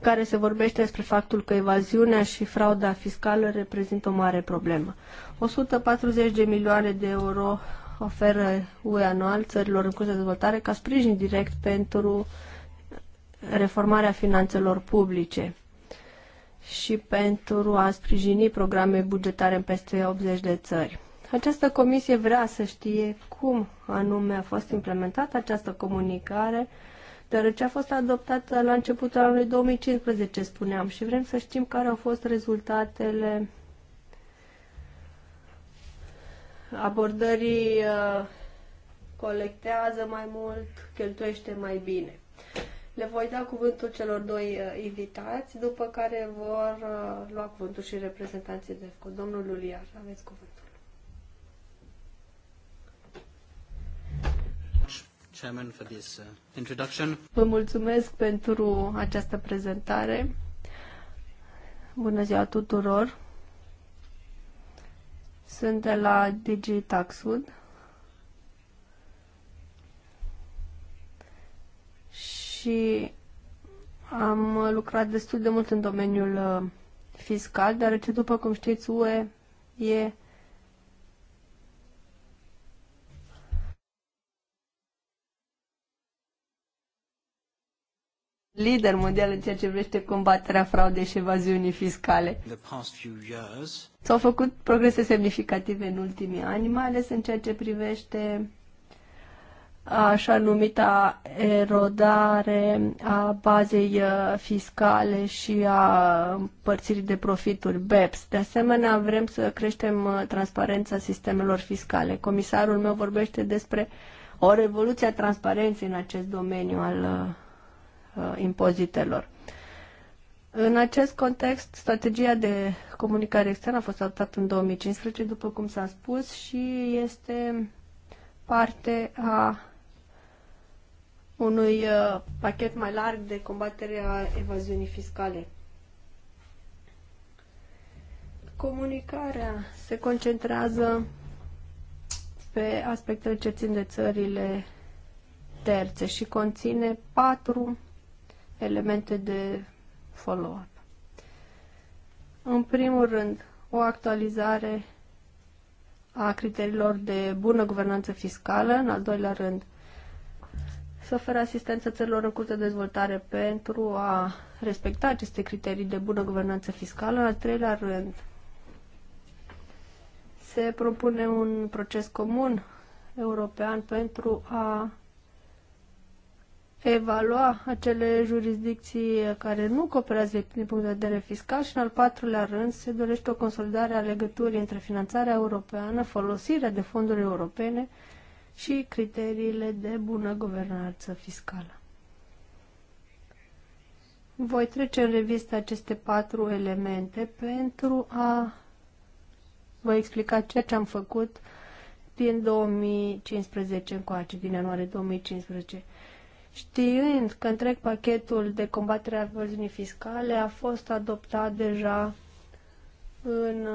care se vorbește despre faptul că evaziunea și frauda fiscală reprezintă o mare problemă. 140 de milioane de euro oferă UE anual țărilor în curs de dezvoltare ca sprijin direct pentru reformarea finanțelor publice și pentru a sprijini programe bugetare în peste 80 de țări. Această comisie vrea să știe cum anume a fost implementată această comunicare, deoarece a fost adoptată la începutul anului 2015, spuneam, și vrem să știm care au fost rezultatele abordării uh, colectează mai mult, cheltuiește mai bine. Le voi da cuvântul celor doi uh, invitați, după care vor uh, lua cuvântul și reprezentanții de cu Domnul Luliar, aveți cuvântul. Chairman, for this uh, introduction. Vă mulțumesc pentru această prezentare. Bună ziua tuturor! Sunt de la DigiTaxud și am lucrat destul de mult în domeniul uh, fiscal, deoarece, după cum știți, UE e lider mondial în ceea ce privește combaterea fraudei și evaziunii fiscale. S-au făcut progrese semnificative în ultimii ani, mai ales în ceea ce privește așa numita erodare a bazei uh, fiscale și a împărțirii de profituri BEPS. De asemenea, vrem să creștem uh, transparența sistemelor fiscale. Comisarul meu vorbește despre o revoluție a transparenței în acest domeniu al uh, Uh, impozitelor. În acest context, strategia de comunicare externă a fost adoptată în 2015, după cum s-a spus, și este parte a unui uh, pachet mai larg de combatere a evaziunii fiscale. Comunicarea se concentrează pe aspectele ce țin de țările terțe și conține patru elemente de follow-up. În primul rând, o actualizare a criteriilor de bună guvernanță fiscală, în al doilea rând, să ofere asistență țărilor în curs de dezvoltare pentru a respecta aceste criterii de bună guvernanță fiscală, în al treilea rând, se propune un proces comun european pentru a evalua acele jurisdicții care nu cooperează din punct de vedere fiscal și, în al patrulea rând, se dorește o consolidare a legăturii între finanțarea europeană, folosirea de fonduri europene și criteriile de bună guvernanță fiscală. Voi trece în revistă aceste patru elemente pentru a vă explica ceea ce am făcut din 2015 încoace, din ianuarie 2015 știind că întreg pachetul de combatere a evaziunii fiscale a fost adoptat deja în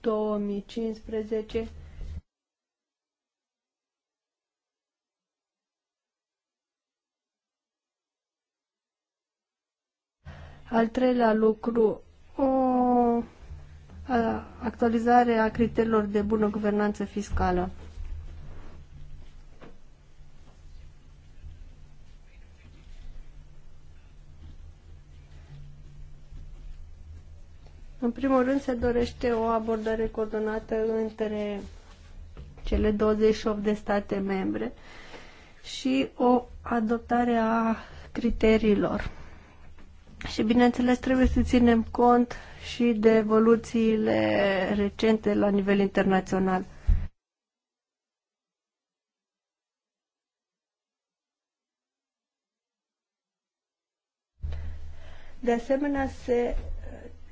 2015 uh, Al treilea lucru, o actualizare a criteriilor de bună guvernanță fiscală. În primul rând se dorește o abordare coordonată între cele 28 de state membre și o adoptare a criteriilor. Și bineînțeles trebuie să ținem cont și de evoluțiile recente la nivel internațional. De asemenea, se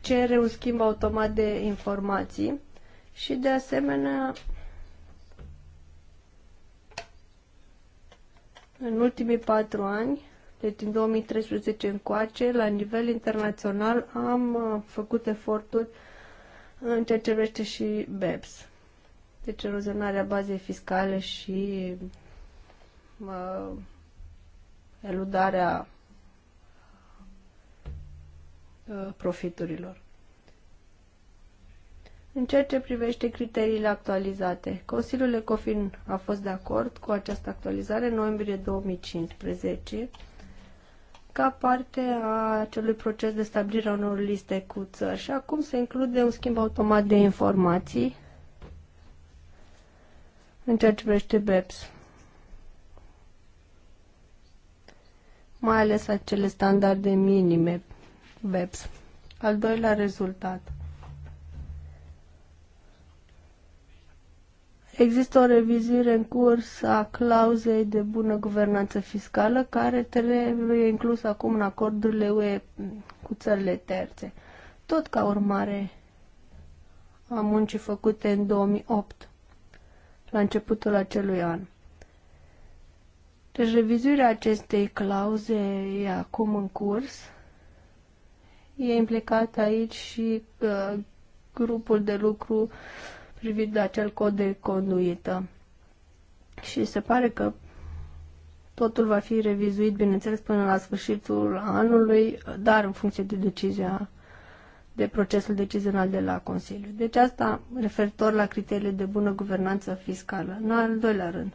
cere un schimb automat de informații și de asemenea în ultimii patru ani, deci din 2013 încoace, la nivel internațional am uh, făcut eforturi în ceea ce vrește și BEPS. Deci erozionarea bazei fiscale și uh, eludarea Uh, profiturilor. În ceea ce privește criteriile actualizate, Consiliul Ecofin a fost de acord cu această actualizare în noiembrie 2015 ca parte a acelui proces de stabilire a unor liste cu țări și acum se include un schimb automat de informații în ceea ce privește BEPS. Mai ales acele standarde minime BEPS. Al doilea rezultat. Există o revizuire în curs a clauzei de bună guvernanță fiscală care trebuie inclusă acum în acordurile UE cu țările terțe, tot ca urmare a muncii făcute în 2008, la începutul acelui an. Deci revizuirea acestei clauze e acum în curs E implicat aici și uh, grupul de lucru privind acel cod de conduită. Și se pare că totul va fi revizuit, bineînțeles, până la sfârșitul anului, dar în funcție de decizia de procesul decizional de la Consiliu. Deci asta referitor la criteriile de bună guvernanță fiscală. În al doilea rând,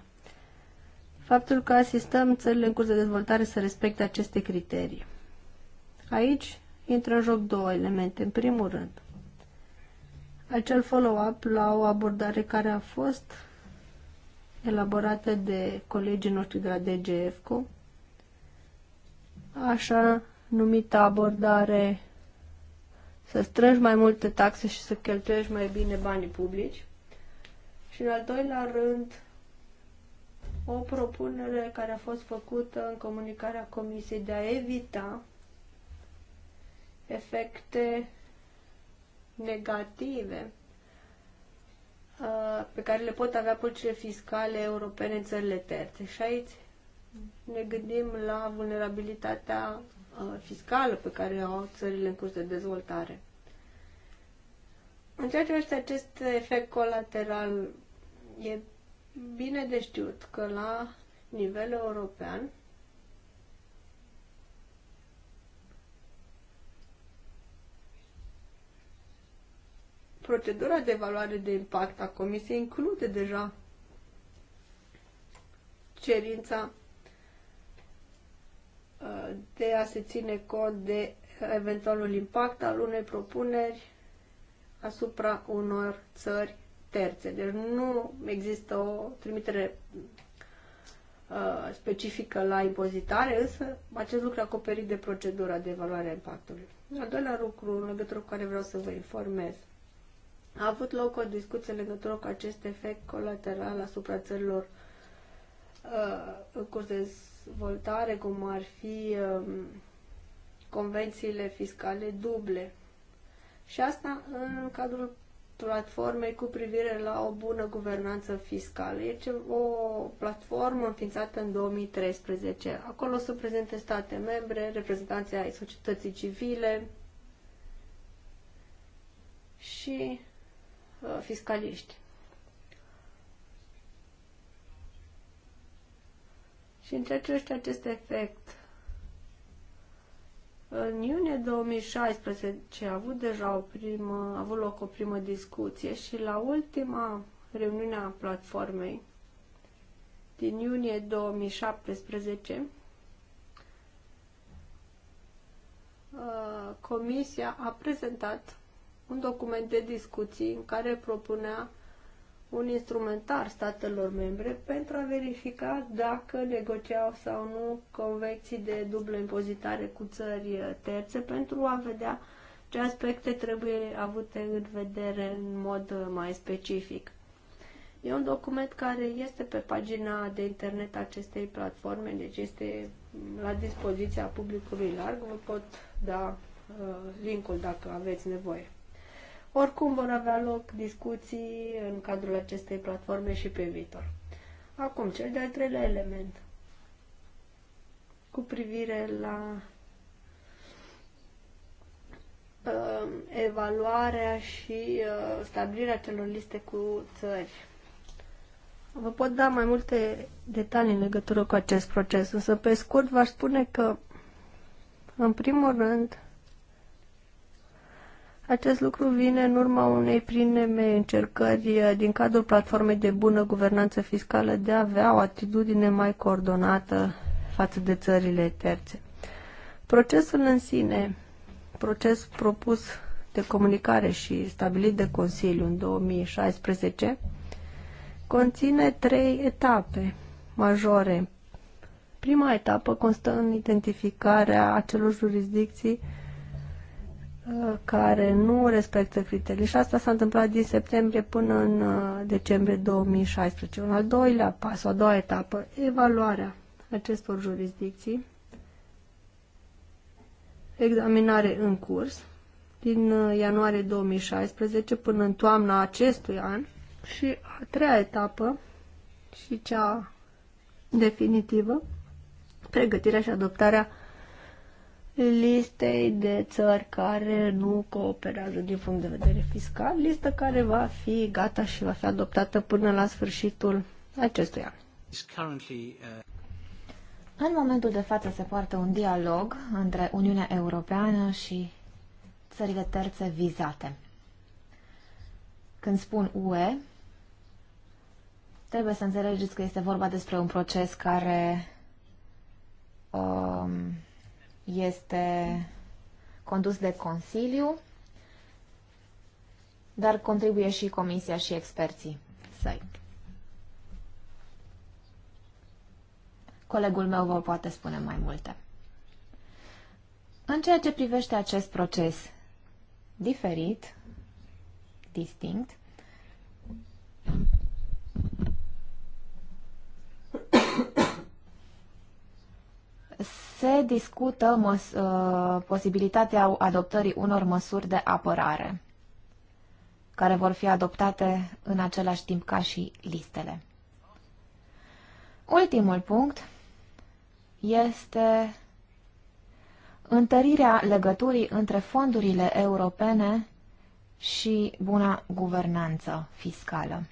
faptul că asistăm țările în curs de dezvoltare să respecte aceste criterii. Aici intră în joc două elemente. În primul rând, acel follow-up la o abordare care a fost elaborată de colegii noștri de la DGFCO, așa numită abordare să strângi mai multe taxe și să cheltuiești mai bine banii publici. Și în al doilea rând, o propunere care a fost făcută în comunicarea Comisiei de a evita efecte negative uh, pe care le pot avea politicile fiscale europene în țările terțe. Și aici ne gândim la vulnerabilitatea uh, fiscală pe care o au țările în curs de dezvoltare. În ceea ce este acest efect colateral, e bine de știut că la nivel european Procedura de evaluare de impact a Comisiei include deja cerința uh, de a se ține cont de eventualul impact al unei propuneri asupra unor țări terțe. Deci nu există o trimitere uh, specifică la impozitare, însă acest lucru acoperit de procedura de evaluare a impactului. Al doilea lucru în legătură cu care vreau să vă informez a avut loc o discuție în legătură cu acest efect colateral asupra țărilor uh, în curs de dezvoltare, cum ar fi uh, convențiile fiscale duble. Și asta în cadrul platformei cu privire la o bună guvernanță fiscală. E deci, ce, o platformă înființată în 2013. Acolo sunt prezente state membre, reprezentanții ai societății civile și Uh, fiscaliști. Și în este acest efect, în iunie 2016 a avut deja o primă, a avut loc o primă discuție și la ultima reuniune a platformei din iunie 2017 uh, Comisia a prezentat un document de discuții în care propunea un instrumentar statelor membre pentru a verifica dacă negociau sau nu convenții de dublă impozitare cu țări uh, terțe pentru a vedea ce aspecte trebuie avute în vedere în mod uh, mai specific. E un document care este pe pagina de internet acestei platforme, deci este la dispoziția publicului larg. Vă pot da uh, linkul dacă aveți nevoie. Oricum vor avea loc discuții în cadrul acestei platforme și pe viitor. Acum, cel de-al treilea element cu privire la uh, evaluarea și uh, stabilirea celor liste cu țări. Vă pot da mai multe detalii în legătură cu acest proces, însă pe scurt v-aș spune că, în primul rând, acest lucru vine în urma unei prime încercări eh, din cadrul platformei de bună guvernanță fiscală de a avea o atitudine mai coordonată față de țările terțe. Procesul în sine, proces propus de comunicare și stabilit de Consiliu în 2016, conține trei etape majore. Prima etapă constă în identificarea acelor jurisdicții care nu respectă criteriile. Și asta s-a întâmplat din septembrie până în uh, decembrie 2016. Un al doilea pas, o a doua etapă, evaluarea acestor jurisdicții, examinare în curs, din uh, ianuarie 2016 până în toamna acestui an și a treia etapă și cea definitivă, pregătirea și adoptarea listei de țări care nu cooperează din punct de vedere fiscal, listă care va fi gata și va fi adoptată până la sfârșitul acestui an. Uh, În momentul de față se poartă un dialog între Uniunea Europeană și țările terțe vizate. Când spun UE, trebuie să înțelegeți că este vorba despre un proces care um, este condus de Consiliu, dar contribuie și Comisia și experții săi. Colegul meu vă poate spune mai multe. În ceea ce privește acest proces diferit, distinct, se discută măs- uh, posibilitatea adoptării unor măsuri de apărare, care vor fi adoptate în același timp ca și listele. Ultimul punct este întărirea legăturii între fondurile europene și buna guvernanță fiscală.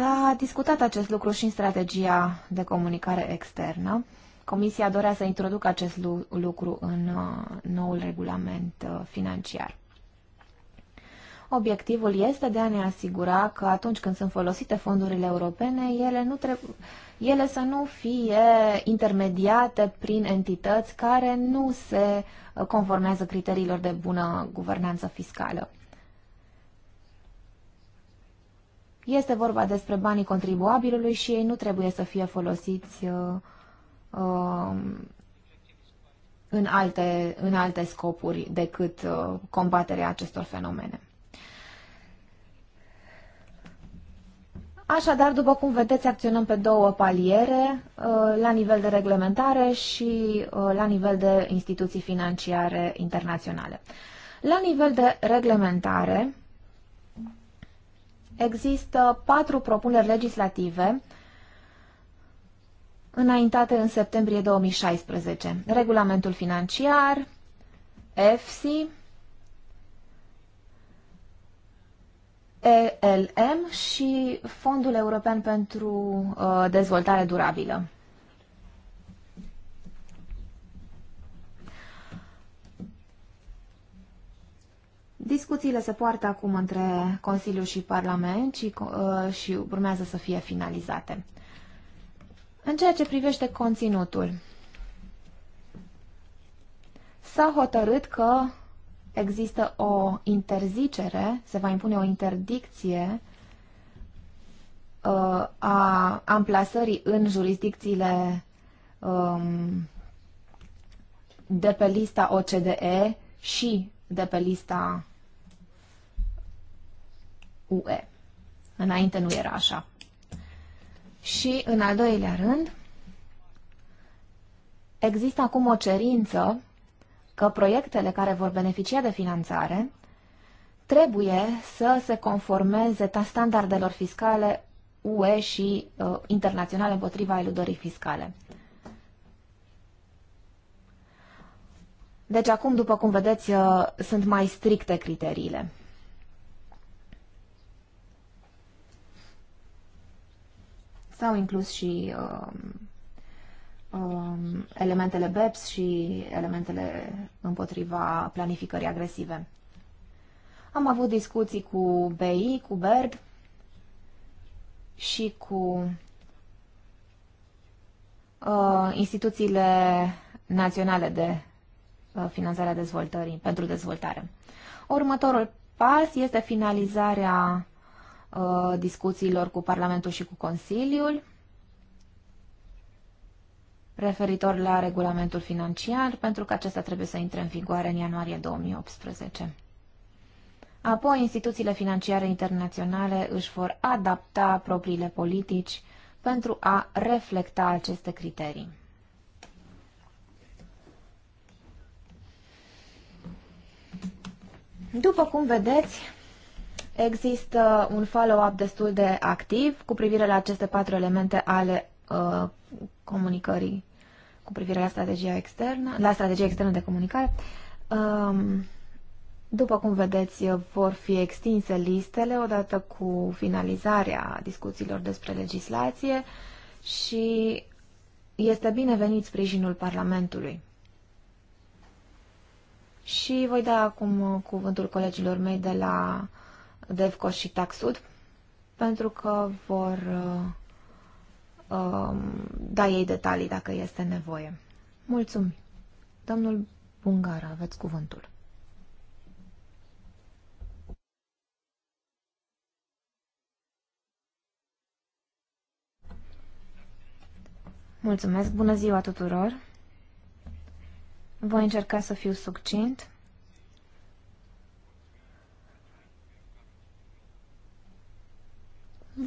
S-a discutat acest lucru și în strategia de comunicare externă. Comisia dorea să introducă acest lucru în uh, noul regulament uh, financiar. Obiectivul este de a ne asigura că atunci când sunt folosite fondurile europene, ele, nu trebu- ele să nu fie intermediate prin entități care nu se uh, conformează criteriilor de bună guvernanță fiscală. Este vorba despre banii contribuabilului și ei nu trebuie să fie folosiți uh, uh, în, alte, în alte scopuri decât uh, combaterea acestor fenomene. Așadar, după cum vedeți, acționăm pe două paliere, uh, la nivel de reglementare și uh, la nivel de instituții financiare internaționale. La nivel de reglementare, Există patru propuneri legislative înaintate în septembrie 2016. Regulamentul financiar, EFSI, ELM și Fondul European pentru uh, Dezvoltare Durabilă. Discuțiile se poartă acum între Consiliu și Parlament și, uh, și urmează să fie finalizate. În ceea ce privește conținutul, s-a hotărât că există o interzicere, se va impune o interdicție uh, a amplasării în jurisdicțiile um, de pe lista OCDE și de pe lista UE. Înainte nu era așa. Și, în al doilea rând, există acum o cerință că proiectele care vor beneficia de finanțare trebuie să se conformeze standardelor fiscale UE și uh, internaționale împotriva eludării fiscale. Deci acum, după cum vedeți, uh, sunt mai stricte criteriile. S-au inclus și uh, uh, elementele BEPS și elementele împotriva planificării agresive. Am avut discuții cu BI, cu BERD și cu uh, instituțiile naționale de uh, finanțare a dezvoltării, pentru dezvoltare. Următorul pas este finalizarea Uh, discuțiilor cu Parlamentul și cu Consiliul referitor la regulamentul financiar, pentru că acesta trebuie să intre în vigoare în ianuarie 2018. Apoi, instituțiile financiare internaționale își vor adapta propriile politici pentru a reflecta aceste criterii. După cum vedeți, Există un follow-up destul de activ cu privire la aceste patru elemente ale uh, comunicării cu privire la strategia externă, la strategia externă de comunicare. Um, după cum vedeți, vor fi extinse listele odată cu finalizarea discuțiilor despre legislație și este binevenit sprijinul Parlamentului. Și voi da acum cuvântul colegilor mei de la DEVCO și TAXUD, pentru că vor uh, uh, da ei detalii dacă este nevoie. Mulțumim. Domnul Bungara, aveți cuvântul. Mulțumesc, bună ziua tuturor! Voi încerca să fiu succint.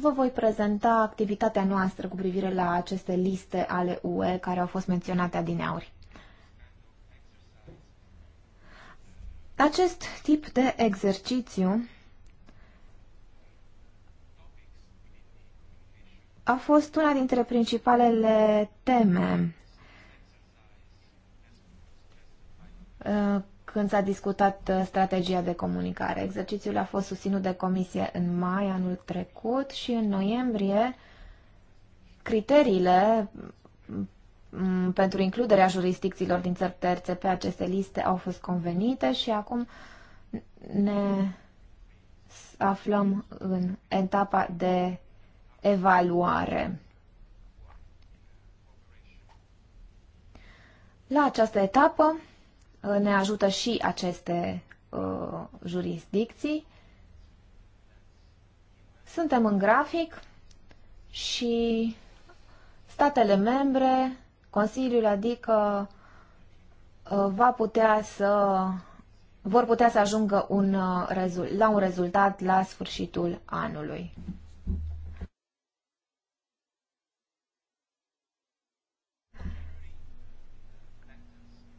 Vă voi prezenta activitatea noastră cu privire la aceste liste ale UE care au fost menționate adineauri. Acest tip de exercițiu a fost una dintre principalele teme uh, când s-a discutat uh, strategia de comunicare. Exercițiul a fost susținut de comisie în mai anul trecut și în noiembrie criteriile mm, pentru includerea jurisdicțiilor din țări terțe pe aceste liste au fost convenite și acum ne aflăm în etapa de evaluare. La această etapă Uh, ne ajută și aceste uh, jurisdicții. Suntem în grafic și statele membre, Consiliul, adică uh, va putea să vor putea să ajungă un, uh, la un rezultat la sfârșitul anului.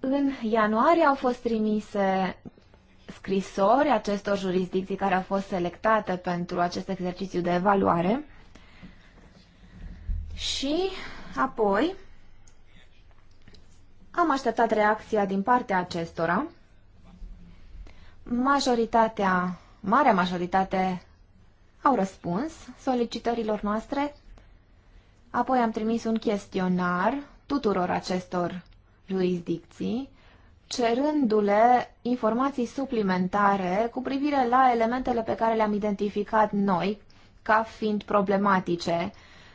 În ianuarie au fost trimise scrisori acestor jurisdicții care au fost selectate pentru acest exercițiu de evaluare și apoi am așteptat reacția din partea acestora. Majoritatea, marea majoritate au răspuns solicitărilor noastre. Apoi am trimis un chestionar tuturor acestor jurisdicții, cerându-le informații suplimentare cu privire la elementele pe care le-am identificat noi ca fiind problematice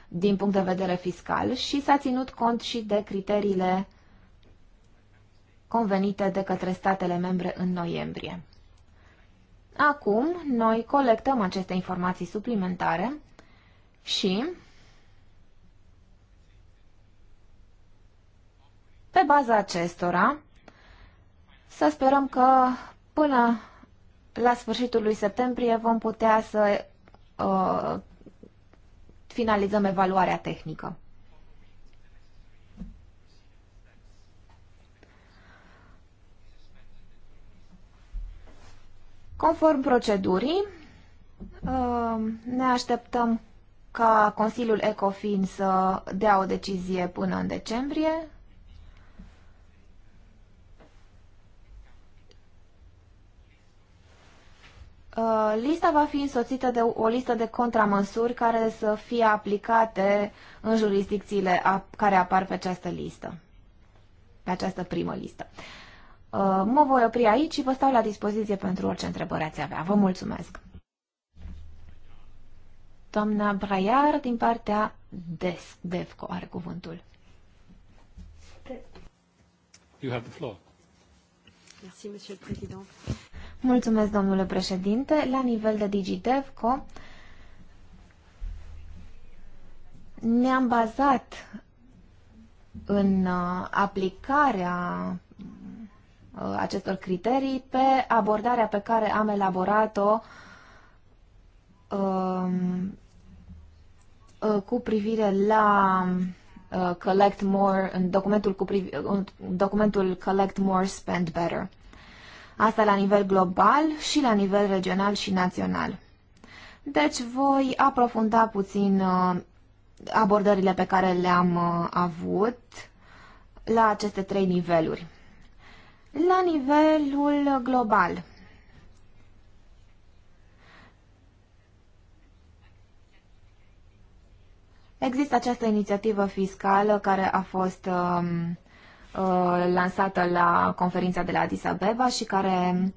din punct de vedere fiscal și s-a ținut cont și de criteriile convenite de către statele membre în noiembrie. Acum, noi colectăm aceste informații suplimentare și Pe baza acestora, să sperăm că până la sfârșitul lui septembrie vom putea să uh, finalizăm evaluarea tehnică. Conform procedurii, uh, ne așteptăm ca Consiliul ECOFIN să dea o decizie până în decembrie Uh, lista va fi însoțită de o listă de contramăsuri care să fie aplicate în jurisdicțiile care apar pe această listă, pe această primă listă. Uh, mă voi opri aici și vă stau la dispoziție pentru orice întrebări ați avea. Vă mulțumesc! Doamna Braiar, din partea DES, DEVCO, are cuvântul. You have the floor. Merci, Monsieur le Président. Mulțumesc, domnule președinte. La nivel de DigiDevco ne-am bazat în uh, aplicarea uh, acestor criterii pe abordarea pe care am elaborat-o um, uh, cu privire la collect more, în documentul, cu privi, în documentul collect more, spend better. Asta la nivel global și la nivel regional și național. Deci voi aprofunda puțin uh, abordările pe care le-am uh, avut la aceste trei niveluri. La nivelul global, Există această inițiativă fiscală care a fost uh, Uh, lansată la conferința de la Addis Abeba și care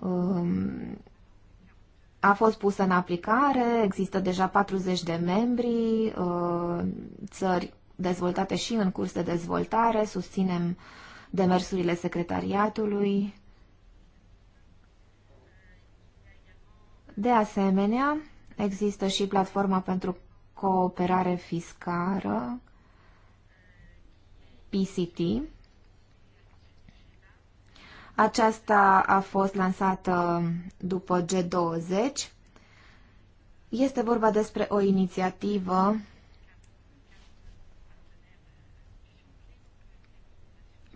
um, a fost pusă în aplicare. Există deja 40 de membri, uh, țări dezvoltate și în curs de dezvoltare. Susținem demersurile secretariatului. De asemenea, există și platforma pentru cooperare fiscală, PCT. Aceasta a fost lansată după G20. Este vorba despre o inițiativă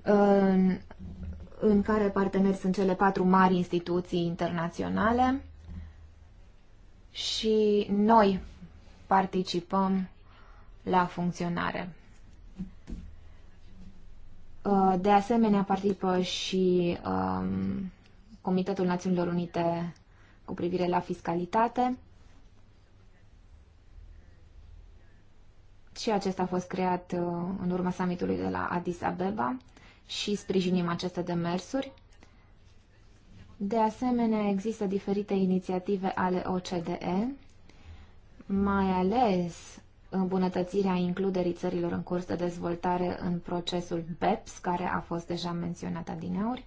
în, în care parteneri sunt cele patru mari instituții internaționale și noi participăm la funcționare. Uh, de asemenea, participă și um, Comitetul Națiunilor Unite cu privire la fiscalitate. Și acesta a fost creat uh, în urma summitului de la Addis Abeba și sprijinim aceste demersuri. De asemenea, există diferite inițiative ale OCDE, mai ales îmbunătățirea includerii țărilor în curs de dezvoltare în procesul BEPS, care a fost deja menționat adineauri,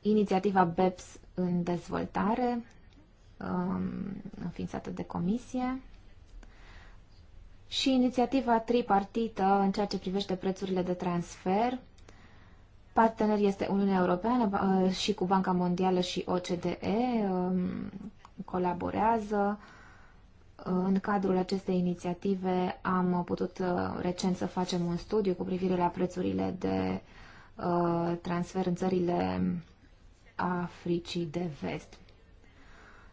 inițiativa BEPS în dezvoltare, um, înființată de comisie, și inițiativa tripartită în ceea ce privește prețurile de transfer. Partener este Uniunea Europeană uh, și cu Banca Mondială și OCDE um, colaborează în cadrul acestei inițiative am putut uh, recent să facem un studiu cu privire la prețurile de uh, transfer în țările Africii de Vest.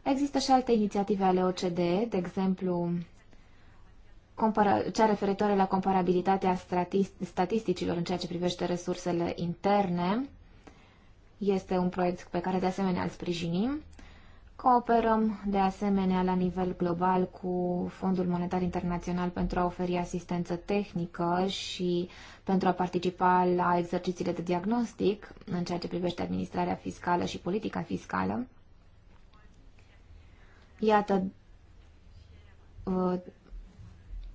Există și alte inițiative ale OCDE, de exemplu cea referitoare la comparabilitatea statisticilor în ceea ce privește resursele interne. Este un proiect pe care de asemenea îl sprijinim. Cooperăm de asemenea la nivel global cu Fondul Monetar Internațional pentru a oferi asistență tehnică și pentru a participa la exercițiile de diagnostic în ceea ce privește administrarea fiscală și politica fiscală. Iată uh,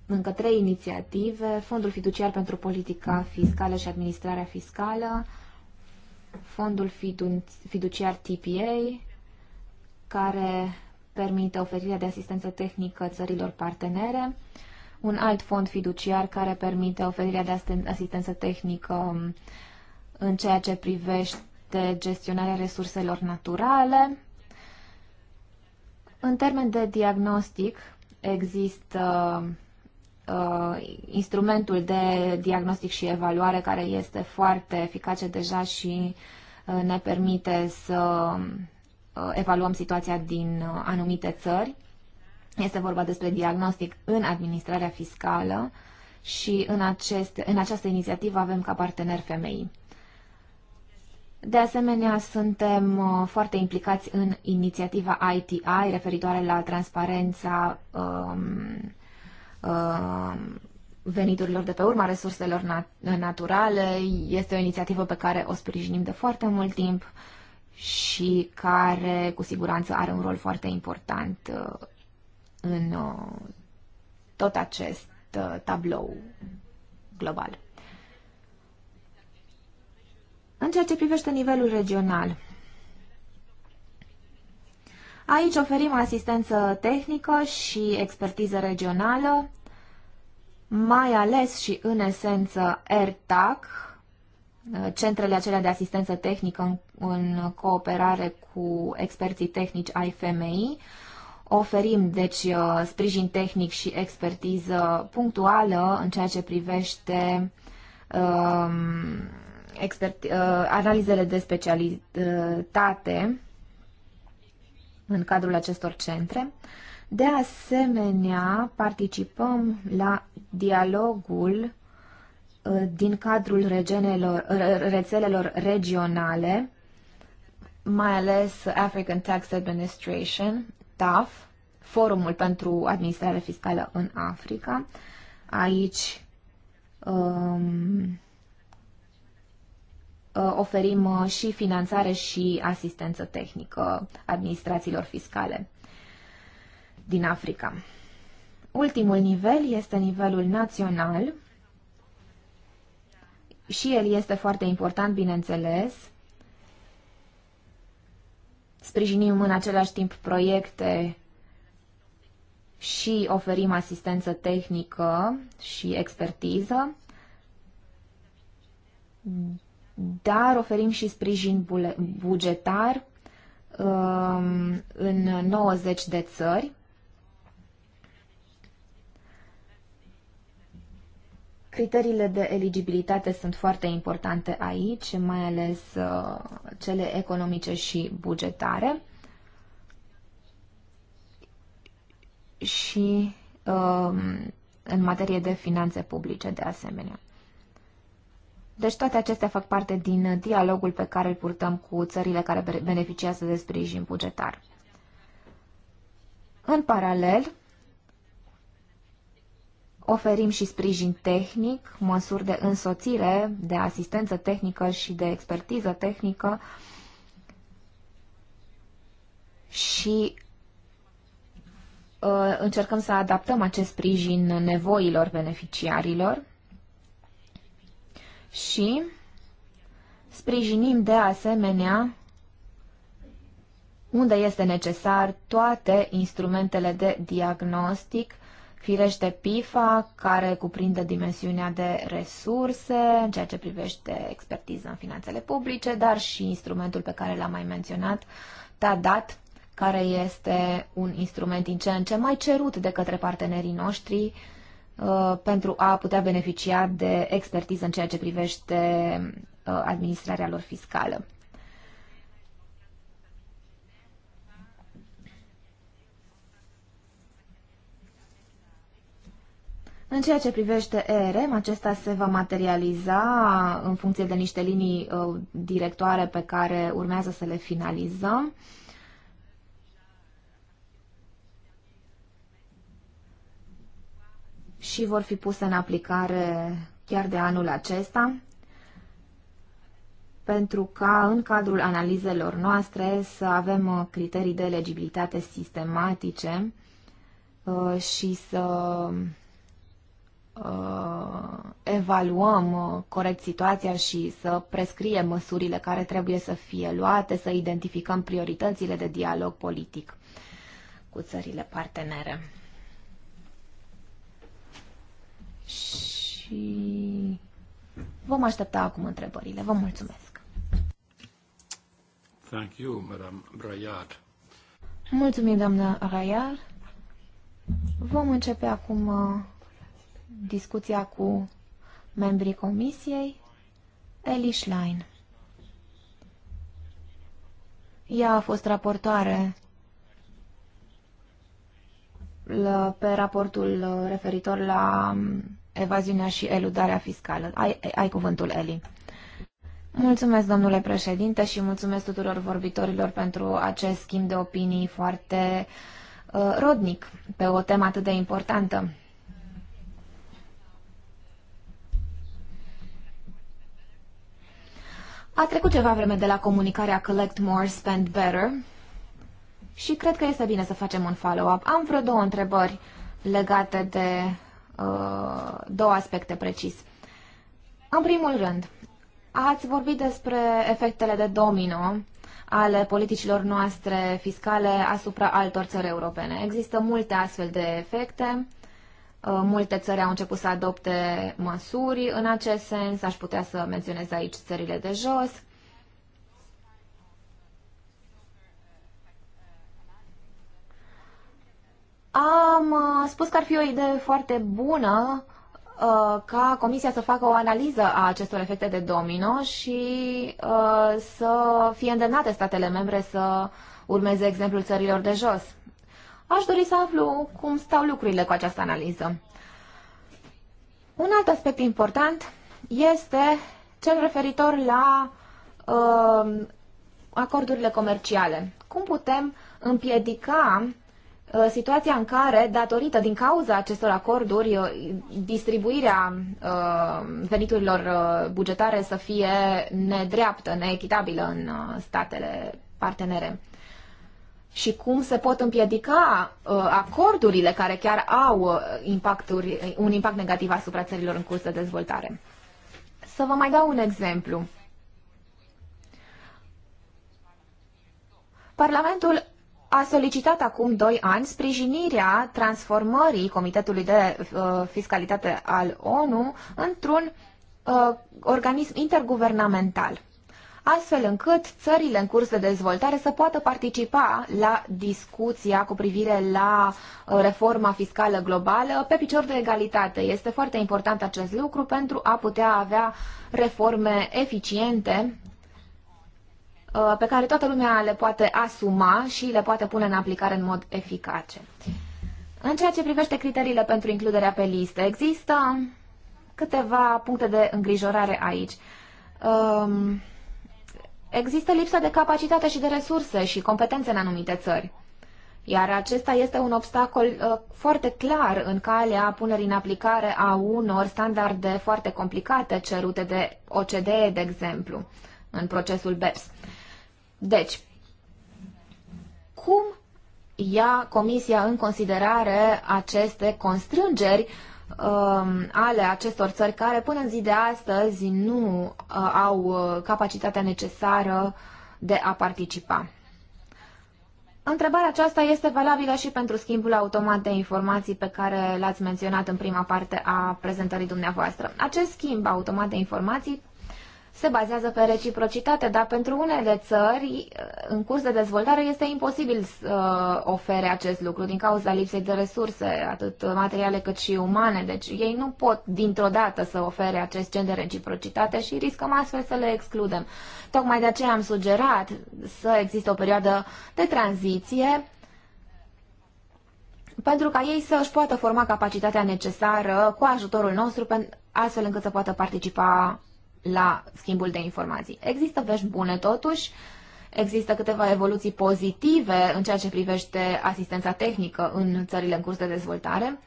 încă trei inițiative, Fondul Fiduciar pentru Politica Fiscală și Administrarea Fiscală, Fondul Fiduciar TPA, care permite oferirea de asistență tehnică țărilor partenere, un alt fond fiduciar care permite oferirea de asistență tehnică um, în ceea ce privește gestionarea resurselor naturale. În termen de diagnostic, există uh, instrumentul de diagnostic și evaluare care este foarte eficace deja și uh, ne permite să Uh, evaluăm situația din uh, anumite țări. Este vorba despre diagnostic în administrarea fiscală și în, acest, în această inițiativă avem ca partener femei. De asemenea, suntem uh, foarte implicați în inițiativa ITI referitoare la transparența um, um, veniturilor de pe urma resurselor nat- naturale. Este o inițiativă pe care o sprijinim de foarte mult timp și care cu siguranță are un rol foarte important uh, în uh, tot acest uh, tablou global. În ceea ce privește nivelul regional, aici oferim asistență tehnică și expertiză regională, mai ales și în esență AirTAC, Uh, centrele acelea de asistență tehnică în, în cooperare cu experții tehnici ai femei. Oferim, deci, uh, sprijin tehnic și expertiză punctuală în ceea ce privește um, expert, uh, analizele de specialitate în cadrul acestor centre. De asemenea, participăm la dialogul Uh, din cadrul regenelor, rețelelor regionale, mai ales African Tax Administration, TAF, Forumul pentru Administrare Fiscală în Africa. Aici um, uh, oferim uh, și finanțare și asistență tehnică administrațiilor fiscale din Africa. Ultimul nivel este nivelul național, și el este foarte important, bineînțeles. Sprijinim în același timp proiecte și oferim asistență tehnică și expertiză, dar oferim și sprijin bugetar um, în 90 de țări Criteriile de eligibilitate sunt foarte importante aici, mai ales uh, cele economice și bugetare. Și um, în materie de finanțe publice, de asemenea. Deci toate acestea fac parte din dialogul pe care îl purtăm cu țările care beneficiază de sprijin bugetar. În paralel, Oferim și sprijin tehnic, măsuri de însoțire, de asistență tehnică și de expertiză tehnică și uh, încercăm să adaptăm acest sprijin nevoilor beneficiarilor și sprijinim de asemenea unde este necesar toate instrumentele de diagnostic Firește PIFA, care cuprinde dimensiunea de resurse în ceea ce privește expertiza în finanțele publice, dar și instrumentul pe care l-am mai menționat, TADAT, care este un instrument din ce în ce mai cerut de către partenerii noștri uh, pentru a putea beneficia de expertiză în ceea ce privește uh, administrarea lor fiscală. În ceea ce privește ERM, acesta se va materializa în funcție de niște linii uh, directoare pe care urmează să le finalizăm. și vor fi puse în aplicare chiar de anul acesta, pentru ca în cadrul analizelor noastre să avem uh, criterii de legibilitate sistematice uh, și să uh, evaluăm uh, corect situația și să prescriem măsurile care trebuie să fie luate, să identificăm prioritățile de dialog politic cu țările partenere. Și vom aștepta acum întrebările. Vă mulțumesc. Thank you, Madame Brayard. Mulțumim, doamnă Rayar. Vom începe acum uh, discuția cu membrii comisiei, Eli Schlein. Ea a fost raportoare la, pe raportul uh, referitor la um, evaziunea și eludarea fiscală. Ai, ai cuvântul, Eli. Mulțumesc, domnule președinte, și mulțumesc tuturor vorbitorilor pentru acest schimb de opinii foarte uh, rodnic pe o temă atât de importantă. A trecut ceva vreme de la comunicarea Collect More, Spend Better și cred că este bine să facem un follow-up. Am vreo două întrebări legate de uh, două aspecte precis. În primul rând, ați vorbit despre efectele de domino ale politicilor noastre fiscale asupra altor țări europene. Există multe astfel de efecte Uh, multe țări au început să adopte măsuri în acest sens, aș putea să menționez aici țările de jos. Am uh, spus că ar fi o idee foarte bună uh, ca Comisia să facă o analiză a acestor efecte de domino și să fie îndemnate statele membre să urmeze exemplul țărilor de jos Aș dori să aflu cum stau lucrurile cu această analiză. Un alt aspect important este cel referitor la uh, acordurile comerciale. Cum putem împiedica uh, situația în care, datorită din cauza acestor acorduri, uh, distribuirea uh, veniturilor uh, bugetare să fie nedreaptă, neechitabilă în uh, statele partenere? și cum se pot împiedica uh, acordurile care chiar au uh, impacturi, uh, un impact negativ asupra țărilor în curs de dezvoltare. Să vă mai dau un exemplu. Parlamentul a solicitat acum doi ani sprijinirea transformării Comitetului de uh, Fiscalitate al ONU într-un uh, organism interguvernamental astfel încât țările în curs de dezvoltare să poată participa la discuția cu privire la uh, reforma fiscală globală pe picior de egalitate. Este foarte important acest lucru pentru a putea avea reforme eficiente uh, pe care toată lumea le poate asuma și le poate pune în aplicare în mod eficace. În ceea ce privește criteriile pentru includerea pe listă, există câteva puncte de îngrijorare aici. Um, există lipsa de capacitate și de resurse și competențe în anumite țări. Iar acesta este un obstacol uh, foarte clar în calea punerii în aplicare a unor standarde foarte complicate cerute de OCDE, de exemplu, în procesul BEPS. Deci, cum ia Comisia în considerare aceste constrângeri uh, ale acestor țări care până în zi de astăzi nu uh, au uh, capacitatea necesară de a participa. Întrebarea aceasta este valabilă și pentru schimbul automat de informații pe care l-ați menționat în prima parte a prezentării dumneavoastră. Acest schimb automat de informații se bazează pe reciprocitate, dar pentru unele țări uh, în curs de dezvoltare este imposibil să uh, ofere acest lucru din cauza lipsei de resurse, atât materiale cât și umane. Deci ei nu pot dintr-o dată să ofere acest gen de reciprocitate și riscăm astfel să le excludem. Tocmai de aceea am sugerat să existe o perioadă de tranziție pentru ca ei să își poată forma capacitatea necesară cu ajutorul nostru, astfel încât să poată participa la schimbul de informații. Există vești bune totuși, există câteva evoluții pozitive în ceea ce privește asistența tehnică în țările în curs de dezvoltare.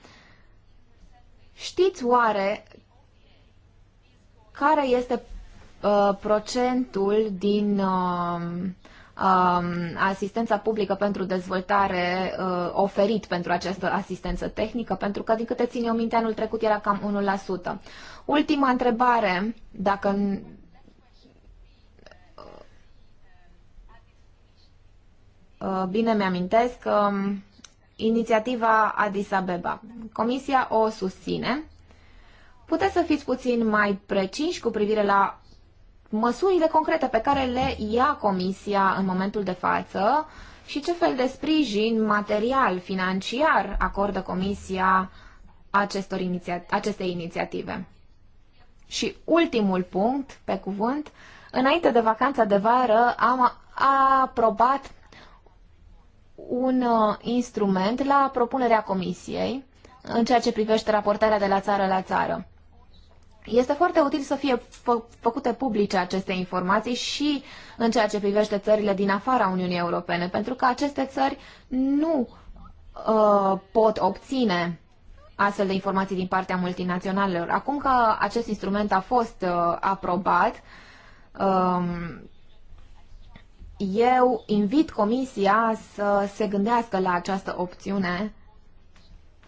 Știți oare care este uh, procentul din uh, Um, asistența publică pentru dezvoltare uh, oferit pentru această asistență tehnică, pentru că, din câte țin eu minte, anul trecut era cam 1%. Ultima întrebare, dacă uh, bine mi-amintesc um, inițiativa Addis Abeba. Comisia o susține. Puteți să fiți puțin mai preciși cu privire la măsurile concrete pe care le ia Comisia în momentul de față și ce fel de sprijin material, financiar acordă Comisia acestor iniția- acestei inițiative. Și ultimul punct, pe cuvânt, înainte de vacanța de vară am aprobat un uh, instrument la propunerea Comisiei în ceea ce privește raportarea de la țară la țară. Este foarte util să fie fă făcute publice aceste informații și în ceea ce privește țările din afara Uniunii Europene, pentru că aceste țări nu uh, pot obține astfel de informații din partea multinaționalelor. Acum că acest instrument a fost uh, aprobat, um, eu invit Comisia să se gândească la această opțiune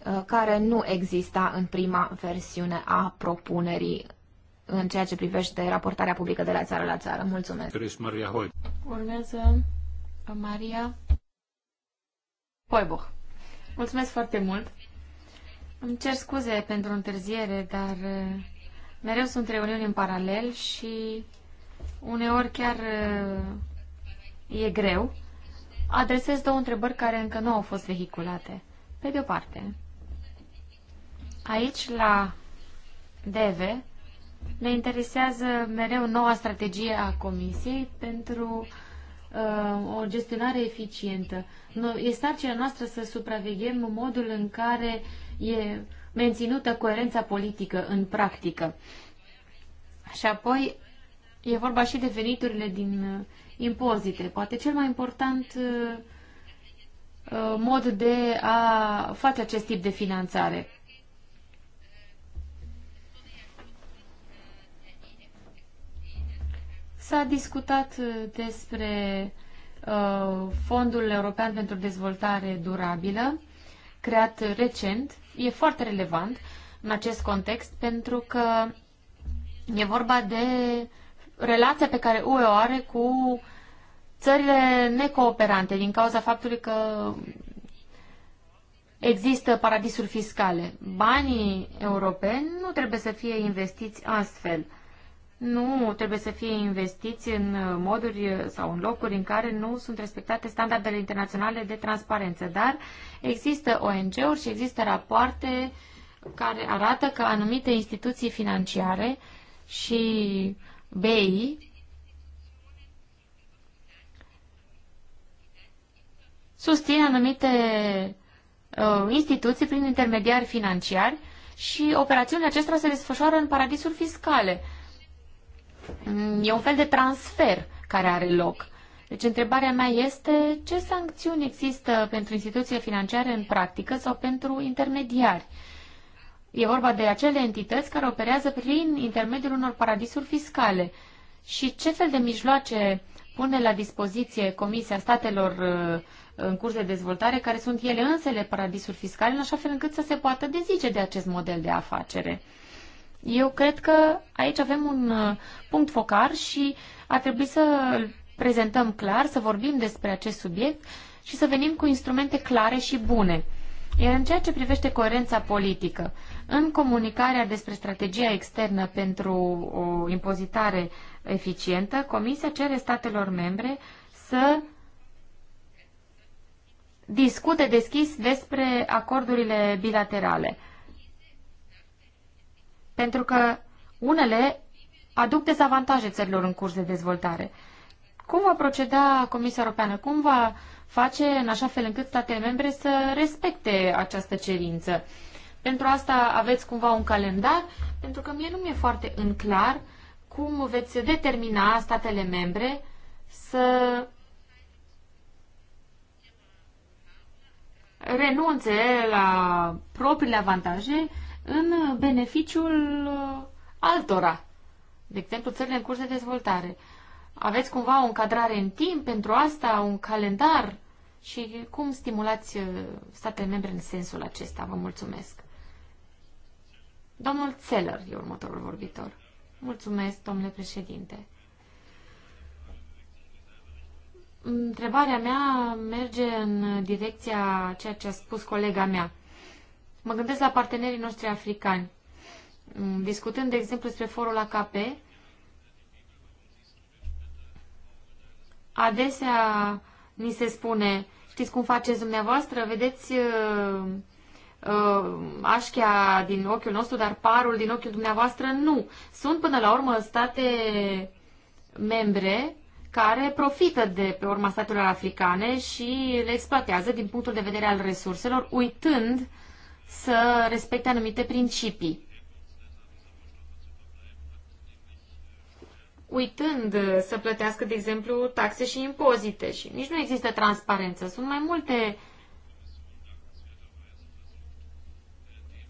Uh, care nu exista în prima versiune a propunerii în ceea ce privește raportarea publică de la țară la țară. Mulțumesc. Maria Hoi. Urmează Maria Hoiboch. Mulțumesc foarte mult. Îmi cer scuze pentru întârziere, dar uh, mereu sunt reuniuni în paralel și uneori chiar uh, e greu. Adresez două întrebări care încă nu au fost vehiculate. Pe de o parte, Aici, la DEVE, ne interesează mereu noua strategie a Comisiei pentru uh, o gestionare eficientă. E sarcina noastră să supraveghem modul în care e menținută coerența politică în practică. Și apoi e vorba și de veniturile din uh, impozite. Poate cel mai important uh, uh, mod de a face acest tip de finanțare. S-a discutat uh, despre uh, Fondul European pentru Dezvoltare Durabilă, creat recent. E foarte relevant în acest context pentru că e vorba de relația pe care UE o are cu țările necooperante din cauza faptului că există paradisuri fiscale. Banii europeni nu trebuie să fie investiți astfel nu trebuie să fie investiți în moduri sau în locuri în care nu sunt respectate standardele internaționale de transparență, dar există ONG-uri și există rapoarte care arată că anumite instituții financiare și BI susțin anumite uh, instituții prin intermediari financiari și operațiunile acestora se desfășoară în paradisuri fiscale. Uh, Mm, e un fel de transfer care are loc. Deci întrebarea mea este ce sancțiuni există pentru instituțiile financiare în practică sau pentru intermediari? E vorba de acele entități care operează prin intermediul unor paradisuri fiscale. Și ce fel de mijloace pune la dispoziție Comisia Statelor uh, în curs de dezvoltare, care sunt ele însele paradisuri fiscale, în așa fel încât să se poată dezice de acest model de afacere? Eu cred că aici avem un uh, punct focar și ar trebui să prezentăm clar, să vorbim despre acest subiect și să venim cu instrumente clare și bune. Iar în ceea ce privește coerența politică, în comunicarea despre strategia externă pentru o impozitare eficientă, Comisia cere statelor membre să discute deschis despre acordurile bilaterale pentru că unele aduc dezavantaje țărilor în curs de dezvoltare. Cum va proceda Comisia Europeană? Cum va face în așa fel încât statele membre să respecte această cerință? Pentru asta aveți cumva un calendar? Pentru că mie nu mi-e foarte în clar cum veți determina statele membre să renunțe la propriile avantaje în beneficiul uh, altora, de exemplu țările în curs de dezvoltare. Aveți cumva o încadrare în timp pentru asta, un calendar și cum stimulați uh, statele membre în sensul acesta? Vă mulțumesc. Domnul Țeller e următorul vorbitor. Mulțumesc, domnule președinte. Întrebarea mea merge în direcția ceea ce a spus colega mea. Mă gândesc la partenerii noștri africani. Mm, discutând, de exemplu, despre forul AKP, adesea ni se spune, știți cum faceți dumneavoastră, vedeți uh, uh, din ochiul nostru, dar parul din ochiul dumneavoastră nu. Sunt până la urmă state membre care profită de pe urma statelor africane și le exploatează din punctul de vedere al resurselor, uitând uh, să respecte anumite principii. uitând să plătească, de exemplu, taxe și impozite și nici nu există transparență. Sunt mai multe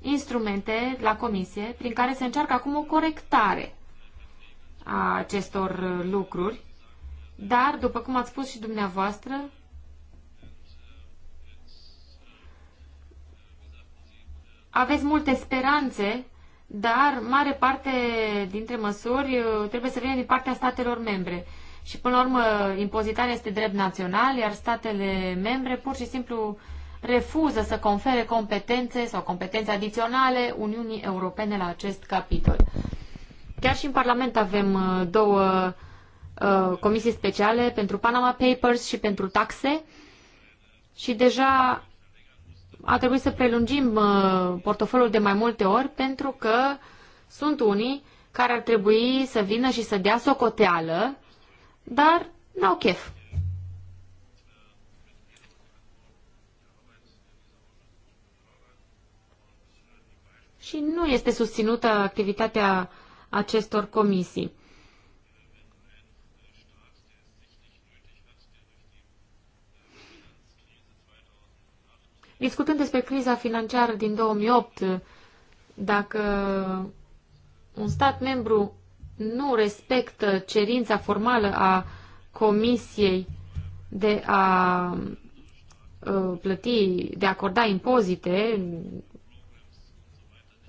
instrumente la comisie prin care se încearcă acum o corectare a acestor lucruri, dar, după cum ați spus și dumneavoastră, aveți multe speranțe, dar mare parte dintre măsuri uh, trebuie să vină din partea statelor membre. Și până la urmă, impozitarea este drept național, iar statele membre pur și simplu refuză să confere competențe sau competențe adiționale Uniunii Europene la acest capitol. Chiar și în Parlament avem uh, două uh, comisii speciale pentru Panama Papers și pentru taxe și deja a trebuit să prelungim uh, portofoliul de mai multe ori pentru că sunt unii care ar trebui să vină și să dea socoteală, dar n-au chef. Și nu este susținută activitatea acestor comisii. Discutând despre criza financiară din 2008, dacă un stat membru nu respectă cerința formală a Comisiei de a uh, plăti, de a acorda impozite,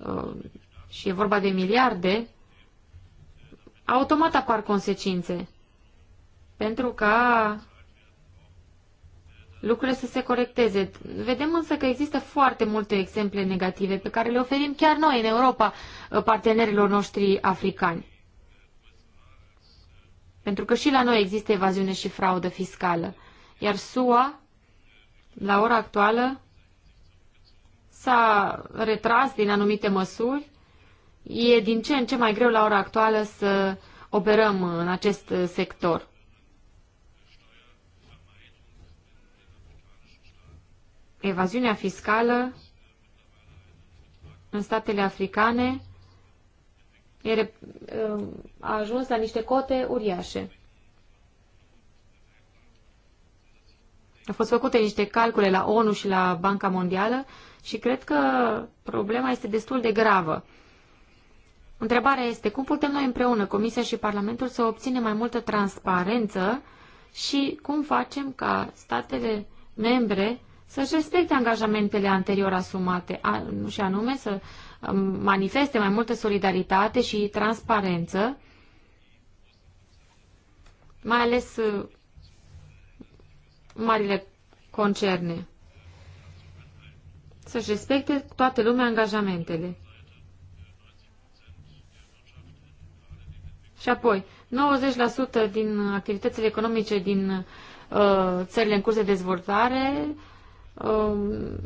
uh, și e vorba de miliarde, automat apar consecințe. Pentru ca lucrurile să se corecteze. Vedem însă că există foarte multe exemple negative pe care le oferim chiar noi în Europa uh, partenerilor noștri africani. Pentru că și la noi există evaziune și fraudă fiscală. Iar SUA, la ora actuală, s-a retras din anumite măsuri. E din ce în ce mai greu la ora actuală să operăm în acest uh, sector. evaziunea fiscală în statele africane uh, a ajuns la niște cote uriașe. Au fost făcute niște calcule la ONU și la Banca Mondială și cred că problema este destul de gravă. Întrebarea este cum putem noi împreună, Comisia și Parlamentul, să obținem mai multă transparență și cum facem ca statele membre să-și respecte angajamentele anterior asumate, a, și anume să um, manifeste mai multă solidaritate și transparență, mai ales uh, marile concerne. Să-și respecte toată lumea angajamentele. Și apoi, 90% din activitățile economice din uh, țările în curs de dezvoltare Um,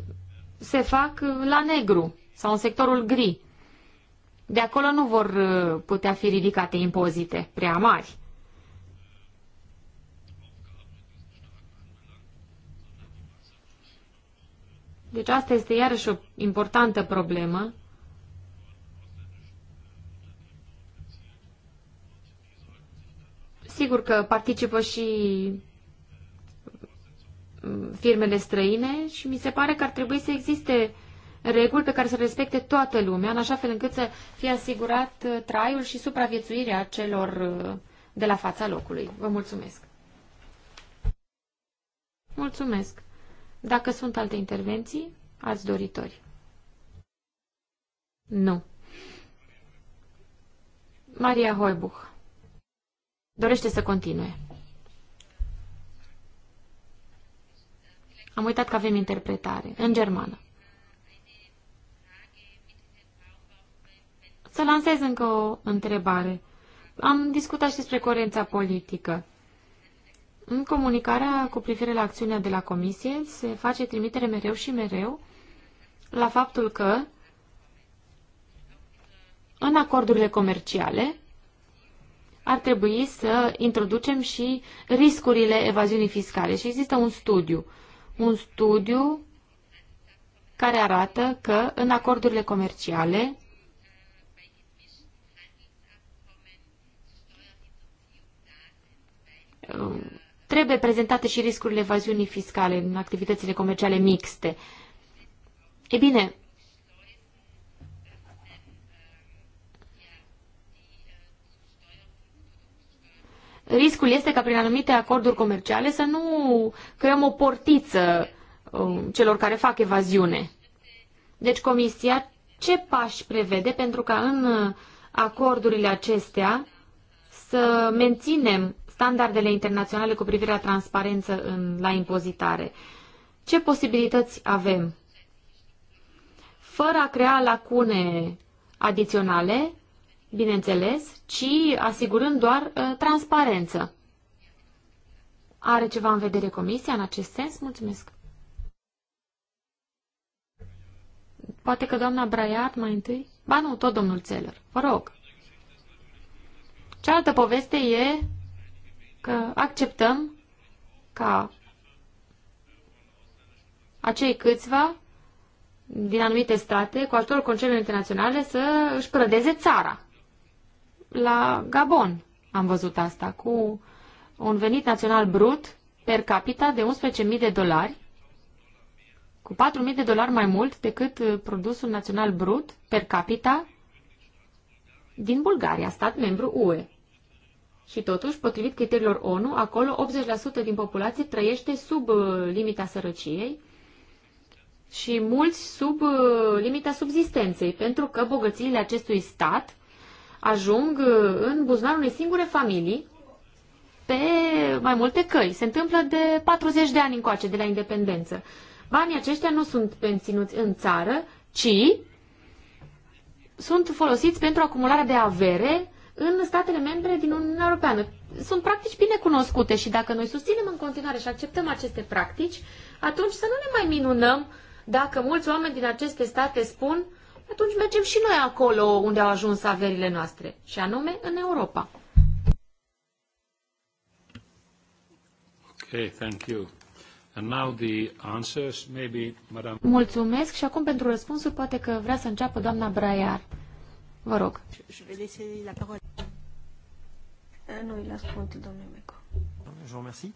se fac la negru sau în sectorul gri. De acolo nu vor uh, putea fi ridicate impozite prea mari. Deci asta este iarăși o importantă problemă. Sigur că participă și firmele străine și mi se pare că ar trebui să existe reguli pe care să respecte toată lumea, în așa fel încât să fie asigurat uh, traiul și supraviețuirea celor uh, de la fața locului. Vă mulțumesc! Mulțumesc! Dacă sunt alte intervenții, ați doritori. Nu. Maria Hoibuch dorește să continue. Am uitat că avem interpretare în germană. Să lansez încă o întrebare. Am discutat și despre coerența politică. În comunicarea cu privire la acțiunea de la Comisie se face trimitere mereu și mereu la faptul că în acordurile comerciale ar trebui să introducem și riscurile evaziunii fiscale. Și există un studiu un studiu care arată că în acordurile comerciale um, trebuie prezentate și riscurile evaziunii fiscale în activitățile comerciale mixte. E bine, riscul este ca prin anumite acorduri comerciale să nu creăm o portiță um, celor care fac evaziune. Deci Comisia ce pași prevede pentru ca în uh, acordurile acestea să menținem standardele internaționale cu privire la transparență în, la impozitare? Ce posibilități avem? Fără a crea lacune adiționale, bineînțeles, ci asigurând doar uh, transparență. Are ceva în vedere Comisia în acest sens? Mulțumesc! Poate că doamna Braiat mai întâi? Ba nu, tot domnul Țeler. Vă rog. Cealaltă poveste e că acceptăm ca acei câțiva din anumite state, cu ajutorul concernului internaționale, să își prădeze țara la Gabon am văzut asta, cu un venit național brut per capita de 11.000 de dolari, cu 4.000 de dolari mai mult decât uh, produsul național brut per capita din Bulgaria, stat membru UE. Și totuși, potrivit criteriilor ONU, acolo 80% din populație trăiește sub uh, limita sărăciei și mulți sub uh, limita subzistenței, pentru că bogățiile acestui stat ajung uh, în buzunarul unei singure familii pe mai multe căi. Se întâmplă de 40 de ani încoace, de la independență. Banii aceștia nu sunt penținuți în țară, ci sunt folosiți pentru acumularea de avere în statele membre din Uniunea Europeană. Sunt practici bine cunoscute și dacă noi susținem în continuare și acceptăm aceste practici, atunci să nu ne mai minunăm dacă mulți oameni din aceste state spun uh, atunci mergem și noi acolo unde au ajuns averile noastre, și anume în Europa. Okay, thank you. And now the answers, maybe, Madame... Mulțumesc și acum pentru răspunsuri poate că vrea să înceapă doamna Braiar. Vă rog. Je vais laisser euh, domnule Meco. Je vous remercie.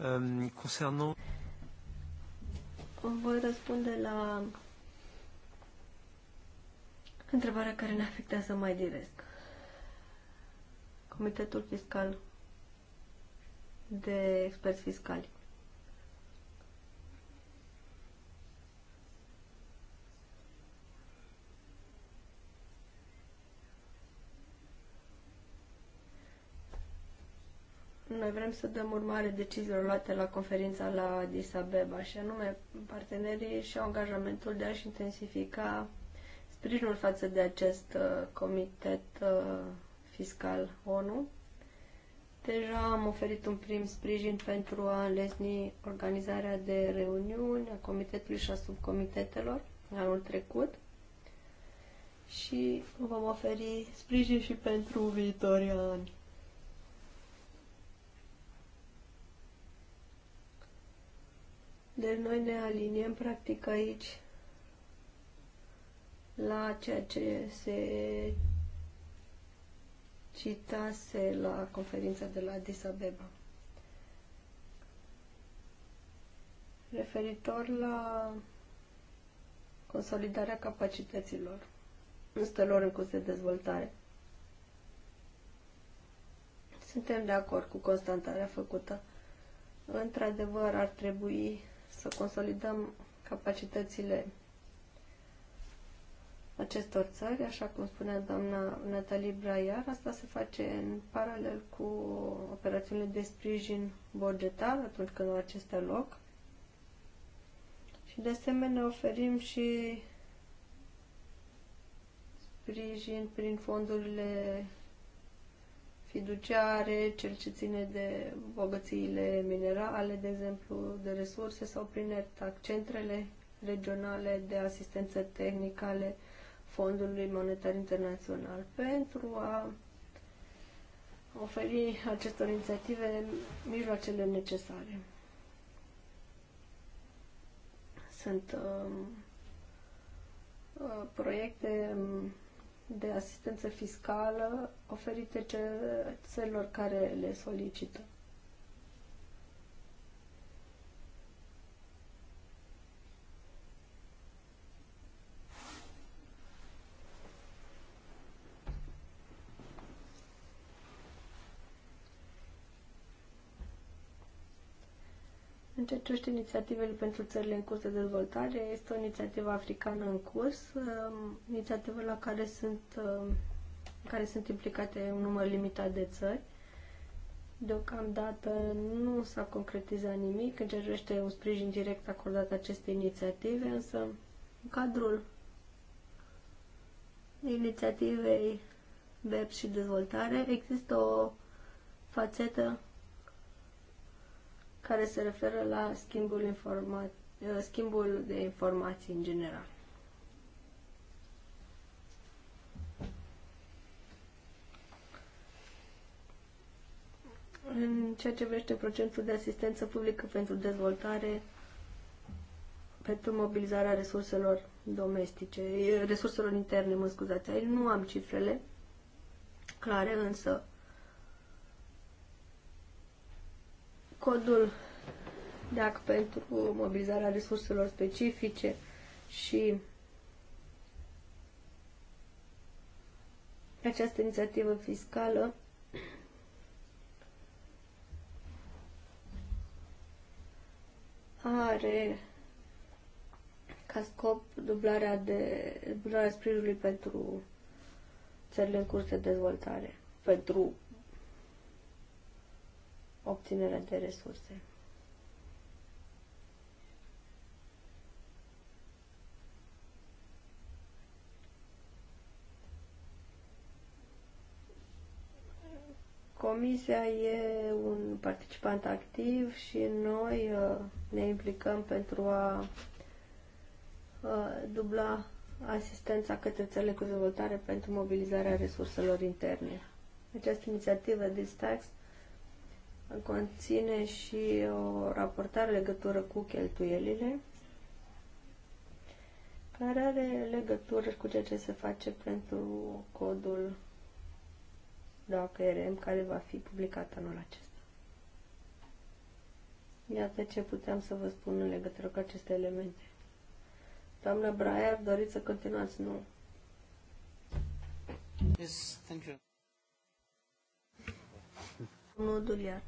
Euh, concernant... Voi răspunde la Întrebarea care ne afectează mai direct. Comitetul Fiscal de Experți Fiscali. Noi vrem să dăm urmare deciziilor luate la conferința la Addis Abeba și anume partenerii și au angajamentul de a-și intensifica sprijinul față de acest uh, comitet uh, fiscal ONU. Deja am oferit un prim sprijin pentru a înlesni organizarea de reuniuni a comitetului și a subcomitetelor anul trecut și vom oferi sprijin și pentru viitorii ani. Deci noi ne aliniem practic aici la ceea ce se citase la conferința de la Addis Abeba. Referitor la consolidarea capacităților stălor în curs de dezvoltare. Suntem de acord cu constatarea făcută. Într-adevăr, ar trebui să consolidăm capacitățile acestor țări, așa cum spunea doamna Natalie Braiar, asta se face în paralel cu operațiunile de sprijin bugetar atunci când au acestea loc. Și de asemenea oferim și sprijin prin fondurile fiduciare, cel ce ține de bogățiile minerale, de exemplu, de resurse sau prin ETAC, centrele regionale de asistență tehnică ale Fondului Monetar Internațional pentru a oferi acestor inițiative mijloacele necesare. Sunt uh, uh, proiecte um, de asistență fiscală oferite celor care le solicită. ce privește inițiativele pentru țările în curs de dezvoltare, este o inițiativă africană în curs, um, inițiativă la care sunt, în um, care sunt implicate un număr limitat de țări. Deocamdată nu s-a concretizat nimic în un sprijin direct acordat acestei inițiative, însă în cadrul inițiativei BEPS și dezvoltare există o fațetă care se referă la schimbul, informa- eh, schimbul de informații în general. În ceea ce vrește procentul de asistență publică pentru dezvoltare, pentru mobilizarea resurselor domestice, eh, resurselor interne, mă scuzați, aici nu am cifrele clare, însă codul DAC pentru mobilizarea resurselor specifice și această inițiativă fiscală are ca scop dublarea, de, dublarea sprijinului pentru țările în curs de dezvoltare, pentru obținerea de resurse. Comisia e un participant activ și noi uh, ne implicăm pentru a uh, dubla asistența către țările cu dezvoltare pentru mobilizarea resurselor interne. Această inițiativă de tax conține și o raportare legătură cu cheltuielile, care are legătură cu ceea ce se face pentru codul DACRM care va fi publicat anul acesta. Iată ce puteam să vă spun în legătură cu aceste elemente. Doamna Braia, doriți să continuați? Nu. Yes, thank you. Domnul Duliar.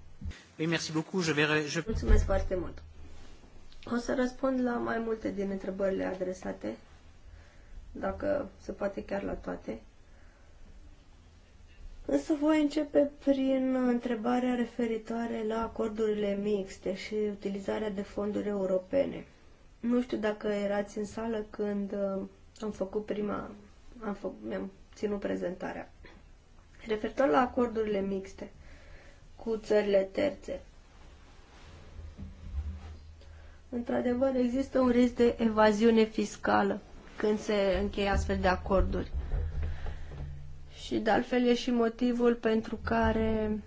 Oui, merci beaucoup. Je vais... Je... Mulțumesc foarte mult. O să răspund la mai multe din întrebările adresate, dacă se poate chiar la toate. Însă voi începe prin întrebarea referitoare la acordurile mixte și utilizarea de fonduri europene. Nu știu dacă erați în sală când uh, am făcut prima, am fă, mi-am ținut prezentarea. Referitor la acordurile mixte, cu țările terțe. Într-adevăr, există un risc de evaziune fiscală când se încheie astfel de acorduri. Și de altfel e și motivul pentru care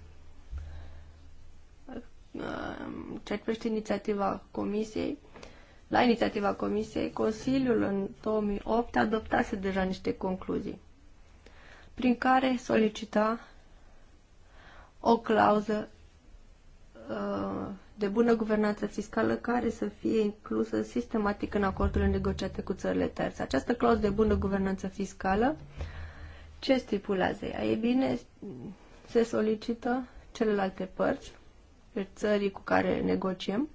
ceea uh, ce privește inițiativa Comisiei, la inițiativa Comisiei, Consiliul în 2008 adoptase deja niște concluzii prin care solicita o clauză uh, de bună guvernanță fiscală care să fie inclusă sistematic în acordurile negociate cu țările terțe. Această clauză de bună guvernanță fiscală, ce stipulează ea? E bine, se solicită celelalte părți, deci țării cu care negociem,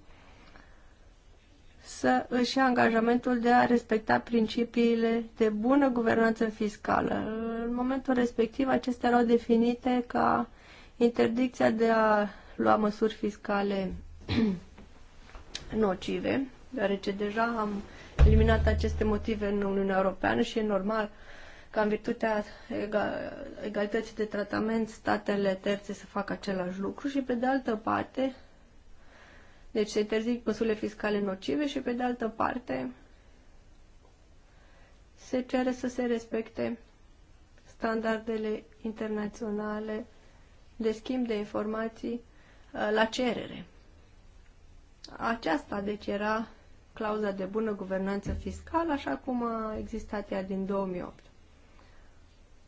să își ia angajamentul de a respecta principiile de bună guvernanță fiscală. În momentul respectiv, acestea erau definite ca Interdicția de a lua măsuri fiscale *clears throat* nocive, deoarece deja am eliminat aceste motive în Uniunea Europeană și e normal ca în virtutea egalității de tratament statele terțe să facă același lucru și pe de altă parte, deci se interzic măsurile fiscale nocive și pe de altă parte se cere să se respecte standardele internaționale de schimb de informații uh, la cerere. Aceasta, deci, era clauza de bună guvernanță fiscală, așa cum a existat ea din 2008.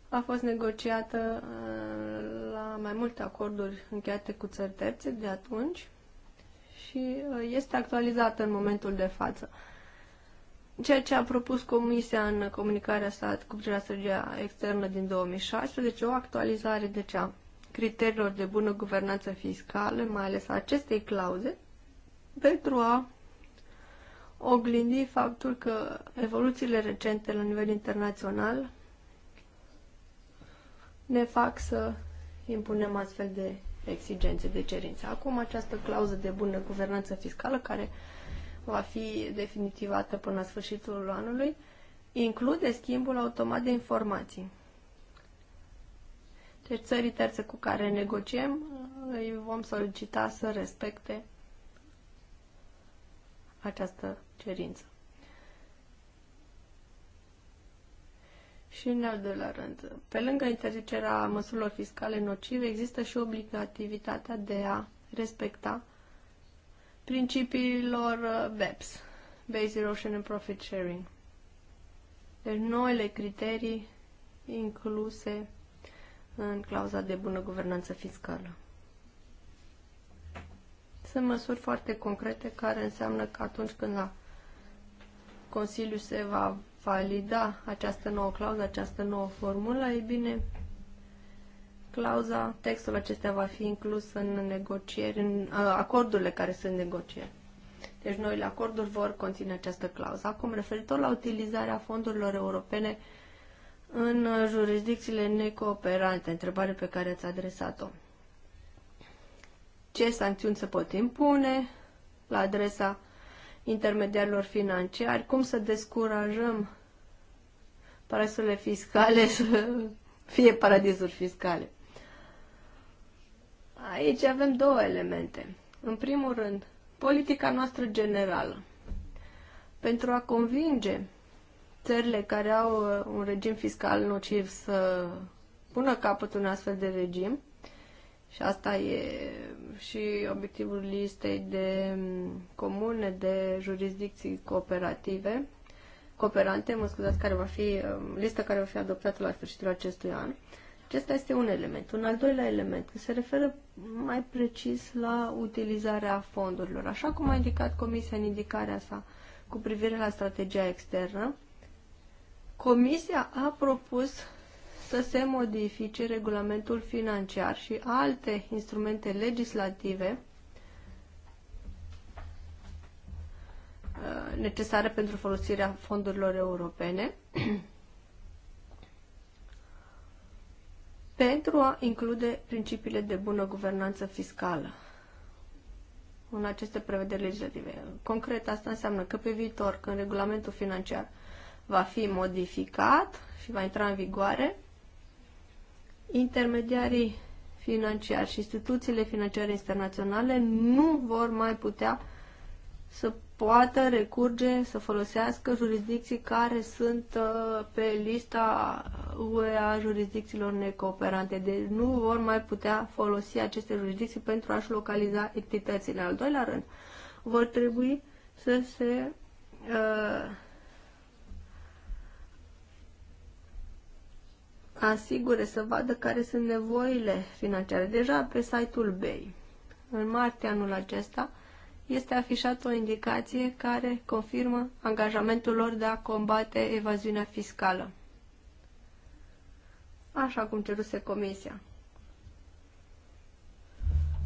A fost negociată uh, la mai multe acorduri încheiate cu țări terțe de atunci și uh, este actualizată în momentul de față. Ceea ce a propus Comisia în comunicarea sa cu privire la strategia externă din 2016, o actualizare de deci, cea criteriilor de bună guvernanță fiscală, mai ales acestei clauze, pentru a oglindi faptul că evoluțiile recente la nivel internațional ne fac să impunem astfel de exigențe, de cerințe. Acum această clauză de bună guvernanță fiscală, care va fi definitivată până la sfârșitul anului, include schimbul automat de informații. Deci țării terțe cu care negociem îi vom solicita să respecte această cerință. Și în al doilea rând, pe lângă interzicerea măsurilor fiscale nocive, există și obligativitatea de a respecta principiilor uh, BEPS, Base Erosion and Profit Sharing. Deci noile criterii incluse în clauza de bună guvernanță fiscală. Sunt măsuri foarte concrete care înseamnă că atunci când la Consiliu se va valida această nouă clauză, această nouă formulă, e bine, clauza, textul acesta va fi inclus în negocieri, în acordurile care sunt negocieri. Deci noile acorduri vor conține această clauză. Acum, referitor la utilizarea fondurilor europene, uh, în uh, jurisdicțiile necooperante, întrebare pe care ați adresat-o. Ce sancțiuni se pot impune la adresa intermediarilor financiari? Cum să descurajăm paradisurile fiscale să fie paradisuri fiscale? Aici avem două elemente. În primul rând, politica noastră generală. Pentru a convinge țările care au uh, un regim fiscal nociv să pună capăt un astfel de regim. Și asta e și obiectivul listei de mm, comune de jurisdicții cooperative, cooperante, mă scuzați, care va fi, um, lista care va fi adoptată la sfârșitul acestui an. Acesta este un element. Un al doilea element se referă mai precis la utilizarea fondurilor. Așa cum a indicat Comisia în indicarea sa cu privire la strategia externă, Comisia a propus să se modifice regulamentul financiar și alte instrumente legislative uh, necesare pentru folosirea fondurilor europene *clears throat* pentru a include principiile de bună guvernanță fiscală în aceste prevederi legislative. Concret, asta înseamnă că pe viitor, când regulamentul financiar va fi modificat și va intra în vigoare. Intermediarii financiari și instituțiile financiare internaționale nu vor mai putea să poată recurge, să folosească jurisdicții care sunt uh, pe lista UE a jurisdicțiilor necooperante. Deci nu vor mai putea folosi aceste jurisdicții pentru a-și localiza entitățile. Al doilea rând, vor trebui să se uh, asigure, să vadă care sunt nevoile financiare. Deja pe site-ul BEI, în martie anul acesta, este afișată o indicație care confirmă angajamentul lor de a combate evaziunea fiscală. Așa cum ceruse comisia.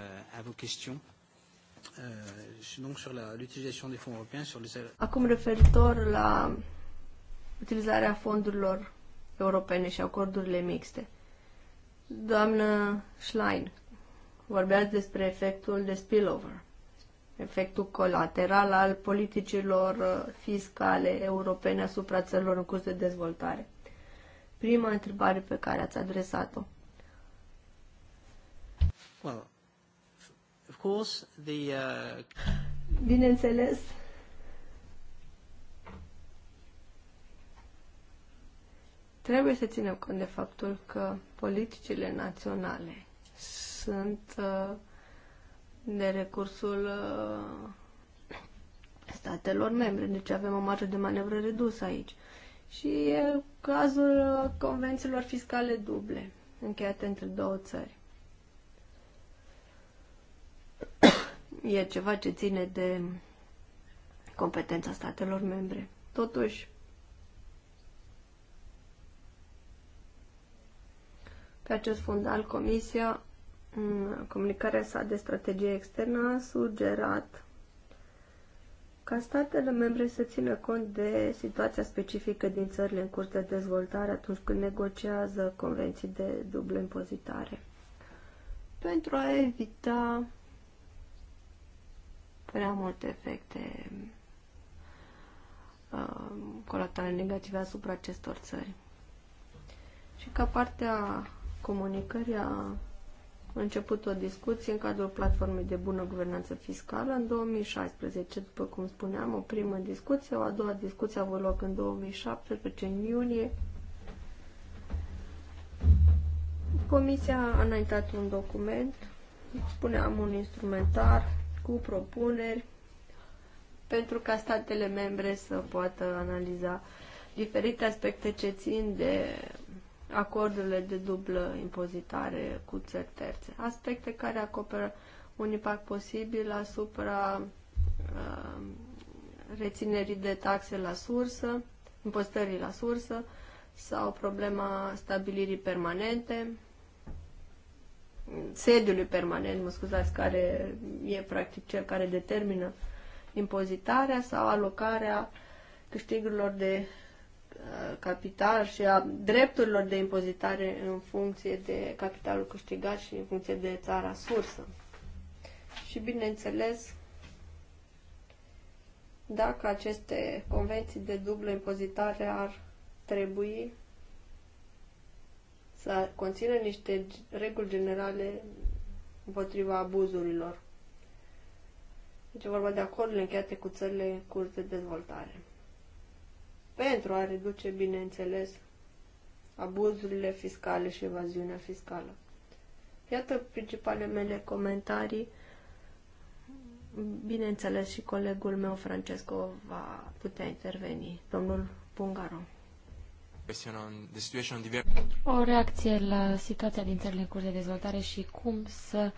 Euh, à vos questions. Euh, Acum referitor la utilizarea fondurilor europene și acordurile mixte. Doamnă Schlein, vorbeați despre efectul de spillover, efectul colateral al politicilor uh, fiscale europene asupra țărilor în curs de dezvoltare. Prima întrebare pe care ați adresat-o. Well, of course, the, uh... Bineînțeles, Trebuie să ținem cont de faptul că politicile naționale sunt uh, de recursul uh, statelor membre, deci avem o marjă de manevră redusă aici. Și e cazul uh, convențiilor fiscale duble, încheiate între două țări. E ceva ce ține de competența statelor membre. Totuși, Pe acest fundal, Comisia, în comunicarea sa de strategie externă, a sugerat ca statele membre să țină cont de situația specifică din țările în curs de dezvoltare atunci când negociază convenții de dublă impozitare. Pentru a evita prea multe efecte uh, colatale negative asupra acestor țări. Și ca parte a comunicării a început o discuție în cadrul platformei de bună guvernanță fiscală în 2016. După cum spuneam, o primă discuție, o a doua discuție a avut loc în 2017, în iunie. Comisia a înaintat un document, spuneam un instrumentar cu propuneri pentru ca statele membre să poată analiza diferite aspecte ce țin de acordurile de dublă impozitare cu țări terțe. Aspecte care acoperă un impact posibil asupra uh, reținerii de taxe la sursă, impostării la sursă sau problema stabilirii permanente, sediului permanent, mă scuzați, care e practic cel care determină impozitarea sau alocarea câștigurilor de Uh, capital și a drepturilor de impozitare în funcție de capitalul câștigat și în funcție de țara sursă. Și bineînțeles, dacă aceste convenții de dublă impozitare ar trebui să conțină niște reguli generale împotriva abuzurilor. Deci e vorba de acordurile încheiate cu țările în curs de dezvoltare pentru a reduce, bineînțeles, abuzurile fiscale și evaziunea fiscală. Iată principalele mele comentarii. Bineînțeles, și colegul meu, Francesco, va putea interveni, domnul Bungaro. O reacție la situația din țările de dezvoltare și cum să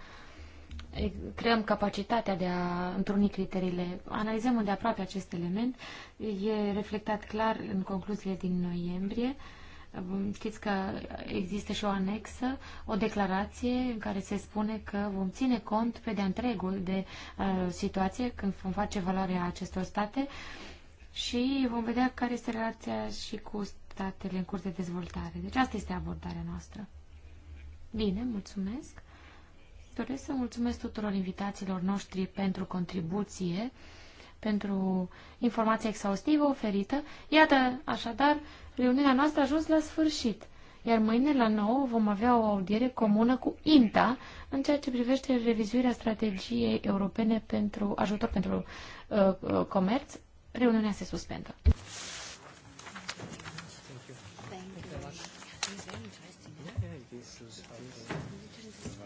creăm capacitatea de a întruni criteriile. Analizăm îndeaproape acest element. E reflectat clar în concluziile din noiembrie. Știți că există și o anexă, o declarație în care se spune că vom ține cont pe de-a întregul de uh, situație când vom face valoarea acestor state și vom vedea care este relația și cu statele în curs de dezvoltare. Deci asta este abordarea noastră. Bine, mulțumesc. Doresc să mulțumesc tuturor invitațiilor noștri pentru contribuție, pentru informația exhaustivă oferită. Iată, așadar, reuniunea noastră a ajuns la sfârșit. Iar mâine la nou, vom avea o audiere comună cu INTA în ceea ce privește revizuirea strategiei europene pentru ajutor pentru uh, uh comerț. Reuniunea se suspendă.